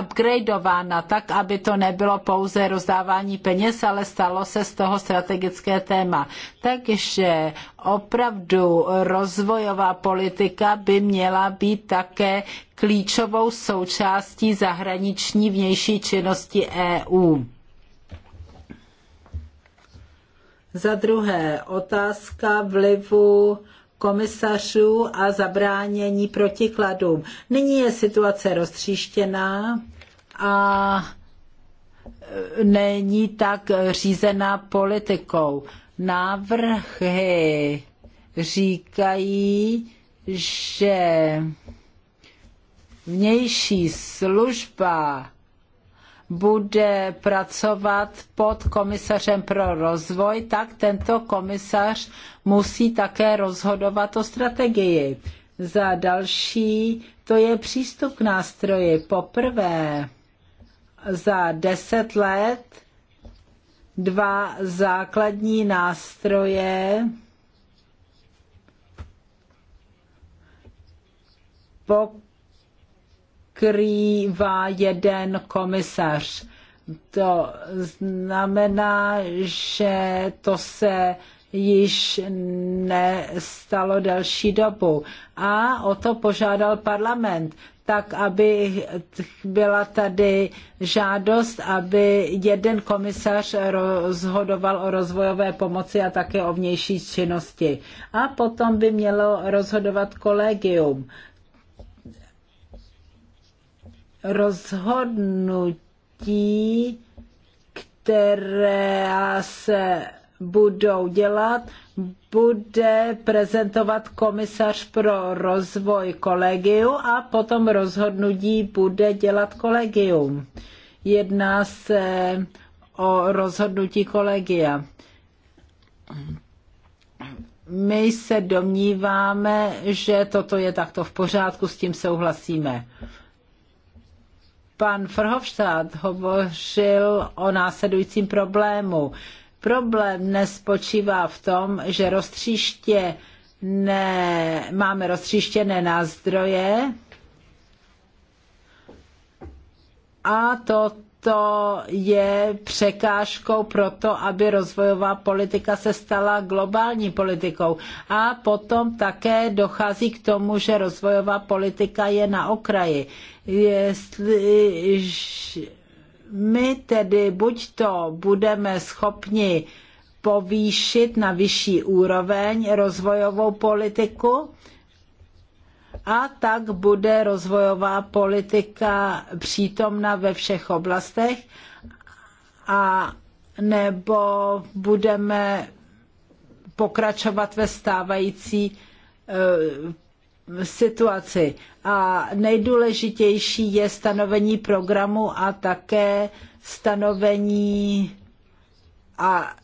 upgradeována tak, aby to nebylo pouze rozdávání peněz, ale stalo se z toho strategické téma. Takže opravdu rozvojová politika by měla být také klíčovou součástí zahraniční vnější činnosti EU. Za druhé, otázka vlivu komisařů a zabránění protikladům. Nyní je situace roztříštěná a e, není tak řízená politikou. Návrhy říkají, že vnější služba bude pracovat pod komisařem pro rozvoj, tak tento komisař musí také rozhodovat o strategii. Za další, to je přístup k nástroji. Poprvé za deset let dva základní nástroje po pokrývá jeden komisař. To znamená, že to se již nestalo delší dobu. A o to požádal parlament, tak aby byla tady žádost, aby jeden komisař rozhodoval o rozvojové pomoci a také o vnější činnosti. A potom by mělo rozhodovat kolegium rozhodnutí, které se budou dělat, bude prezentovat komisař pro rozvoj kolegiu a potom rozhodnutí bude dělat kolegium. Jedná se o rozhodnutí kolegia. My se domníváme, že toto je takto v pořádku, s tím souhlasíme. Pan Frhovštát hovořil o následujícím problému. Problém nespočívá v tom, že roztříště ne, máme roztříštěné nástroje a to to je překážkou pro to, aby rozvojová politika se stala globální politikou. A potom také dochází k tomu, že rozvojová politika je na okraji. Jestli my tedy buď to budeme schopni povýšit na vyšší úroveň rozvojovou politiku, a tak bude rozvojová politika přítomna ve všech oblastech a nebo budeme pokračovat ve stávající eh, situaci. A nejdůležitější je stanovení programu a také stanovení a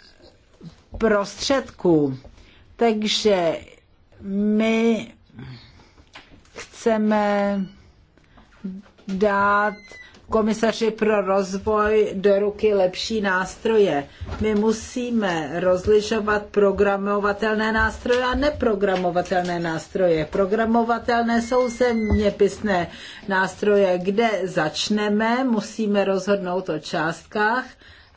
prostředků. Takže my chceme dát komisaři pro rozvoj do ruky lepší nástroje. My musíme rozlišovat programovatelné nástroje a neprogramovatelné nástroje. Programovatelné jsou zeměpisné nástroje, kde začneme, musíme rozhodnout o částkách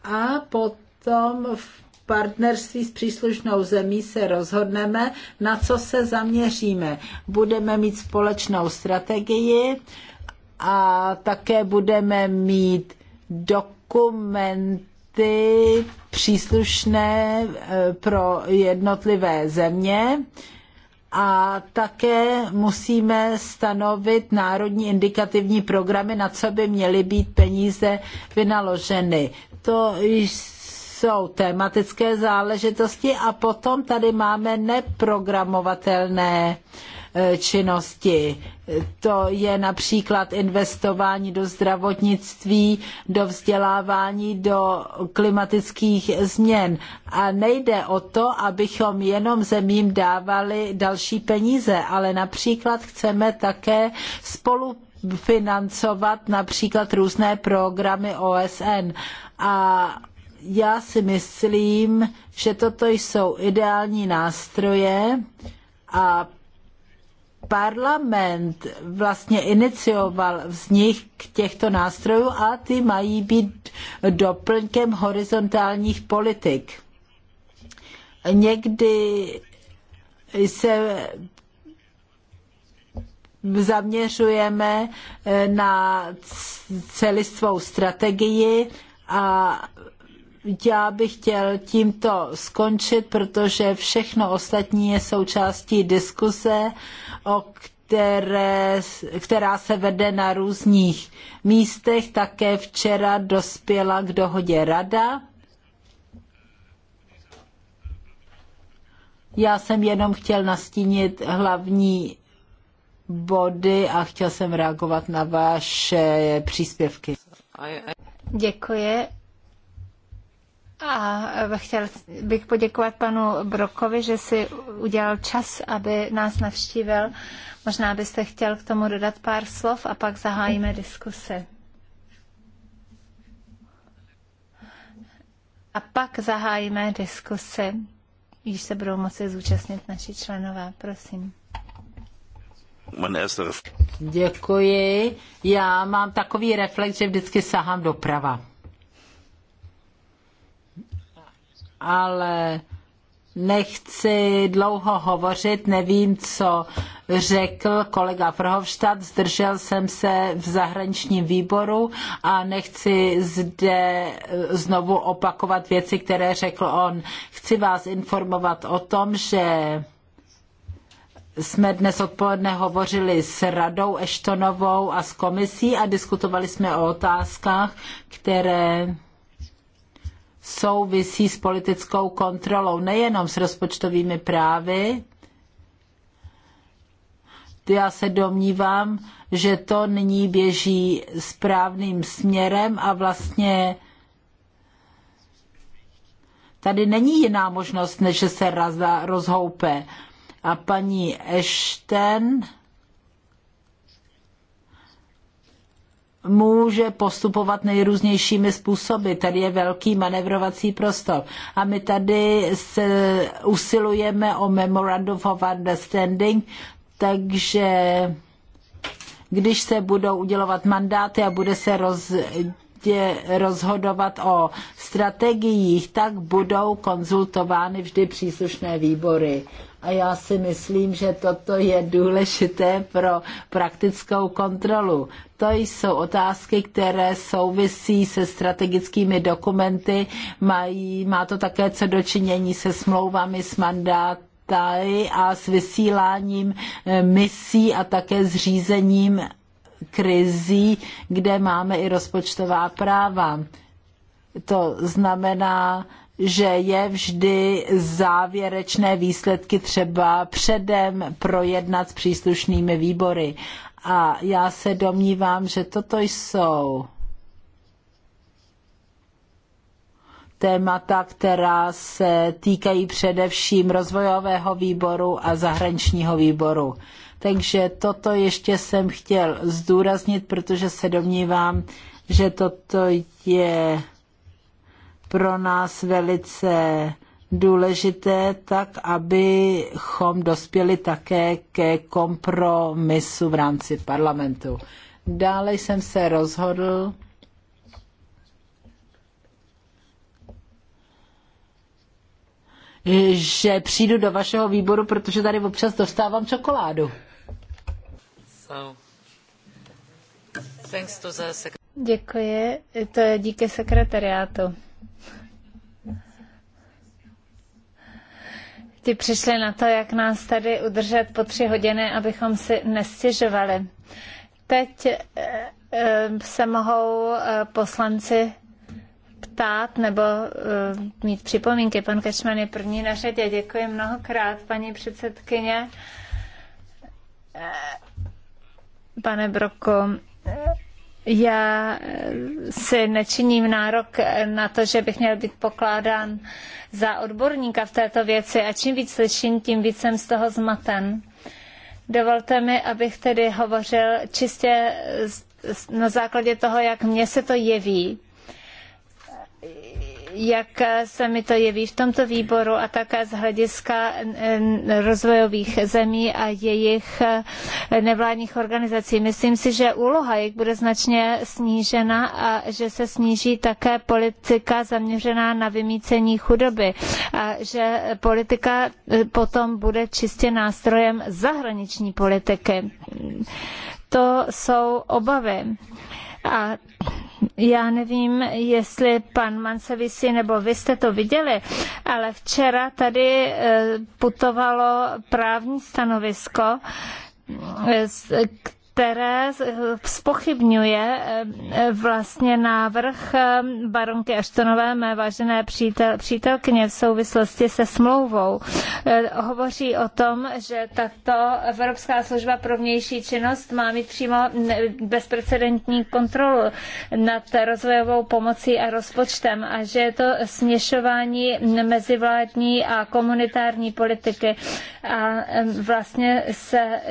a potom v partnerství s příslušnou zemí se rozhodneme, na co se zaměříme. Budeme mít společnou strategii a také budeme mít dokumenty příslušné e, pro jednotlivé země a také musíme stanovit národní indikativní programy, na co by měly být peníze vynaloženy. To jsou tematické záležitosti a potom tady máme neprogramovatelné e, činnosti. To je například investování do zdravotnictví, do vzdělávání, do klimatických změn. A nejde o to, abychom jenom zemím dávali další peníze, ale například chceme také spolu financovat například různé programy OSN. A já si myslím, že toto jsou ideální nástroje a parlament vlastně inicioval vznik těchto nástrojů a ty mají být doplňkem horizontálních politik. Někdy se zaměřujeme eh, na celistvou strategii a já bych chtěl tímto skončit, protože všechno ostatní je součástí diskuse, o které, která se vede na různých místech. Také včera dospěla k dohodě rada. Já jsem jenom chtěl nastínit hlavní body a chtěl jsem reagovat na vaše příspěvky. Děkuji. A chtěl bych poděkovat panu Brokovi, že si udělal čas, aby nás navštívil. Možná byste chtěl k tomu dodat pár slov a pak zahájíme diskusi. A pak zahájíme diskuse. když se budou moci zúčastnit naši členové. Prosím. Děkuji. Já mám takový reflex, že vždycky sahám doprava. ale nechci dlouho hovořit, nevím, co řekl kolega Frhovštad, zdržel jsem se v zahraničním výboru a nechci zde znovu opakovat věci, které řekl on. Chci vás informovat o tom, že jsme dnes odpoledne hovořili s radou Eštonovou a s komisí a diskutovali jsme o otázkách, které souvisí s politickou kontrolou, nejenom s rozpočtovými právy. Já se domnívám, že to nyní běží správným směrem a vlastně tady není jiná možnost, než že se rozhoupe. A paní Ashton může postupovat nejrůznějšími způsoby. Tady je velký manevrovací prostor. A my tady se usilujeme o Memorandum of Understanding, takže když se budou udělovat mandáty a bude se roz, rozhodovat o strategiích, tak budou konzultovány vždy příslušné výbory. A já si myslím, že toto je důležité pro praktickou kontrolu, to jsou otázky, které souvisí se strategickými dokumenty, mají, má to také co dočinění se smlouvami s mandát a s vysíláním eh, misí a také s řízením krizí, kde máme i rozpočtová práva. To znamená, že je vždy závěrečné výsledky třeba předem projednat s příslušnými výbory. A já se domnívám, že toto jsou témata, která se týkají především rozvojového výboru a zahraničního výboru. Takže toto ještě jsem chtěl zdůraznit, protože se domnívám, že toto je pro nás velice důležité, tak abychom dospěli také ke kompromisu v rámci parlamentu. Dále jsem se rozhodl, že přijdu do vašeho výboru, protože tady občas dostávám čokoládu. Děkuji, to je díky sekretariátu. ti přišli na to, jak nás tady udržet po tři hodiny, abychom si nestěžovali. Teď eh, eh, se mohou eh, poslanci ptát nebo mít připomínky. Pan Kačman je první na řadě. Děkuji mnohokrát, paní předsedkyně. Pane Broku, já eh, si nečiním nárok na to, že bych měl být pokládán za odborníka v této věci a čím víc slyším, tím víc jsem z toho zmaten. Dovolte mi, abych tedy hovořil čistě na základě toho, jak mně se to jeví jak se mi to jeví v tomto výboru a také z hlediska eh, rozvojových zemí a jejich eh, nevládních organizací. Myslím si, že úloha jich bude značně snížena a že se sníží také politika zaměřená na vymícení chudoby a že politika eh, potom bude čistě nástrojem zahraniční politiky. To jsou obavy a já nevím, jestli pan Mansevisi nebo vy jste to viděli, ale včera tady eh, putovalo právní stanovisko, eh, které spochybňuje eh, eh, vlastně návrh eh, baronky Aštonové, mé vážené přítel, přítelkyně v souvislosti se smlouvou. Hovoří o tom, že tato Evropská služba pro vnější činnost má mít přímo bezprecedentní kontrolu nad rozvojovou pomocí a rozpočtem a že je to směšování mezivládní a komunitární politiky a vlastně se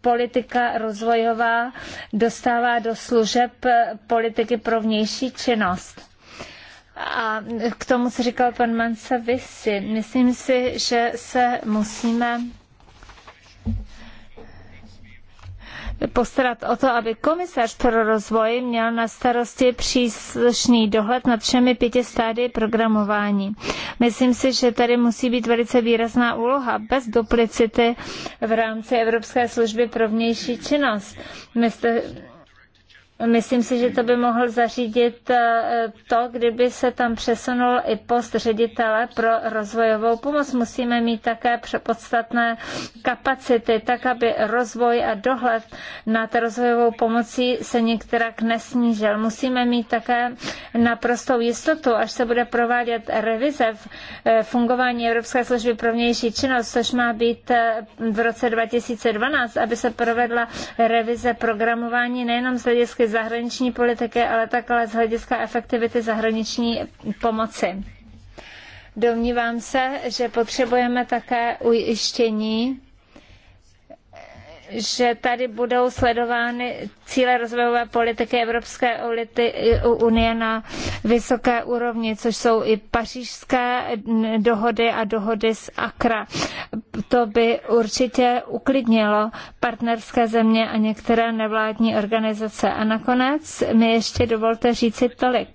politika rozvojová dostává do služeb politiky pro vnější činnost. A k tomu, co říkal pan Mansa Visi, myslím si, že se musíme postarat o to, aby komisař pro rozvoj měl na starosti příslušný dohled nad všemi pěti stády programování. Myslím si, že tady musí být velice výrazná úloha bez duplicity v rámci Evropské služby pro vnější činnost. Myslím, Myslím si, že to by mohl zařídit eh, to, kdyby se tam přesunul i post ředitele pro rozvojovou pomoc. Musíme mít také podstatné kapacity, tak aby rozvoj a dohled nad rozvojovou pomocí se některak nesnížil. Musíme mít také naprostou jistotu, až se bude provádět revize v eh, fungování Evropské služby pro vnější činnost, což má být eh, v roce 2012, aby se provedla revize programování nejenom z hlediska zahraniční politiky, ale také z hlediska efektivity zahraniční pomoci. Domnívám se, že potřebujeme také ujištění, že tady budou sledovány cíle rozvojové politiky Evropské unie na vysoké úrovni, což jsou i pařížské dohody a dohody z Akra. To by určitě uklidnilo partnerské země a některé nevládní organizace. A nakonec mi ještě dovolte říci tolik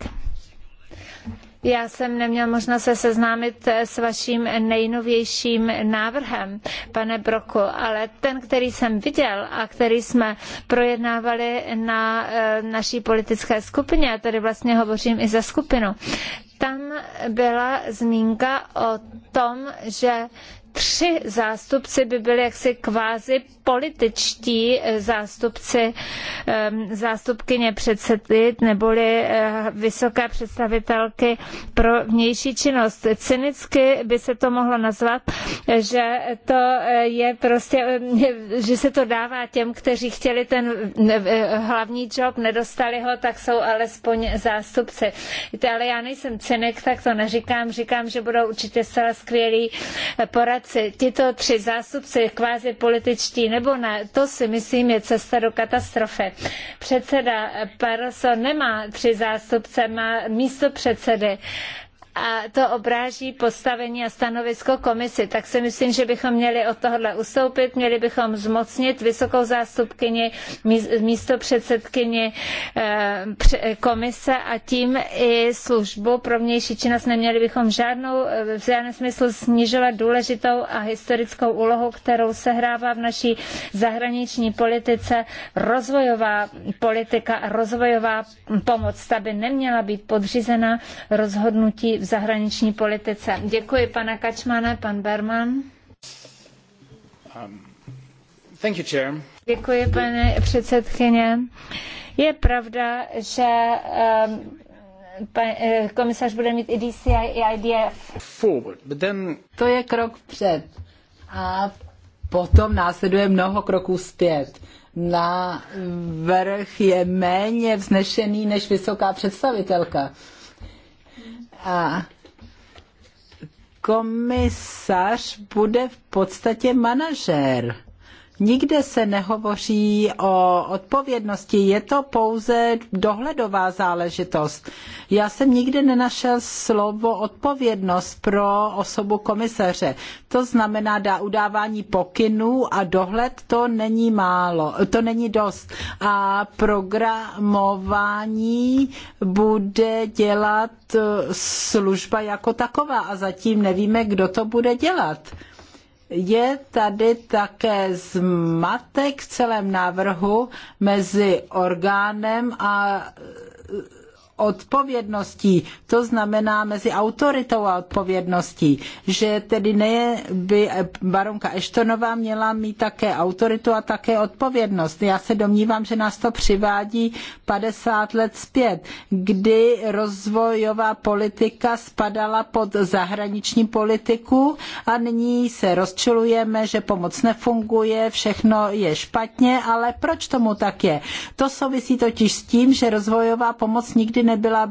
já jsem neměl možnost se seznámit s vaším nejnovějším návrhem, pane Broku, ale ten, který jsem viděl a který jsme projednávali na eh, naší politické skupině, a tady vlastně hovořím i za skupinu, tam byla zmínka o tom, že tři zástupci by byli jaksi kvázi političtí eh, zástupci, ehm, zástupkyně předsedy neboli eh, vysoké představitelky pro vnější činnost. Cynicky by se to mohlo nazvat, že to eh, je prostě, že se to dává těm, kteří chtěli ten hlavní job, nedostali ho, tak jsou alespoň zástupci. Ale já nejsem cynik, tak to neříkám. Říkám, že budou určitě zcela skvělí poradci vojáci, tito tři zástupci kvázi političtí nebo ne, to si myslím je cesta do katastrofy. Předseda Paroso nemá tři zástupce, má místo předsedy a to obráží postavení a stanovisko Komise, Tak si myslím, že bychom měli od tohohle ustoupit, měli bychom zmocnit vysokou zástupkyni, místo předsedkyni eh, komise a tím i službu pro vnější činnost. Neměli bychom žádnou, eh, v žádném smyslu snižovat důležitou a historickou úlohu, kterou sehrává v naší zahraniční politice rozvojová politika a rozvojová pomoc. Ta by neměla být podřízena rozhodnutí v zahraniční politice. Děkuji, pana Kačmane, pan Berman. Um, thank you, chair. Děkuji, pane předsedkyně. Je pravda, že um, eh, komisař bude mít i DCI, i IDF. Forward, but then... To je krok před. A potom následuje mnoho kroků zpět. Na vrch je méně vznešený než vysoká představitelka. A komisař bude v podstatě manažér Nikde se nehovoří o odpovědnosti, je to pouze dohledová záležitost. Já jsem nikdy nenašel slovo odpovědnost pro osobu komisaře. To znamená dá udávání pokynů a dohled, to není málo, to není dost. A programování bude dělat eh, služba jako taková a zatím nevíme, kdo to bude dělat je tady také zmatek v celém návrhu mezi orgánem a odpovědností, to znamená mezi autoritou a odpovědností, že tedy ne by baronka Eštonová měla mít také autoritu a také odpovědnost. Já se domnívám, že nás to přivádí 50 let zpět, kdy rozvojová politika spadala pod zahraniční politiku a nyní se rozčilujeme, že pomoc nefunguje, všechno je špatně, ale proč tomu tak je? To souvisí totiž s tím, že rozvojová pomoc nikdy nebyla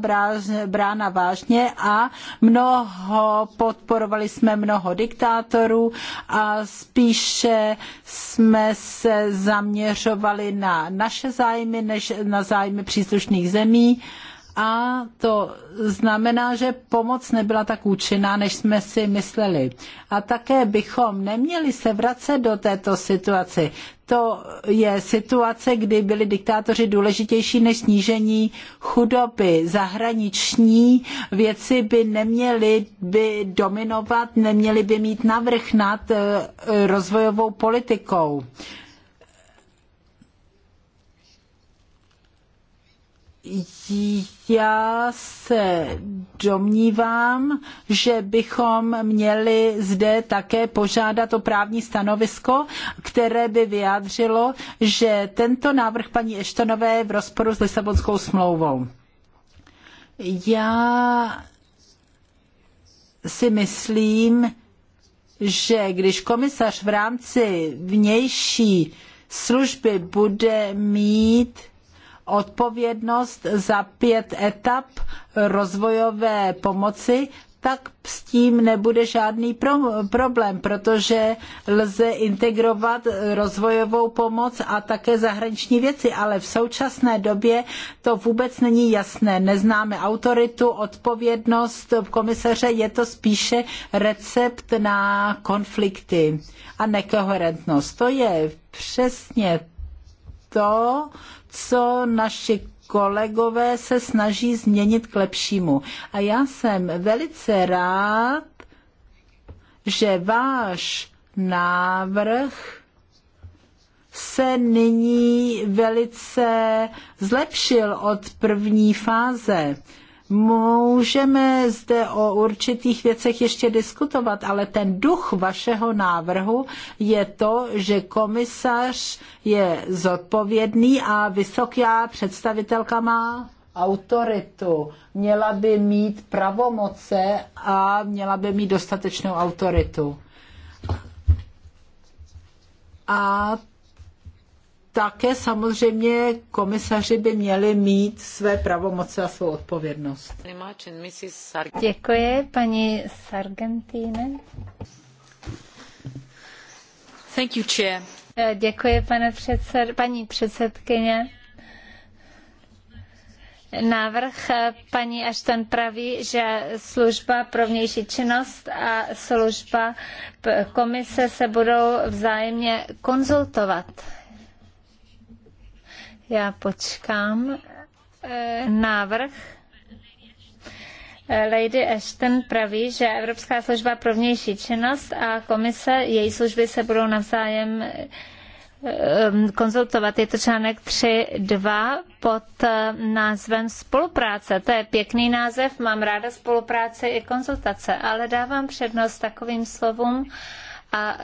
brána vážně a mnoho podporovali jsme mnoho diktátorů a spíše jsme se zaměřovali na naše zájmy než na zájmy příslušných zemí a to znamená, že pomoc nebyla tak účinná, než jsme si mysleli. A také bychom neměli se vracet do této situace. To je situace, kdy byli diktátoři důležitější než snížení chudoby. Zahraniční věci by neměly by dominovat, neměly by mít navrch nad eh, rozvojovou politikou. Jí já se domnívám, že bychom měli zde také požádat o právní stanovisko, které by vyjádřilo, že tento návrh paní Eštonové je v rozporu s Lisabonskou smlouvou. Já si myslím, že když komisař v rámci vnější služby bude mít odpovědnost za pět etap rozvojové pomoci, tak s tím nebude žádný problém, protože lze integrovat rozvojovou pomoc a také zahraniční věci, ale v současné době to vůbec není jasné. Neznáme autoritu, odpovědnost komisaře, je to spíše recept na konflikty a nekoherentnost. To je přesně to, co naši kolegové se snaží změnit k lepšímu. A já jsem velice rád, že váš návrh se nyní velice zlepšil od první fáze. Můžeme zde o určitých věcech ještě diskutovat, ale ten duch vašeho návrhu je to, že komisař je zodpovědný a vysoká představitelka má autoritu, měla by mít pravomoce a měla by mít dostatečnou autoritu. A také samozřejmě komisaři by měli mít své pravomoce a svou odpovědnost. Děkuji, paní Sargentine. Thank you, chair. Eh, děkuji, pane předsed, paní předsedkyně. Návrh eh, paní Ashton praví, že služba pro vnější činnost a služba komise se budou vzájemně konzultovat. Já počkám. Eh, návrh eh, Lady Ashton praví, že Evropská služba pro vnější činnost a komise, její služby se budou navzájem eh, konzultovat. Je to článek 3.2 pod názvem spolupráce. To je pěkný název, mám ráda spolupráce i konzultace, ale dávám přednost takovým slovům, a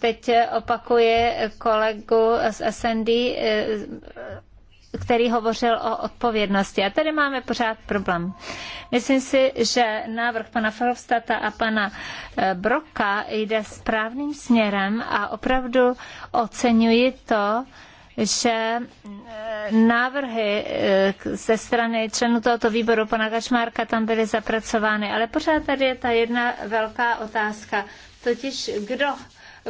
teď opakuje kolegu z SND který hovořil o odpovědnosti. A tady máme pořád problém. Myslím si, že návrh pana Ferovstata a pana eh, Broka jde správným směrem a opravdu oceňuji to, že eh, návrhy eh, ze strany členů tohoto výboru pana Kačmárka tam byly zapracovány, ale pořád tady je ta jedna velká otázka, totiž kdo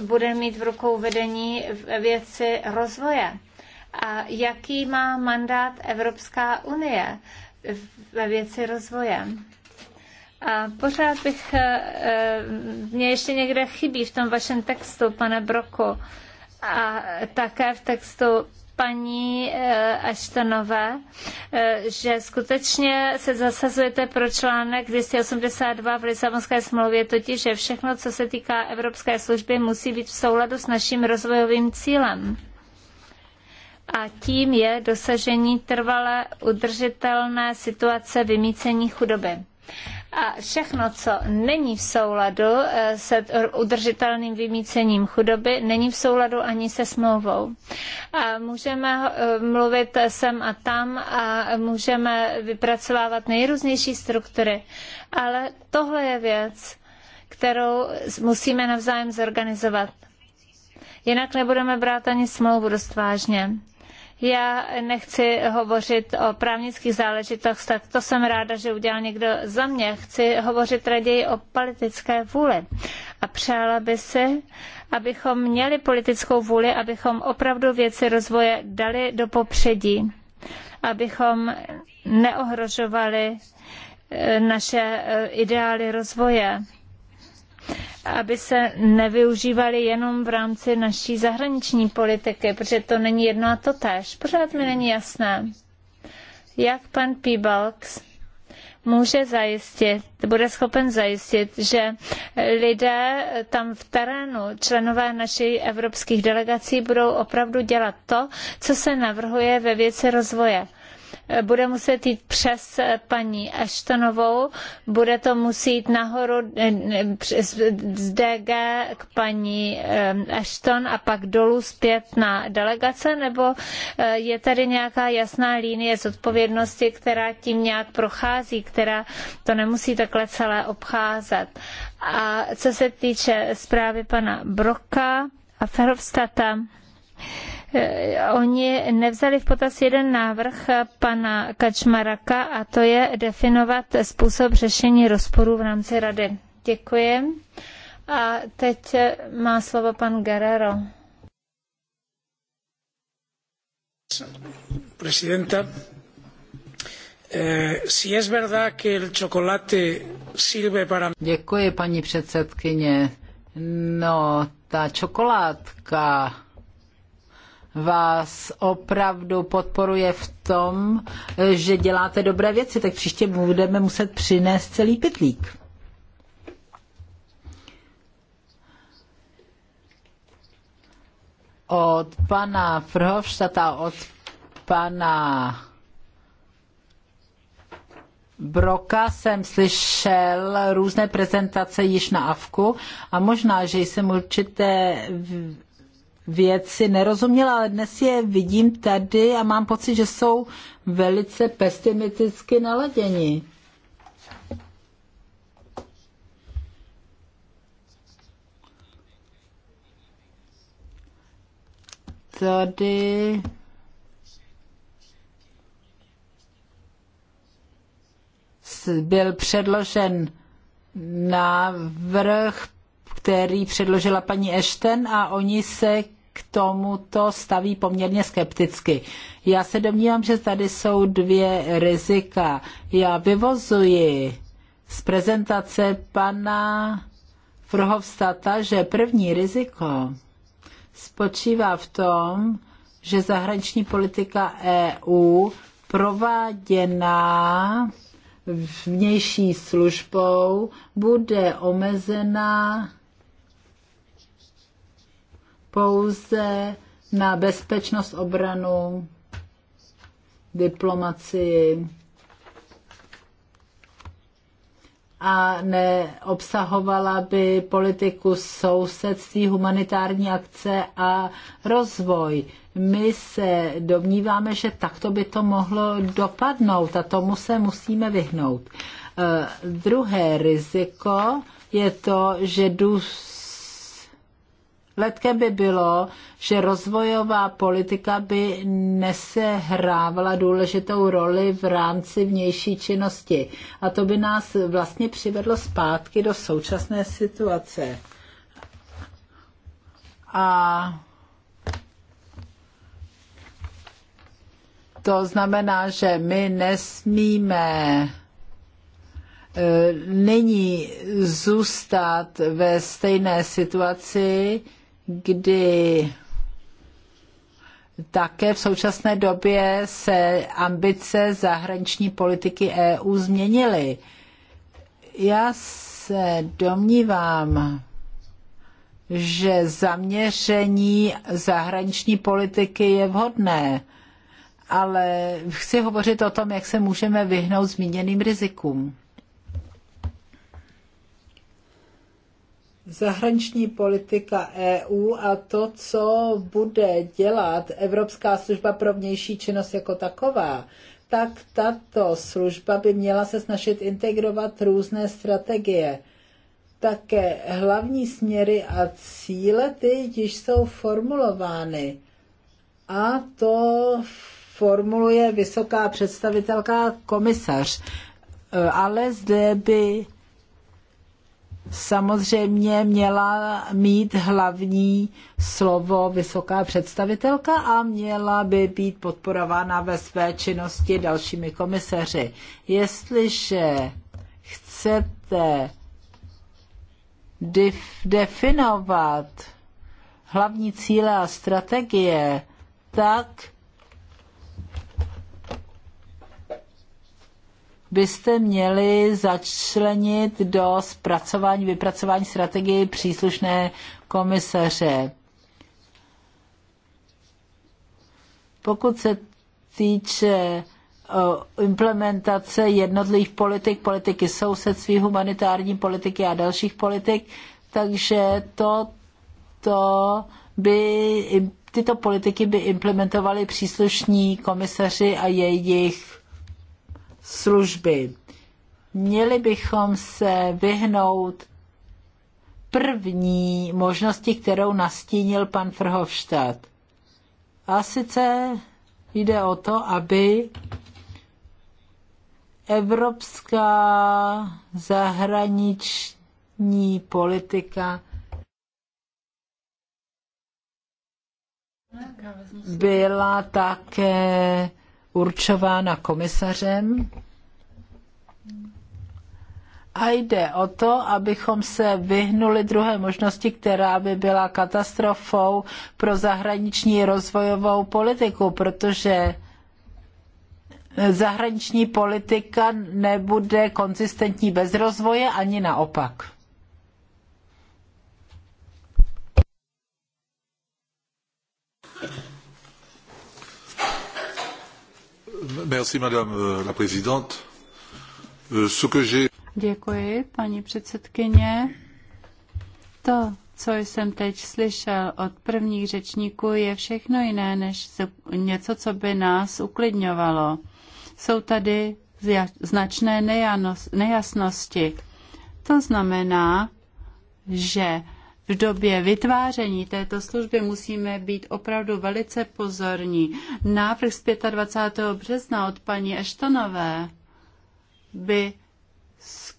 bude mít v rukou vedení věci rozvoje a jaký má mandát Evropská unie ve věci rozvoje. A pořád bych, eh, eh, mě ještě někde chybí v tom vašem textu, pane Broku, a také v textu paní eh, Ashtonové, že skutečně se zasazujete pro článek 282 v Lisabonské smlouvě, totiž, že všechno, co se týká Evropské služby, musí být v souladu s naším rozvojovým cílem a tím je dosažení trvale udržitelné situace vymícení chudoby. A všechno, co není v souladu eh, se udržitelným vymícením chudoby, není v souladu ani se smlouvou. A můžeme eh, mluvit sem a tam a můžeme vypracovávat nejrůznější struktury, ale tohle je věc, kterou musíme navzájem zorganizovat. Jinak nebudeme brát ani smlouvu dost vážně. Já nechci hovořit o právnických záležitostech, to jsem ráda, že udělal někdo za mě. Chci hovořit raději o politické vůli. A přála by si, abychom měli politickou vůli, abychom opravdu věci rozvoje dali do popředí, abychom neohrožovali eh, naše eh, ideály rozvoje aby se nevyužívaly jenom v rámci naší zahraniční politiky, protože to není jedno a to tež. Pořád mi není jasné, jak pan Pibalx může zajistit, bude schopen zajistit, že lidé tam v terénu, členové našich evropských delegací, budou opravdu dělat to, co se navrhuje ve věci rozvoje bude muset jít přes paní Ashtonovou, bude to muset jít nahoru eh, eh, z DG k paní eh, Ashton a pak dolů zpět na delegace, nebo je tady nějaká jasná linie zodpovědnosti, která tím nějak prochází, která to nemusí takhle celé obcházet. A co se týče zprávy pana Broka a Ferhofstata, Eh, oni nevzali v potaz jeden návrh pana Kačmaraka a to je definovat způsob řešení rozporu v rámci rady. Děkuji. A teď má slovo pan Guerrero. Presidenta, eh, si es verdad que el chocolate sirve para... Děkuji, paní předsedkyně. No, ta čokoládka vás opravdu podporuje v tom, že děláte dobré věci, tak příště budeme muset přinést celý pytlík. Od pana Frhovštata, od pana Broka jsem slyšel různé prezentace již na Avku a možná, že jsem určité věci nerozuměla, ale dnes je vidím tady a mám pocit, že jsou velice pesimisticky naladěni. Tady byl předložen návrh který předložila paní Ashton a oni se k tomuto staví poměrně skepticky. Já se domnívám, že tady jsou dvě rizika. Já vyvozuji z prezentace pana Frhovstata, že první riziko spočívá v tom, že zahraniční politika EU prováděná vnější službou bude omezená pouze na bezpečnost, obranu, diplomacii a neobsahovala by politiku sousedství, humanitární akce a rozvoj. My se domníváme, že takto by to mohlo dopadnout a tomu se musíme vyhnout. Eh, druhé riziko je to, že důs Výsledkem by bylo, že rozvojová politika by nesehrávala důležitou roli v rámci vnější činnosti. A to by nás vlastně přivedlo zpátky do současné situace. A to znamená, že my nesmíme eh, nyní zůstat ve stejné situaci, kdy také v současné době se ambice zahraniční politiky EU změnily. Já se domnívám, že zaměření zahraniční politiky je vhodné, ale chci hovořit o tom, jak se můžeme vyhnout zmíněným rizikům. zahraniční politika EU a to, co bude dělat Evropská služba pro vnější činnost jako taková, tak tato služba by měla se snažit integrovat různé strategie. Také hlavní směry a cíle ty již jsou formulovány. A to formuluje vysoká představitelka komisař. E, ale zde by samozřejmě měla mít hlavní slovo vysoká představitelka a měla by být podporována ve své činnosti dalšími komisaři. Jestliže chcete definovat hlavní cíle a strategie, tak byste měli začlenit do zpracování, vypracování strategii příslušné komisaře. Pokud se týče implementace jednotlivých politik, politiky sousedství, humanitární politiky a dalších politik, takže to, to by, tyto politiky by implementovali příslušní komisaři a jejich služby. Měli bychom se vyhnout první možnosti, kterou nastínil pan Frhovštát. A sice jde o to, aby evropská zahraniční politika byla také určována komisařem. A jde o to, abychom se vyhnuli druhé možnosti, která by byla katastrofou pro zahraniční rozvojovou politiku, protože zahraniční politika nebude konzistentní bez rozvoje ani naopak. Merci, madame la présidente. Euh, ce que j'ai Děkuji, paní předsedkyně. To, co jsem teď slyšel od prvních řečníků, je všechno jiné než něco, co by nás uklidňovalo. Jsou tady značné nejasnosti. To znamená, že v době vytváření této služby musíme být opravdu velice pozorní. Návrh z 25. března od paní Eštonové by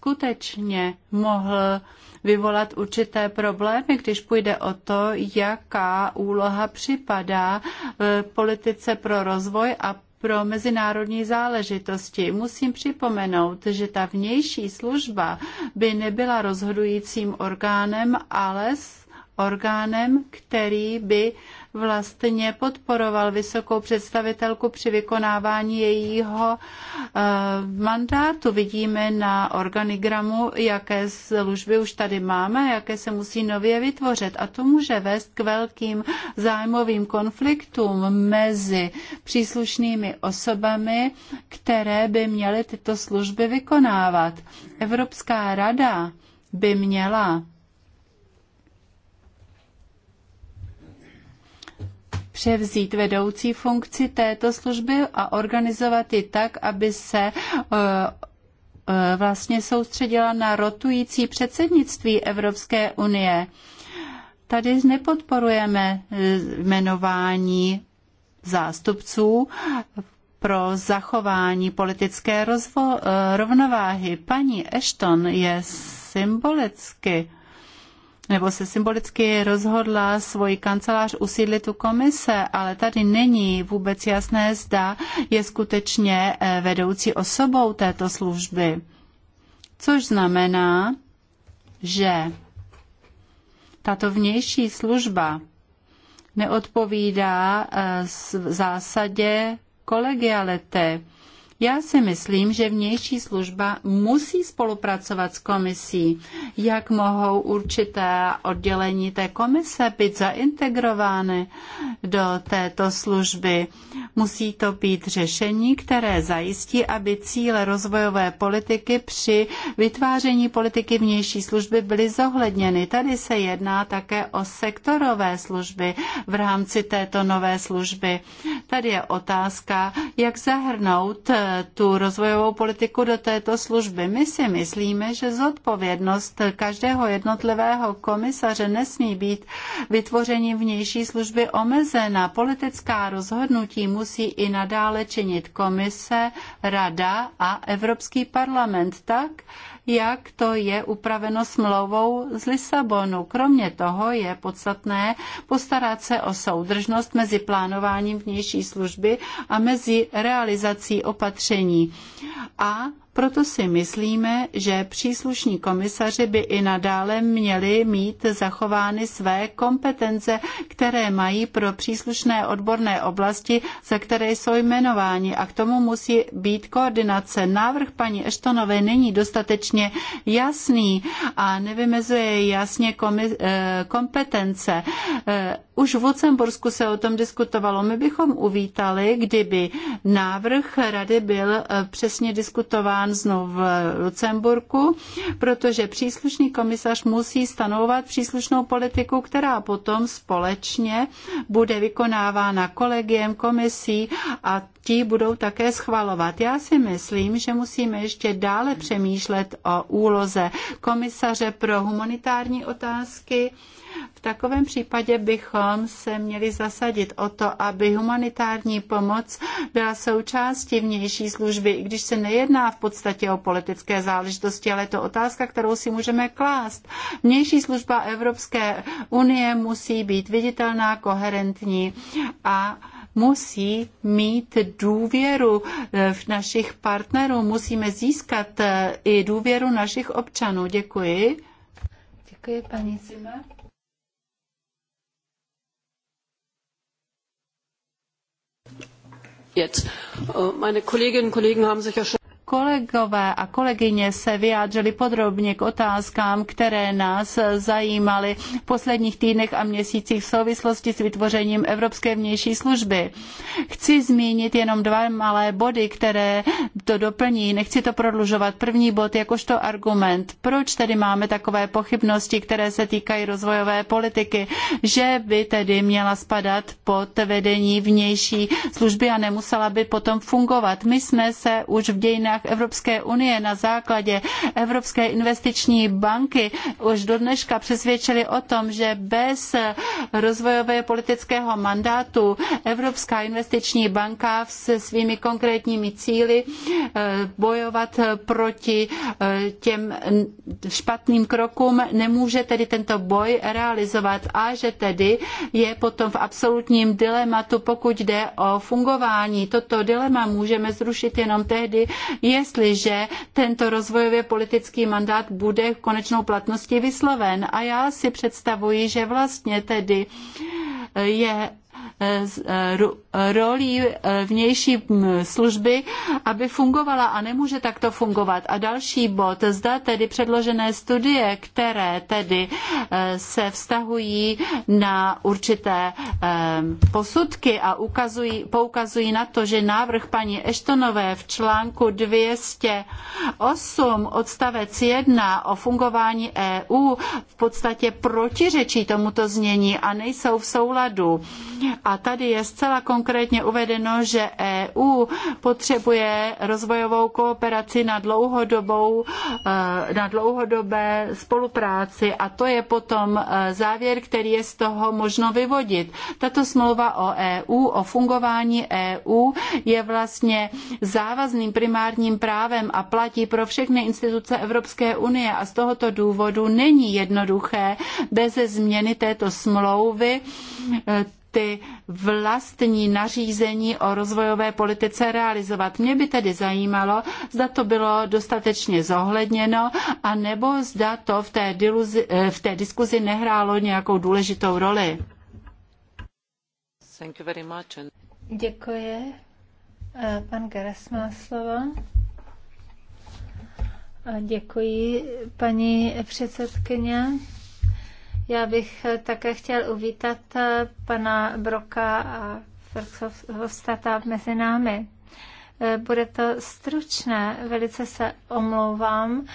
skutečně mohl vyvolat určité problémy, když půjde o to, jaká úloha připadá v eh, politice pro rozvoj a pro mezinárodní záležitosti. Musím připomenout, že ta vnější služba by nebyla rozhodujícím orgánem, ale s orgánem, který by vlastně podporoval vysokou představitelku při vykonávání jejího eh, mandátu. Vidíme na organigramu, jaké služby už tady máme, jaké se musí nově vytvořit. A to může vést k velkým zájmovým konfliktům mezi příslušnými osobami, které by měly tyto služby vykonávat. Evropská rada by měla převzít vedoucí funkci této služby a organizovat ji tak, aby se e, e, vlastně soustředila na rotující předsednictví Evropské unie. Tady nepodporujeme e, jmenování zástupců pro zachování politické rovnováhy. Paní Ashton je symbolicky nebo se symbolicky rozhodla svoji kancelář usídlit u komise, ale tady není vůbec jasné, zda je skutečně eh, vedoucí osobou této služby. Což znamená, že tato vnější služba neodpovídá v eh, zásadě kolegiality. Já si myslím, že vnější služba musí spolupracovat s komisí. Jak mohou určité oddělení té komise být zaintegrovány do této služby? Musí to být řešení, které zajistí, aby cíle rozvojové politiky při vytváření politiky vnější služby byly zohledněny. Tady se jedná také o sektorové služby v rámci této nové služby. Tady je otázka, jak zahrnout tu rozvojovou politiku do této služby. My si myslíme, že zodpovědnost každého jednotlivého komisaře nesmí být vytvoření vnější služby omezena. Politická rozhodnutí musí i nadále činit komise, rada a Evropský parlament tak, jak to je upraveno smlouvou z Lisabonu. Kromě toho je podstatné postarat se o soudržnost mezi plánováním vnější služby a mezi realizací opatření. A proto si myslíme, že příslušní komisaři by i nadále měli mít zachovány své kompetence, které mají pro příslušné odborné oblasti, za které jsou jmenováni a k tomu musí být koordinace. Návrh paní Eštonové není dostatečně jasný a nevymezuje jasně eh, kompetence. Eh, už v Lucembursku se o tom diskutovalo. My bychom uvítali, kdyby návrh rady byl eh, přesně diskutován znovu v Lucemburku, protože příslušný komisař musí stanovat příslušnou politiku, která potom společně bude vykonávána kolegiem, komisí a ti budou také schvalovat. Já si myslím, že musíme ještě dále přemýšlet o úloze komisaře pro humanitární otázky, v takovém případě bychom se měli zasadit o to, aby humanitární pomoc byla součástí vnější služby, i když se nejedná v podstatě o politické záležitosti, ale je to otázka, kterou si můžeme klást. Vnější služba Evropské unie musí být viditelná, koherentní a musí mít důvěru eh, v našich partnerů. Musíme získat eh, i důvěru našich občanů. Děkuji. Děkuji, paní zima. Jetzt. Äh, meine Kolleginnen und Kollegen haben sich ja schon Kolegové a kolegyně se vyjádřili podrobně k otázkám, které nás zajímaly v posledních týdnech a měsících v souvislosti s vytvořením Evropské vnější služby. Chci zmínit jenom dva malé body, které to doplní. Nechci to prodlužovat. První bod jakožto argument. Proč tedy máme takové pochybnosti, které se týkají rozvojové politiky, že by tedy měla spadat pod vedení vnější služby a nemusela by potom fungovat. My jsme se už v dějinách stranách Evropské unie na základě Evropské investiční banky už do dneška přesvědčili o tom, že bez rozvojové politického mandátu Evropská investiční banka se svými konkrétními cíli eh, bojovat proti eh, těm špatným krokům nemůže tedy tento boj realizovat a že tedy je potom v absolutním dilematu, pokud jde o fungování. Toto dilema můžeme zrušit jenom tehdy, jestliže tento rozvojově politický mandát bude v konečnou platností vysloven. A já si představuji, že vlastně tedy je Eh, eh, rolí eh, vnější mm, služby, aby fungovala a nemůže takto fungovat. A další bod, zda tedy předložené studie, které tedy se vztahují na určité posudky a ukazují, poukazují na to, že návrh paní Eštonové v článku 208 odstavec 1 o fungování EU v podstatě protiřečí tomuto znění a nejsou v souladu. A tady je zcela konkrétně uvedeno, že EU potřebuje rozvojovou kooperaci na, dlouhodobou, eh, na dlouhodobé spolupráci a to je potom eh, závěr, který je z toho možno vyvodit. Tato smlouva o EU, o fungování EU je vlastně závazným primárním právem a platí pro všechny instituce Evropské unie a z tohoto důvodu není jednoduché bez změny této smlouvy eh, ty vlastní nařízení o rozvojové politice realizovat. Mě by tedy zajímalo, zda to bylo dostatečně zohledněno, a nebo zda to v té, diluzi, v té diskuzi nehrálo nějakou důležitou roli. Děkuji. Eh, pan Geras má slovo. Eh, děkuji, paní předsedkyně. Já bych eh, také chtěl uvítat eh, pana Broka a Verhofstadta mezi námi. Eh, bude to stručné, velice se omlouvám.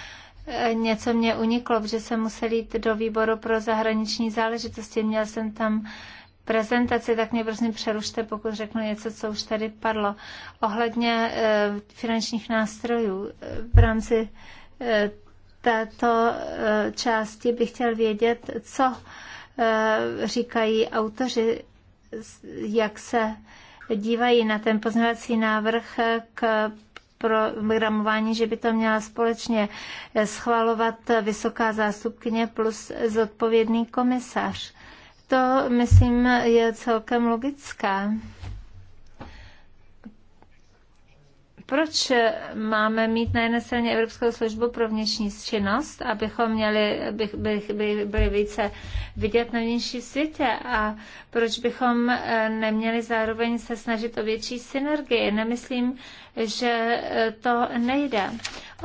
Něco mě uniklo, že jsem musel jít do výboru pro zahraniční záležitosti. Měl jsem tam prezentaci, tak mě prosím přerušte, pokud řeknu něco, co už tady padlo. Ohledně finančních nástrojů v rámci této eh, části bych chtěl vědět, co eh, říkají autoři, jak se dívají na ten poznávací návrh eh, k programování, že by to měla společně schvalovat vysoká zástupkyně plus zodpovědný komisař. To, myslím, je celkem logické. Proč máme mít na jedné straně Evropskou službu pro vnitřní činnost, abychom měli, bych, bych, by, byli více vidět na vnější světě a proč bychom eh, neměli zároveň se snažit o větší synergii? Nemyslím, že eh, to nejde.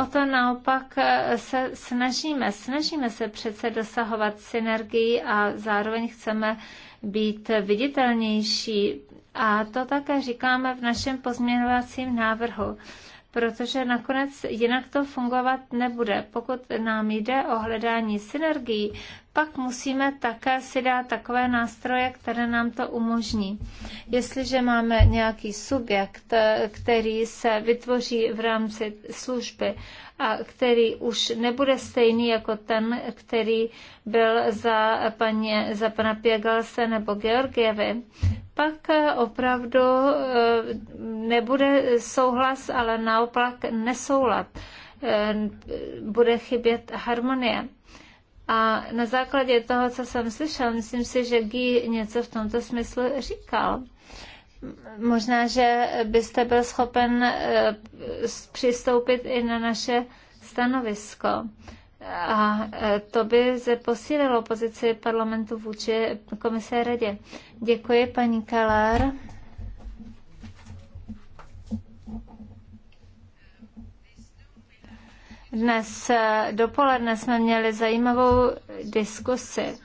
O to naopak eh, se snažíme. Snažíme se přece dosahovat synergii a zároveň chceme být viditelnější a to také říkáme v našem pozměňovacím návrhu protože nakonec jinak to fungovat nebude. Pokud nám jde o hledání synergií, pak musíme také si dát takové nástroje, které nám to umožní. Jestliže máme nějaký subjekt, eh, který se vytvoří v rámci služby a který už nebude stejný jako ten, který byl za, paní, za pana Pěgalse nebo Georgievy, pak eh, opravdu eh, nebude souhlas, ale naopak nesoulad. Bude chybět harmonie. A na základě toho, co jsem slyšel, myslím si, že Guy něco v tomto smyslu říkal. Možná, že byste byl schopen eh, přistoupit i na naše stanovisko. A eh, to by se posílilo pozici parlamentu vůči komise radě. Děkuji, paní Keller. Dnes eh, dopoledne jsme měli zajímavou diskusi.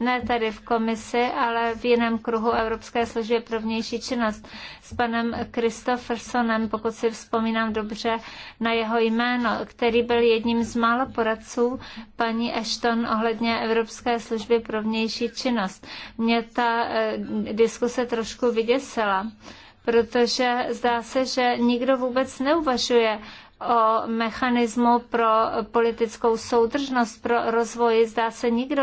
Ne tady v komisi, ale v jiném kruhu Evropské služby pro vnější činnost s panem Christophersonem, pokud si vzpomínám dobře na jeho jméno, který byl jedním z mála poradců paní Ashton ohledně Evropské služby pro vnější činnost. Mě ta eh, diskuse trošku vyděsila protože zdá se, že nikdo vůbec neuvažuje o mechanismu pro politickou soudržnost, pro rozvoj. Zdá se, nikdo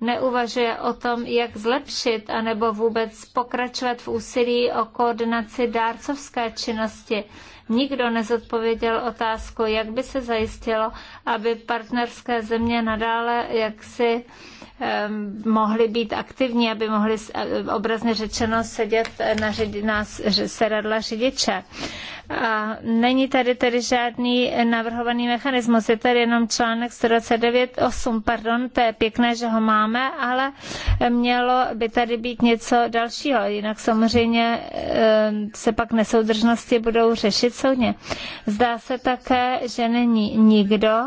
neuvažuje o tom, jak zlepšit anebo vůbec pokračovat v úsilí o koordinaci dárcovské činnosti. Nikdo nezodpověděl otázku, jak by se zajistilo, aby partnerské země nadále jaksi mohly být aktivní, aby mohly eh, obrazně řečeno sedět na, řidi, na sedadla řidiče. A není tady tedy žádný navrhovaný mechanismus, je tady jenom článek 129.8, pardon, to je pěkné, že ho máme, ale mělo by tady být něco dalšího, jinak samozřejmě se pak nesoudržnosti budou řešit pracovně. Zdá se také, že není nikdo,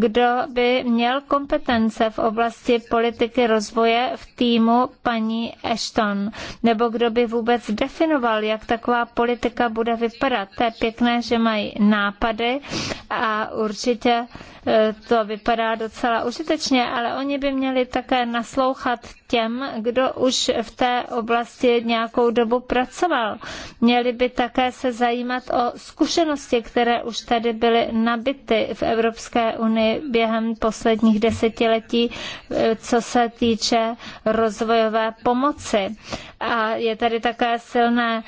kdo by měl kompetence v oblasti politiky rozvoje v týmu paní Ashton, nebo kdo by vůbec definoval, jak taková politika bude vypadat. To je pěkné, že mají nápady a určitě e, to vypadá docela užitečně, ale oni by měli také naslouchat těm, kdo už v té oblasti nějakou dobu pracoval. Měli by také se zajímat o zkušenosti, které už tady byly nabity v Evropské unii během posledních desetiletí, eh, co se týče rozvojové pomoci. A je tady také silné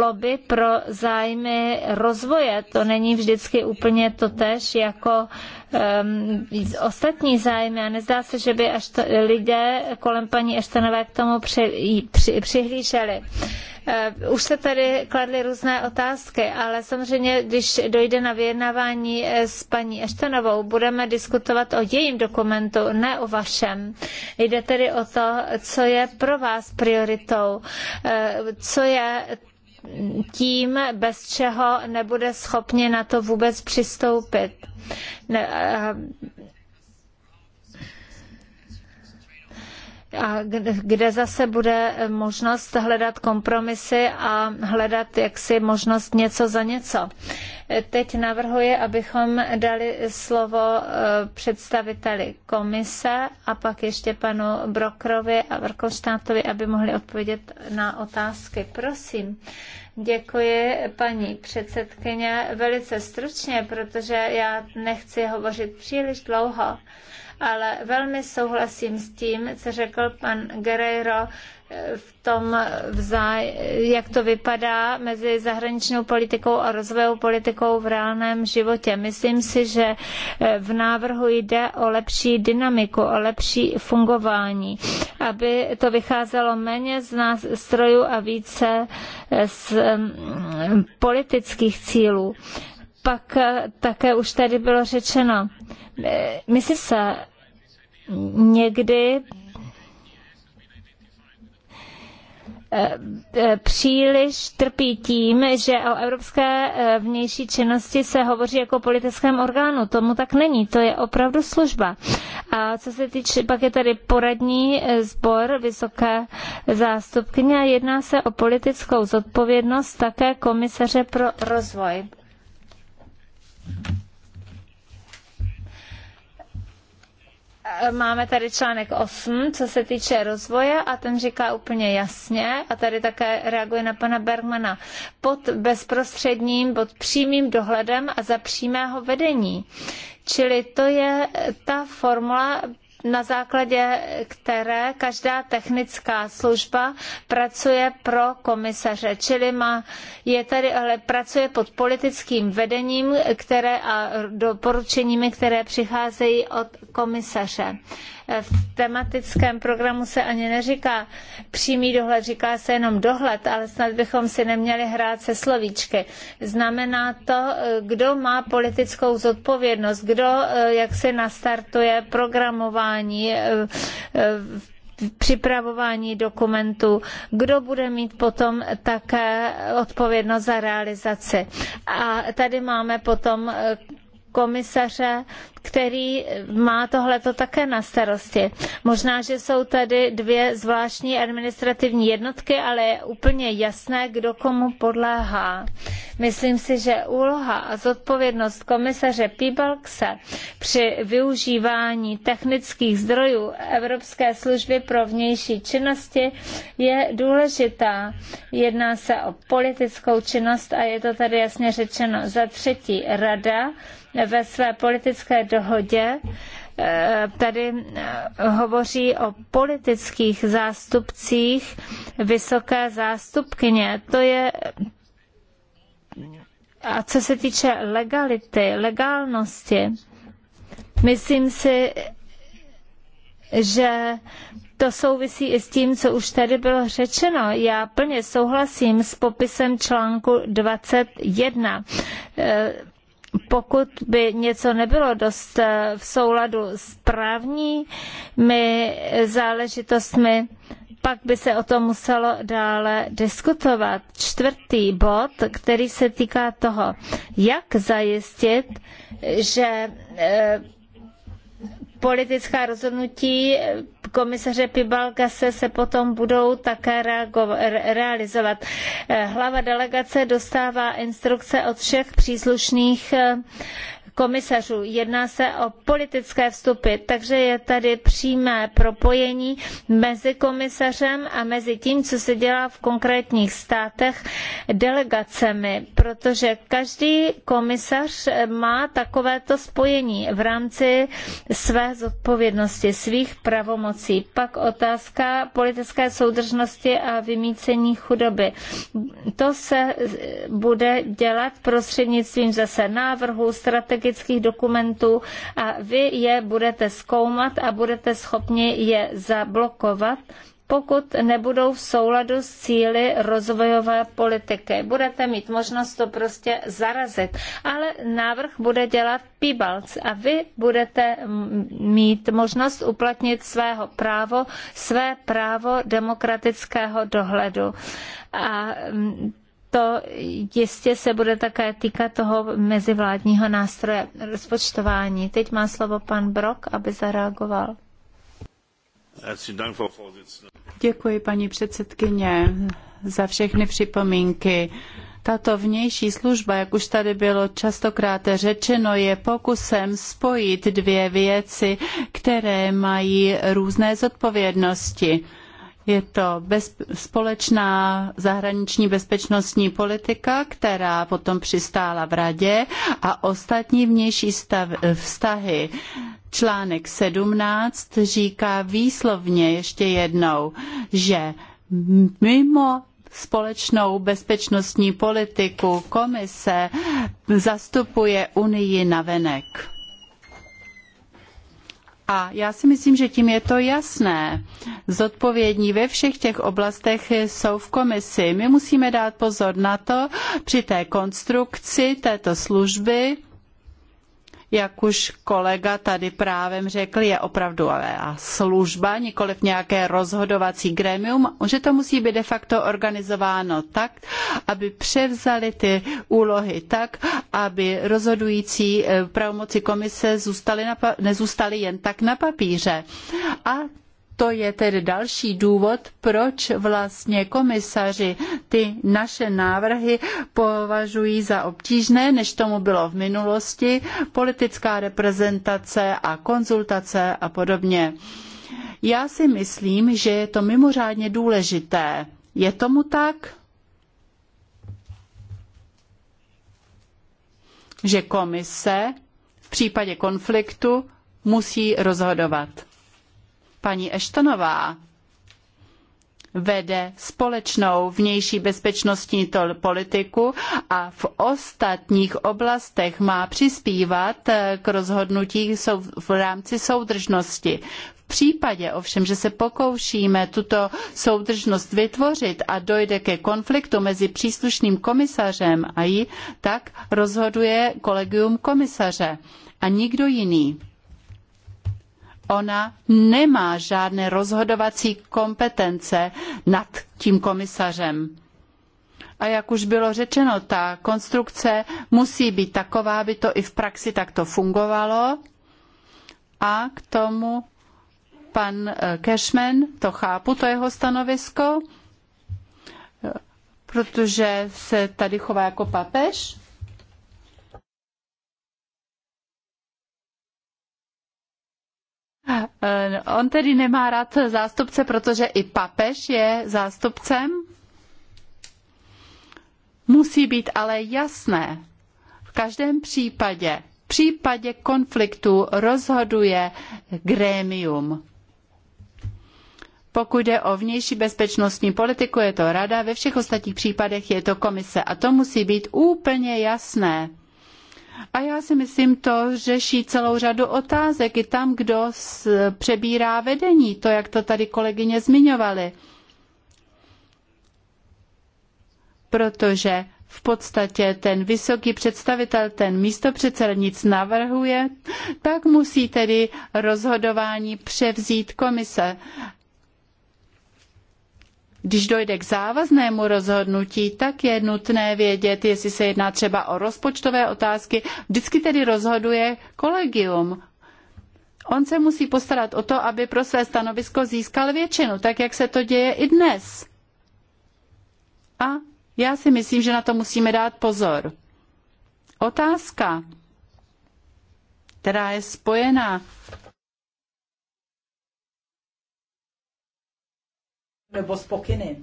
lobby pro zájmy rozvoje. To není vždycky úplně totež jako um, ostatní zájmy a nezdá se, že by až to, lidé kolem paní Eštenové k tomu při, při, přihlíželi. Eh, už se tady kladly různé otázky, ale samozřejmě, když dojde na vyjednávání eh, s paní Eštanovou, budeme diskutovat o jejím dokumentu, ne o vašem. Jde tedy o to, co je pro vás prioritou, eh, co je tím, bez čeho nebude schopni na to vůbec přistoupit. a kde zase bude možnost hledat kompromisy a hledat jaksi možnost něco za něco. Teď navrhuji, abychom dali slovo e, představiteli komise a pak ještě panu Brokrovi a Vrkoštátovi, aby mohli odpovědět na otázky. Prosím. Děkuji, paní předsedkyně, velice stručně, protože já nechci hovořit příliš dlouho ale velmi souhlasím s tím, co řekl pan Guerrero eh, v tom, jak to vypadá mezi zahraničnou politikou a rozvojovou politikou v reálném životě. Myslím si, že eh, v návrhu jde o lepší dynamiku, o lepší fungování, aby to vycházelo méně z nástrojů a více eh, z mm, politických cílů. Pak také už tady bylo řečeno, myslím se, někdy eh, eh, příliš trpí tím, že o evropské eh, vnější činnosti se hovoří jako o politickém orgánu. Tomu tak není, to je opravdu služba. A co se týče, pak je tady poradní sbor vysoké zástupkyně a jedná se o politickou zodpovědnost také komisaře pro rozvoj. máme tady článek 8, co se týče rozvoje a ten říká úplně jasně a tady také reaguje na pana Bergmana pod bezprostředním, pod přímým dohledem a za přímého vedení. Čili to je ta formula, na základě které každá technická služba pracuje pro komisaře, čili má, je tady, ale pracuje pod politickým vedením které, a doporučeními, které přicházejí od komisaře. V tematickém programu se ani neříká přímý dohled, říká se jenom dohled, ale snad bychom si neměli hrát se slovíčky. Znamená to, kdo má politickou zodpovědnost, kdo eh, jak se nastartuje programování eh, eh, připravování dokumentů, kdo bude mít potom také odpovědnost za realizaci. A tady máme potom komisaře, který má tohleto také na starosti. Možná, že jsou tady dvě zvláštní administrativní jednotky, ale je úplně jasné, kdo komu podléhá. Myslím si, že úloha a zodpovědnost komisaře Píbalkse při využívání technických zdrojů Evropské služby pro vnější činnosti je důležitá. Jedná se o politickou činnost a je to tady jasně řečeno. Za třetí, rada ve své politické dohodě eh, tady eh, hovoří o politických zástupcích vysoké zástupkyně. To je a co se týče legality, legálnosti, myslím si, že to souvisí i s tím, co už tady bylo řečeno. Já plně souhlasím s popisem článku 21 pokud by něco nebylo dost eh, v souladu s právními záležitostmi, pak by se o tom muselo dále diskutovat. Čtvrtý bod, který se týká toho, jak zajistit, že eh, politická rozhodnutí komisaře Pibalkase se potom budou také realizovat. Eh, hlava delegace dostává instrukce od všech příslušných eh, komisařů. Jedná se o politické vstupy, takže je tady přímé propojení mezi komisařem a mezi tím, co se dělá v konkrétních státech delegacemi, protože každý komisař má takovéto spojení v rámci své zodpovědnosti, svých pravomocí. Pak otázka politické soudržnosti a vymícení chudoby. To se bude dělat prostřednictvím zase návrhů, strategií, strategických dokumentů a vy je budete zkoumat a budete schopni je zablokovat pokud nebudou v souladu s cíly rozvojové politiky. Budete mít možnost to prostě zarazit, ale návrh bude dělat Pibalc a vy budete mít možnost uplatnit svého právo, své právo demokratického dohledu. A to jistě se bude také týkat toho mezivládního nástroje rozpočtování. Teď má slovo pan Brok, aby zareagoval. Děkuji, paní předsedkyně, za všechny připomínky. Tato vnější služba, jak už tady bylo častokrát řečeno, je pokusem spojit dvě věci, které mají různé zodpovědnosti. Je to bez, společná zahraniční bezpečnostní politika, která potom přistála v radě a ostatní vnější stav, vztahy. Článek 17 říká výslovně ještě jednou, že mimo společnou bezpečnostní politiku komise zastupuje Unii navenek. A já si myslím, že tím je to jasné. Zodpovědní ve všech těch oblastech jsou v komisi. My musíme dát pozor na to při té konstrukci této služby, jak už kolega tady právem řekl, je opravdu služba, nikoliv nějaké rozhodovací gremium, že to musí být de facto organizováno tak, aby převzali ty úlohy tak, aby rozhodující eh, pravomoci komise zůstaly na, nezůstaly jen tak na papíře. A to je tedy další důvod, proč vlastně komisaři ty naše návrhy považují za obtížné, než tomu bylo v minulosti, politická reprezentace a konzultace a podobně. Já si myslím, že je to mimořádně důležité. Je tomu tak? Že komise v případě konfliktu musí rozhodovat. Paní Eštonová vede společnou vnější bezpečnostní politiku a v ostatních oblastech má přispívat eh, k rozhodnutí v rámci soudržnosti. V případě ovšem, že se pokoušíme tuto soudržnost vytvořit a dojde ke konfliktu mezi příslušným komisařem a jí, tak rozhoduje kolegium komisaře a nikdo jiný. Ona nemá žádné rozhodovací kompetence nad tím komisařem. A jak už bylo řečeno, ta konstrukce musí být taková, aby to i v praxi takto fungovalo. A k tomu pan eh, Cashman, to chápu, to jeho stanovisko, protože se tady chová jako papež. Eh, on tedy nemá rád zástupce, protože i papež je zástupcem? Musí být ale jasné. V každém případě, v případě konfliktu rozhoduje grémium. Pokud jde o vnější bezpečnostní politiku, je to rada, ve všech ostatních případech je to komise. A to musí být úplně jasné. A já si myslím, to řeší celou řadu otázek i tam, kdo přebírá vedení, to, jak to tady kolegyně zmiňovaly. Protože v podstatě ten vysoký představitel, ten místopředseda nic navrhuje, tak musí tedy rozhodování převzít komise. Když dojde k závaznému rozhodnutí, tak je nutné vědět, jestli se jedná třeba o rozpočtové otázky. Vždycky tedy rozhoduje kolegium. On se musí postarat o to, aby pro své stanovisko získal většinu, tak jak se to děje i dnes. A já si myslím, že na to musíme dát pozor. Otázka, která je spojená nebo s pokyny.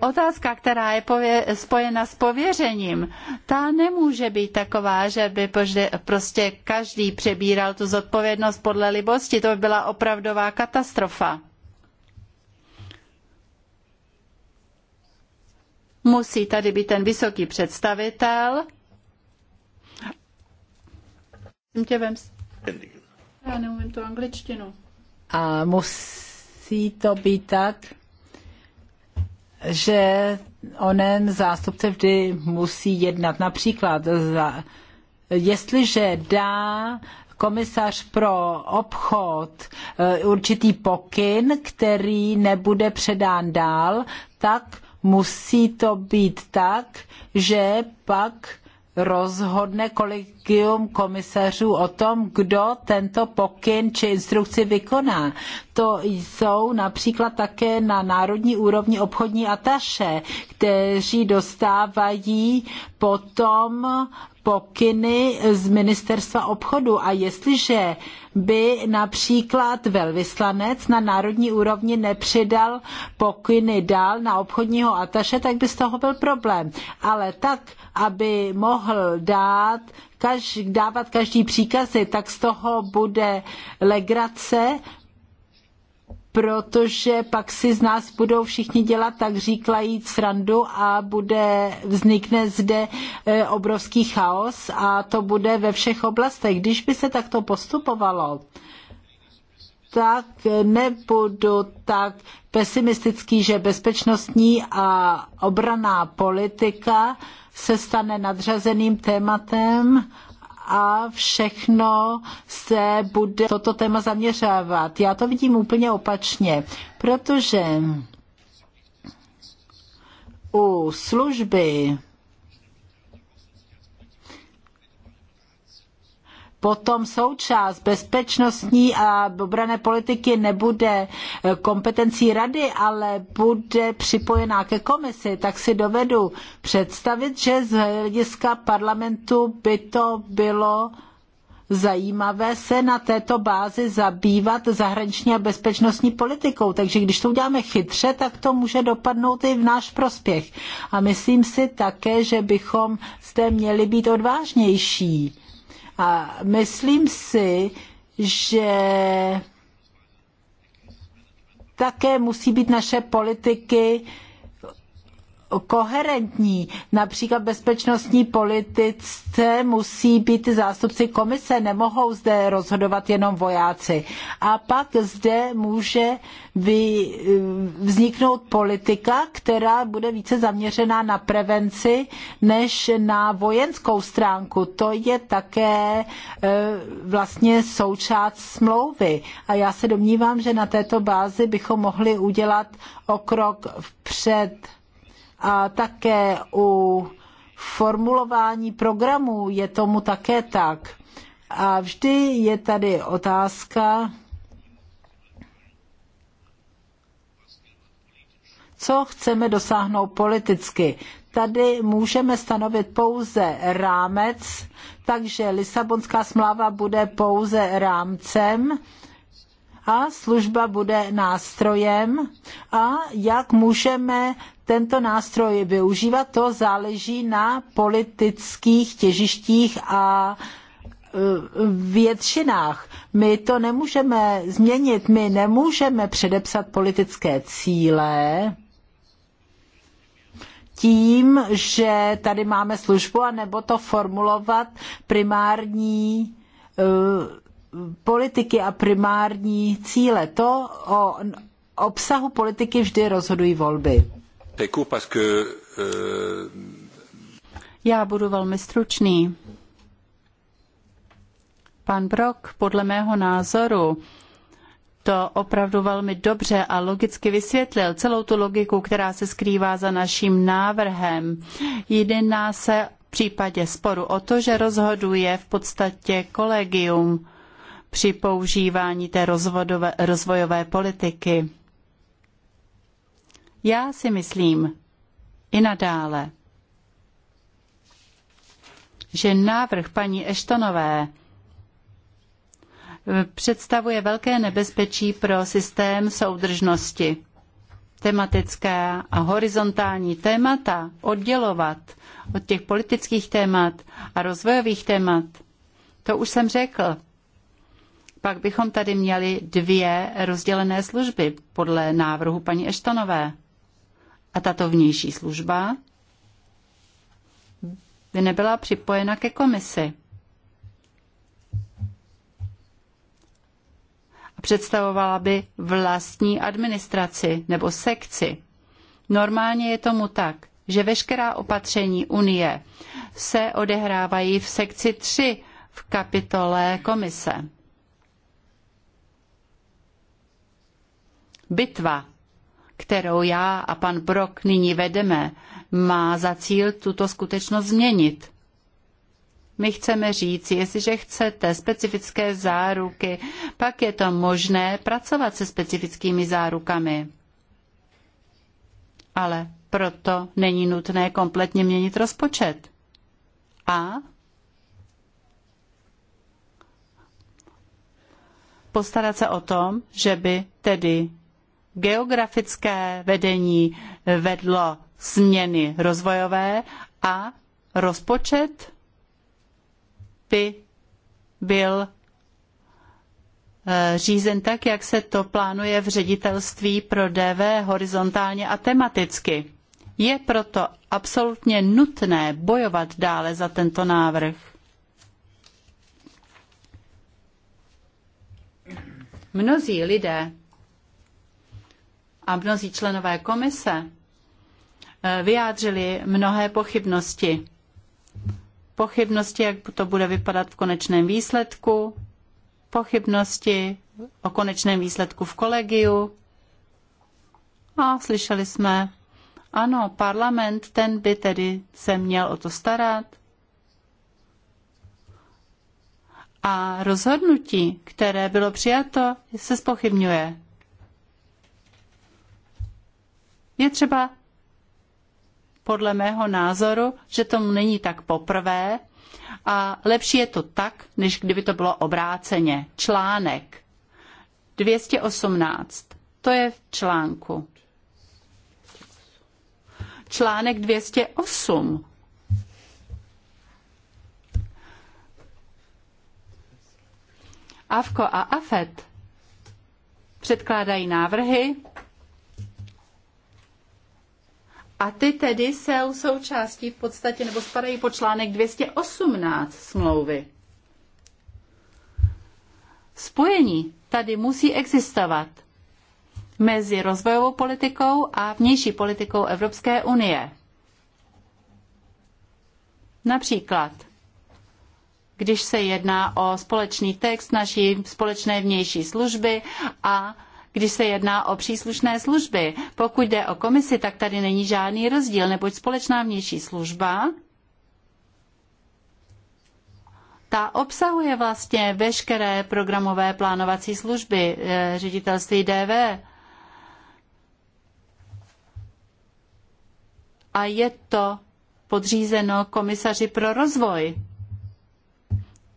Otázka, která je pově- spojena s pověřením, ta nemůže být taková, že by požde- prostě každý přebíral tu zodpovědnost podle libosti. To by byla opravdová katastrofa. Musí tady být ten vysoký představitel. Já neumím tu angličtinu. A musí to být tak, že onen zástupce vždy musí jednat. Například, za, jestliže dá komisař pro obchod eh, určitý pokyn, který nebude předán dál, tak musí to být tak, že pak rozhodne kolegium komisařů o tom, kdo tento pokyn či instrukci vykoná. To jsou například také na národní úrovni obchodní ataše, kteří dostávají potom pokyny z ministerstva obchodu a jestliže by například velvyslanec na národní úrovni nepřidal pokyny dál na obchodního ataše, tak by z toho byl problém. Ale tak, aby mohl dát dávat každý příkazy, tak z toho bude legrace, protože pak si z nás budou všichni dělat tak říklajíc srandu a bude, vznikne zde e, obrovský chaos a to bude ve všech oblastech. Když by se takto postupovalo, tak nebudu tak pesimistický, že bezpečnostní a obraná politika se stane nadřazeným tématem a všechno se bude toto téma zaměřávat. Já to vidím úplně opačně, protože u služby potom součást bezpečnostní a obrané politiky nebude eh, kompetencí rady, ale bude připojená ke komisi, tak si dovedu představit, že z hlediska parlamentu by to bylo zajímavé se na této bázi zabývat zahraniční a bezpečnostní politikou. Takže když to uděláme chytře, tak to může dopadnout i v náš prospěch. A myslím si také, že bychom zde měli být odvážnější a myslím si, že také musí být naše politiky koherentní. Například bezpečnostní politice musí být zástupci komise, nemohou zde rozhodovat jenom vojáci. A pak zde může vzniknout politika, která bude více zaměřená na prevenci než na vojenskou stránku. To je také e, vlastně součást smlouvy. A já se domnívám, že na této bázi bychom mohli udělat o krok vpřed a také u formulování programů je tomu také tak. A vždy je tady otázka, co chceme dosáhnout politicky. Tady můžeme stanovit pouze rámec, takže Lisabonská smlouva bude pouze rámcem a služba bude nástrojem a jak můžeme tento nástroj využívat, to záleží na politických těžištích a e, většinách. My to nemůžeme změnit, my nemůžeme předepsat politické cíle tím, že tady máme službu, anebo to formulovat primární e, politiky a primární cíle. To o obsahu politiky vždy rozhodují volby parce que, euh... Já budu velmi stručný. Pan Brok, podle mého názoru, to opravdu velmi dobře a logicky vysvětlil celou tu logiku, která se skrývá za naším návrhem. Jedná se v případě sporu o to, že rozhoduje v podstatě kolegium při používání té rozvojové politiky. Já si myslím i nadále, že návrh paní Eštonové eh, představuje velké nebezpečí pro systém soudržnosti. Tematická a horizontální témata oddělovat od těch politických témat a rozvojových témat, to už jsem řekl. Pak bychom tady měli dvě rozdělené služby podle návrhu paní Eštonové. A tato vnější služba by nebyla připojena ke komisi. A představovala by vlastní administraci nebo sekci. Normálně je tomu tak, že veškerá opatření Unie se odehrávají v sekci 3 v kapitole komise. Bitva kterou já a pan Brok nyní vedeme, má za cíl tuto skutečnost změnit. My chceme říct, jestliže chcete specifické záruky, pak je to možné pracovat se specifickými zárukami. Ale proto není nutné kompletně měnit rozpočet. A postarat se o tom, že by tedy geografické vedení vedlo změny rozvojové a rozpočet by byl eh, řízen tak, jak se to plánuje v ředitelství pro DV horizontálně a tematicky. Je proto absolutně nutné bojovat dále za tento návrh. Mnozí lidé a mnozí členové komise eh, vyjádřili mnohé pochybnosti. Pochybnosti, jak to bude vypadat v konečném výsledku, pochybnosti o konečném výsledku v kolegiu. A slyšeli jsme, ano, parlament, ten by tedy se měl o to starat. A rozhodnutí, které bylo přijato, se spochybňuje. Je třeba podle mého názoru, že tomu není tak poprvé a lepší je to tak, než kdyby to bylo obráceně. Článek 218, to je v článku. Článek 208. Avko a Afet předkládají návrhy, A ty tedy jsou součástí v podstatě, nebo spadají po článek 218 smlouvy. Spojení tady musí existovat mezi rozvojovou politikou a vnější politikou Evropské unie. Například, když se jedná o společný text naší společné vnější služby a když se jedná o příslušné služby. Pokud jde o komisi, tak tady není žádný rozdíl, neboť společná vnější služba ta obsahuje vlastně veškeré programové plánovací služby eh, ředitelství DV. A je to podřízeno komisaři pro rozvoj.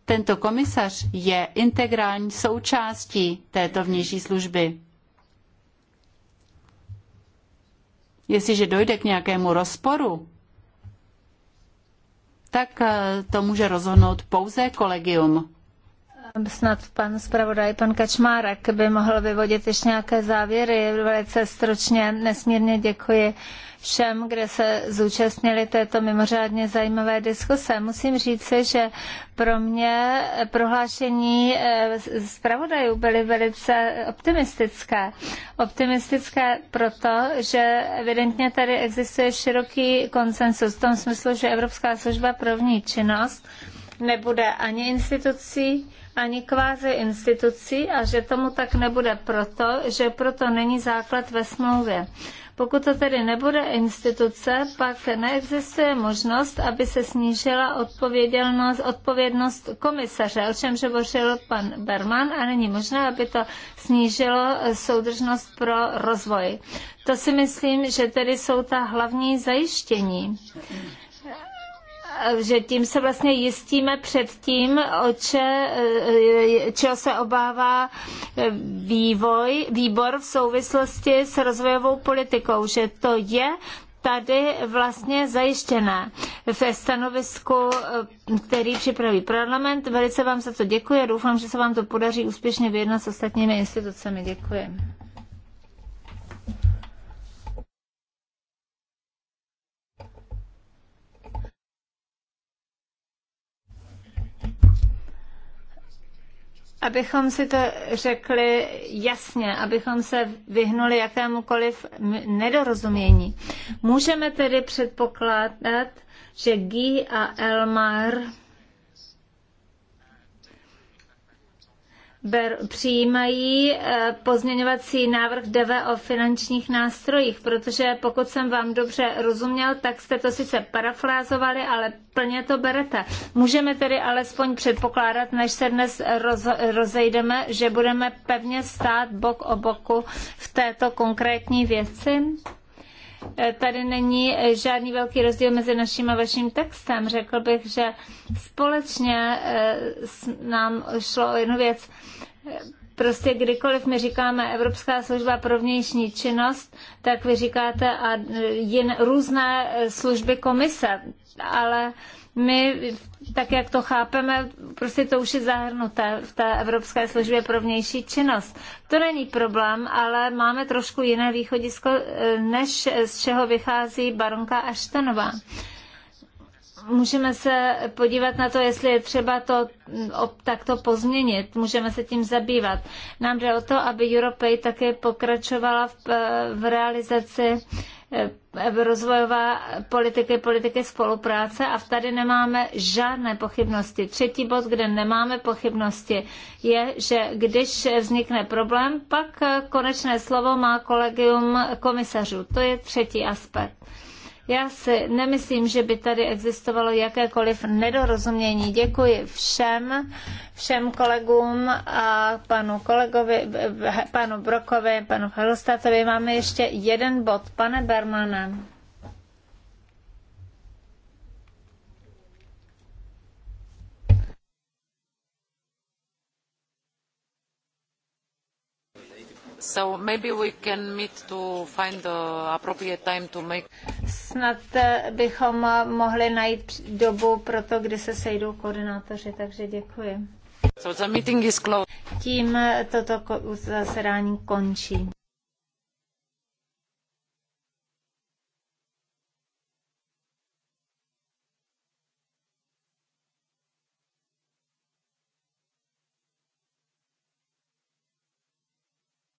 Tento komisař je integrální součástí této vnější služby. Jestliže dojde k nějakému rozporu, tak eh, to může rozhodnout pouze kolegium. Ehm, snad pan zpravodaj, pan Kačmárek by mohl vyvodit ještě nějaké závěry. Velice stručně, nesmírně děkuji všem, kde se zúčastnili této mimořádně zajímavé diskuse. Musím říci, že pro mě prohlášení eh, zpravodajů byly velice optimistické. Optimistické proto, že evidentně tady existuje široký konsensus v tom smyslu, že Evropská služba pro vní činnost nebude ani institucí, ani kváze institucí a že tomu tak nebude proto, že proto není základ ve smlouvě. Pokud to tedy nebude instituce, pak neexistuje možnost, aby se snížila odpovědnost, odpovědnost komisaře, o čem řebořil pan Berman, a není možné, aby to snížilo eh, soudržnost pro rozvoj. To si myslím, že tedy jsou ta hlavní zajištění že tím se vlastně jistíme před tím, čeho se obává eh, vývoj, výbor v souvislosti s rozvojovou politikou, že to je tady vlastně zajištěné ve stanovisku, eh, který připraví parlament. Velice vám za to děkuji a doufám, že se vám to podaří úspěšně vyjednat s ostatními institucemi. Děkuji. abychom si to řekli jasně, abychom se vyhnuli jakémukoliv nedorozumění. Můžeme tedy předpokládat, že Guy a Elmar ber, přijímají eh, pozměňovací návrh DV o finančních nástrojích, protože pokud jsem vám dobře rozuměl, tak jste to sice parafrázovali, ale plně to berete. Můžeme tedy alespoň předpokládat, než se dnes roz, rozejdeme, že budeme pevně stát bok o boku v této konkrétní věci? Eh, tady není eh, žádný velký rozdíl mezi naším a vaším textem. Řekl bych, že společně eh, nám šlo o jednu věc. Prostě kdykoliv my říkáme Evropská služba pro vnější činnost, tak vy říkáte a jen různé služby komise, ale uh, my, tak jak to chápeme, prostě to už je zahrnuté v té Evropské službě pro vnější činnost. To není problém, ale máme trošku jiné východisko, eh, než z čeho vychází baronka Aštanová můžeme se podívat na to, jestli je třeba to mm, takto pozměnit. Můžeme se tím zabývat. Nám jde o to, aby Europej také pokračovala v, eh, v realizaci Eh, rozvojová politiky, politiky spolupráce a tady nemáme žádné pochybnosti. Třetí bod, kde nemáme pochybnosti, je, že když vznikne problém, pak eh, konečné slovo má kolegium komisařů. To je třetí aspekt. Já si nemyslím, že by tady existovalo jakékoliv nedorozumění. Děkuji všem, všem kolegům a panu kolegovi, panu Brokovi, panu Herostatovi. Máme ještě jeden bod. Pane Bermane. maybe we can meet to find the appropriate time to make... Snad eh, bychom eh, mohli najít dobu pro to, kdy se sejdou koordinátoři, takže děkuji. So the meeting is closed. Tím eh, toto zasedání končí.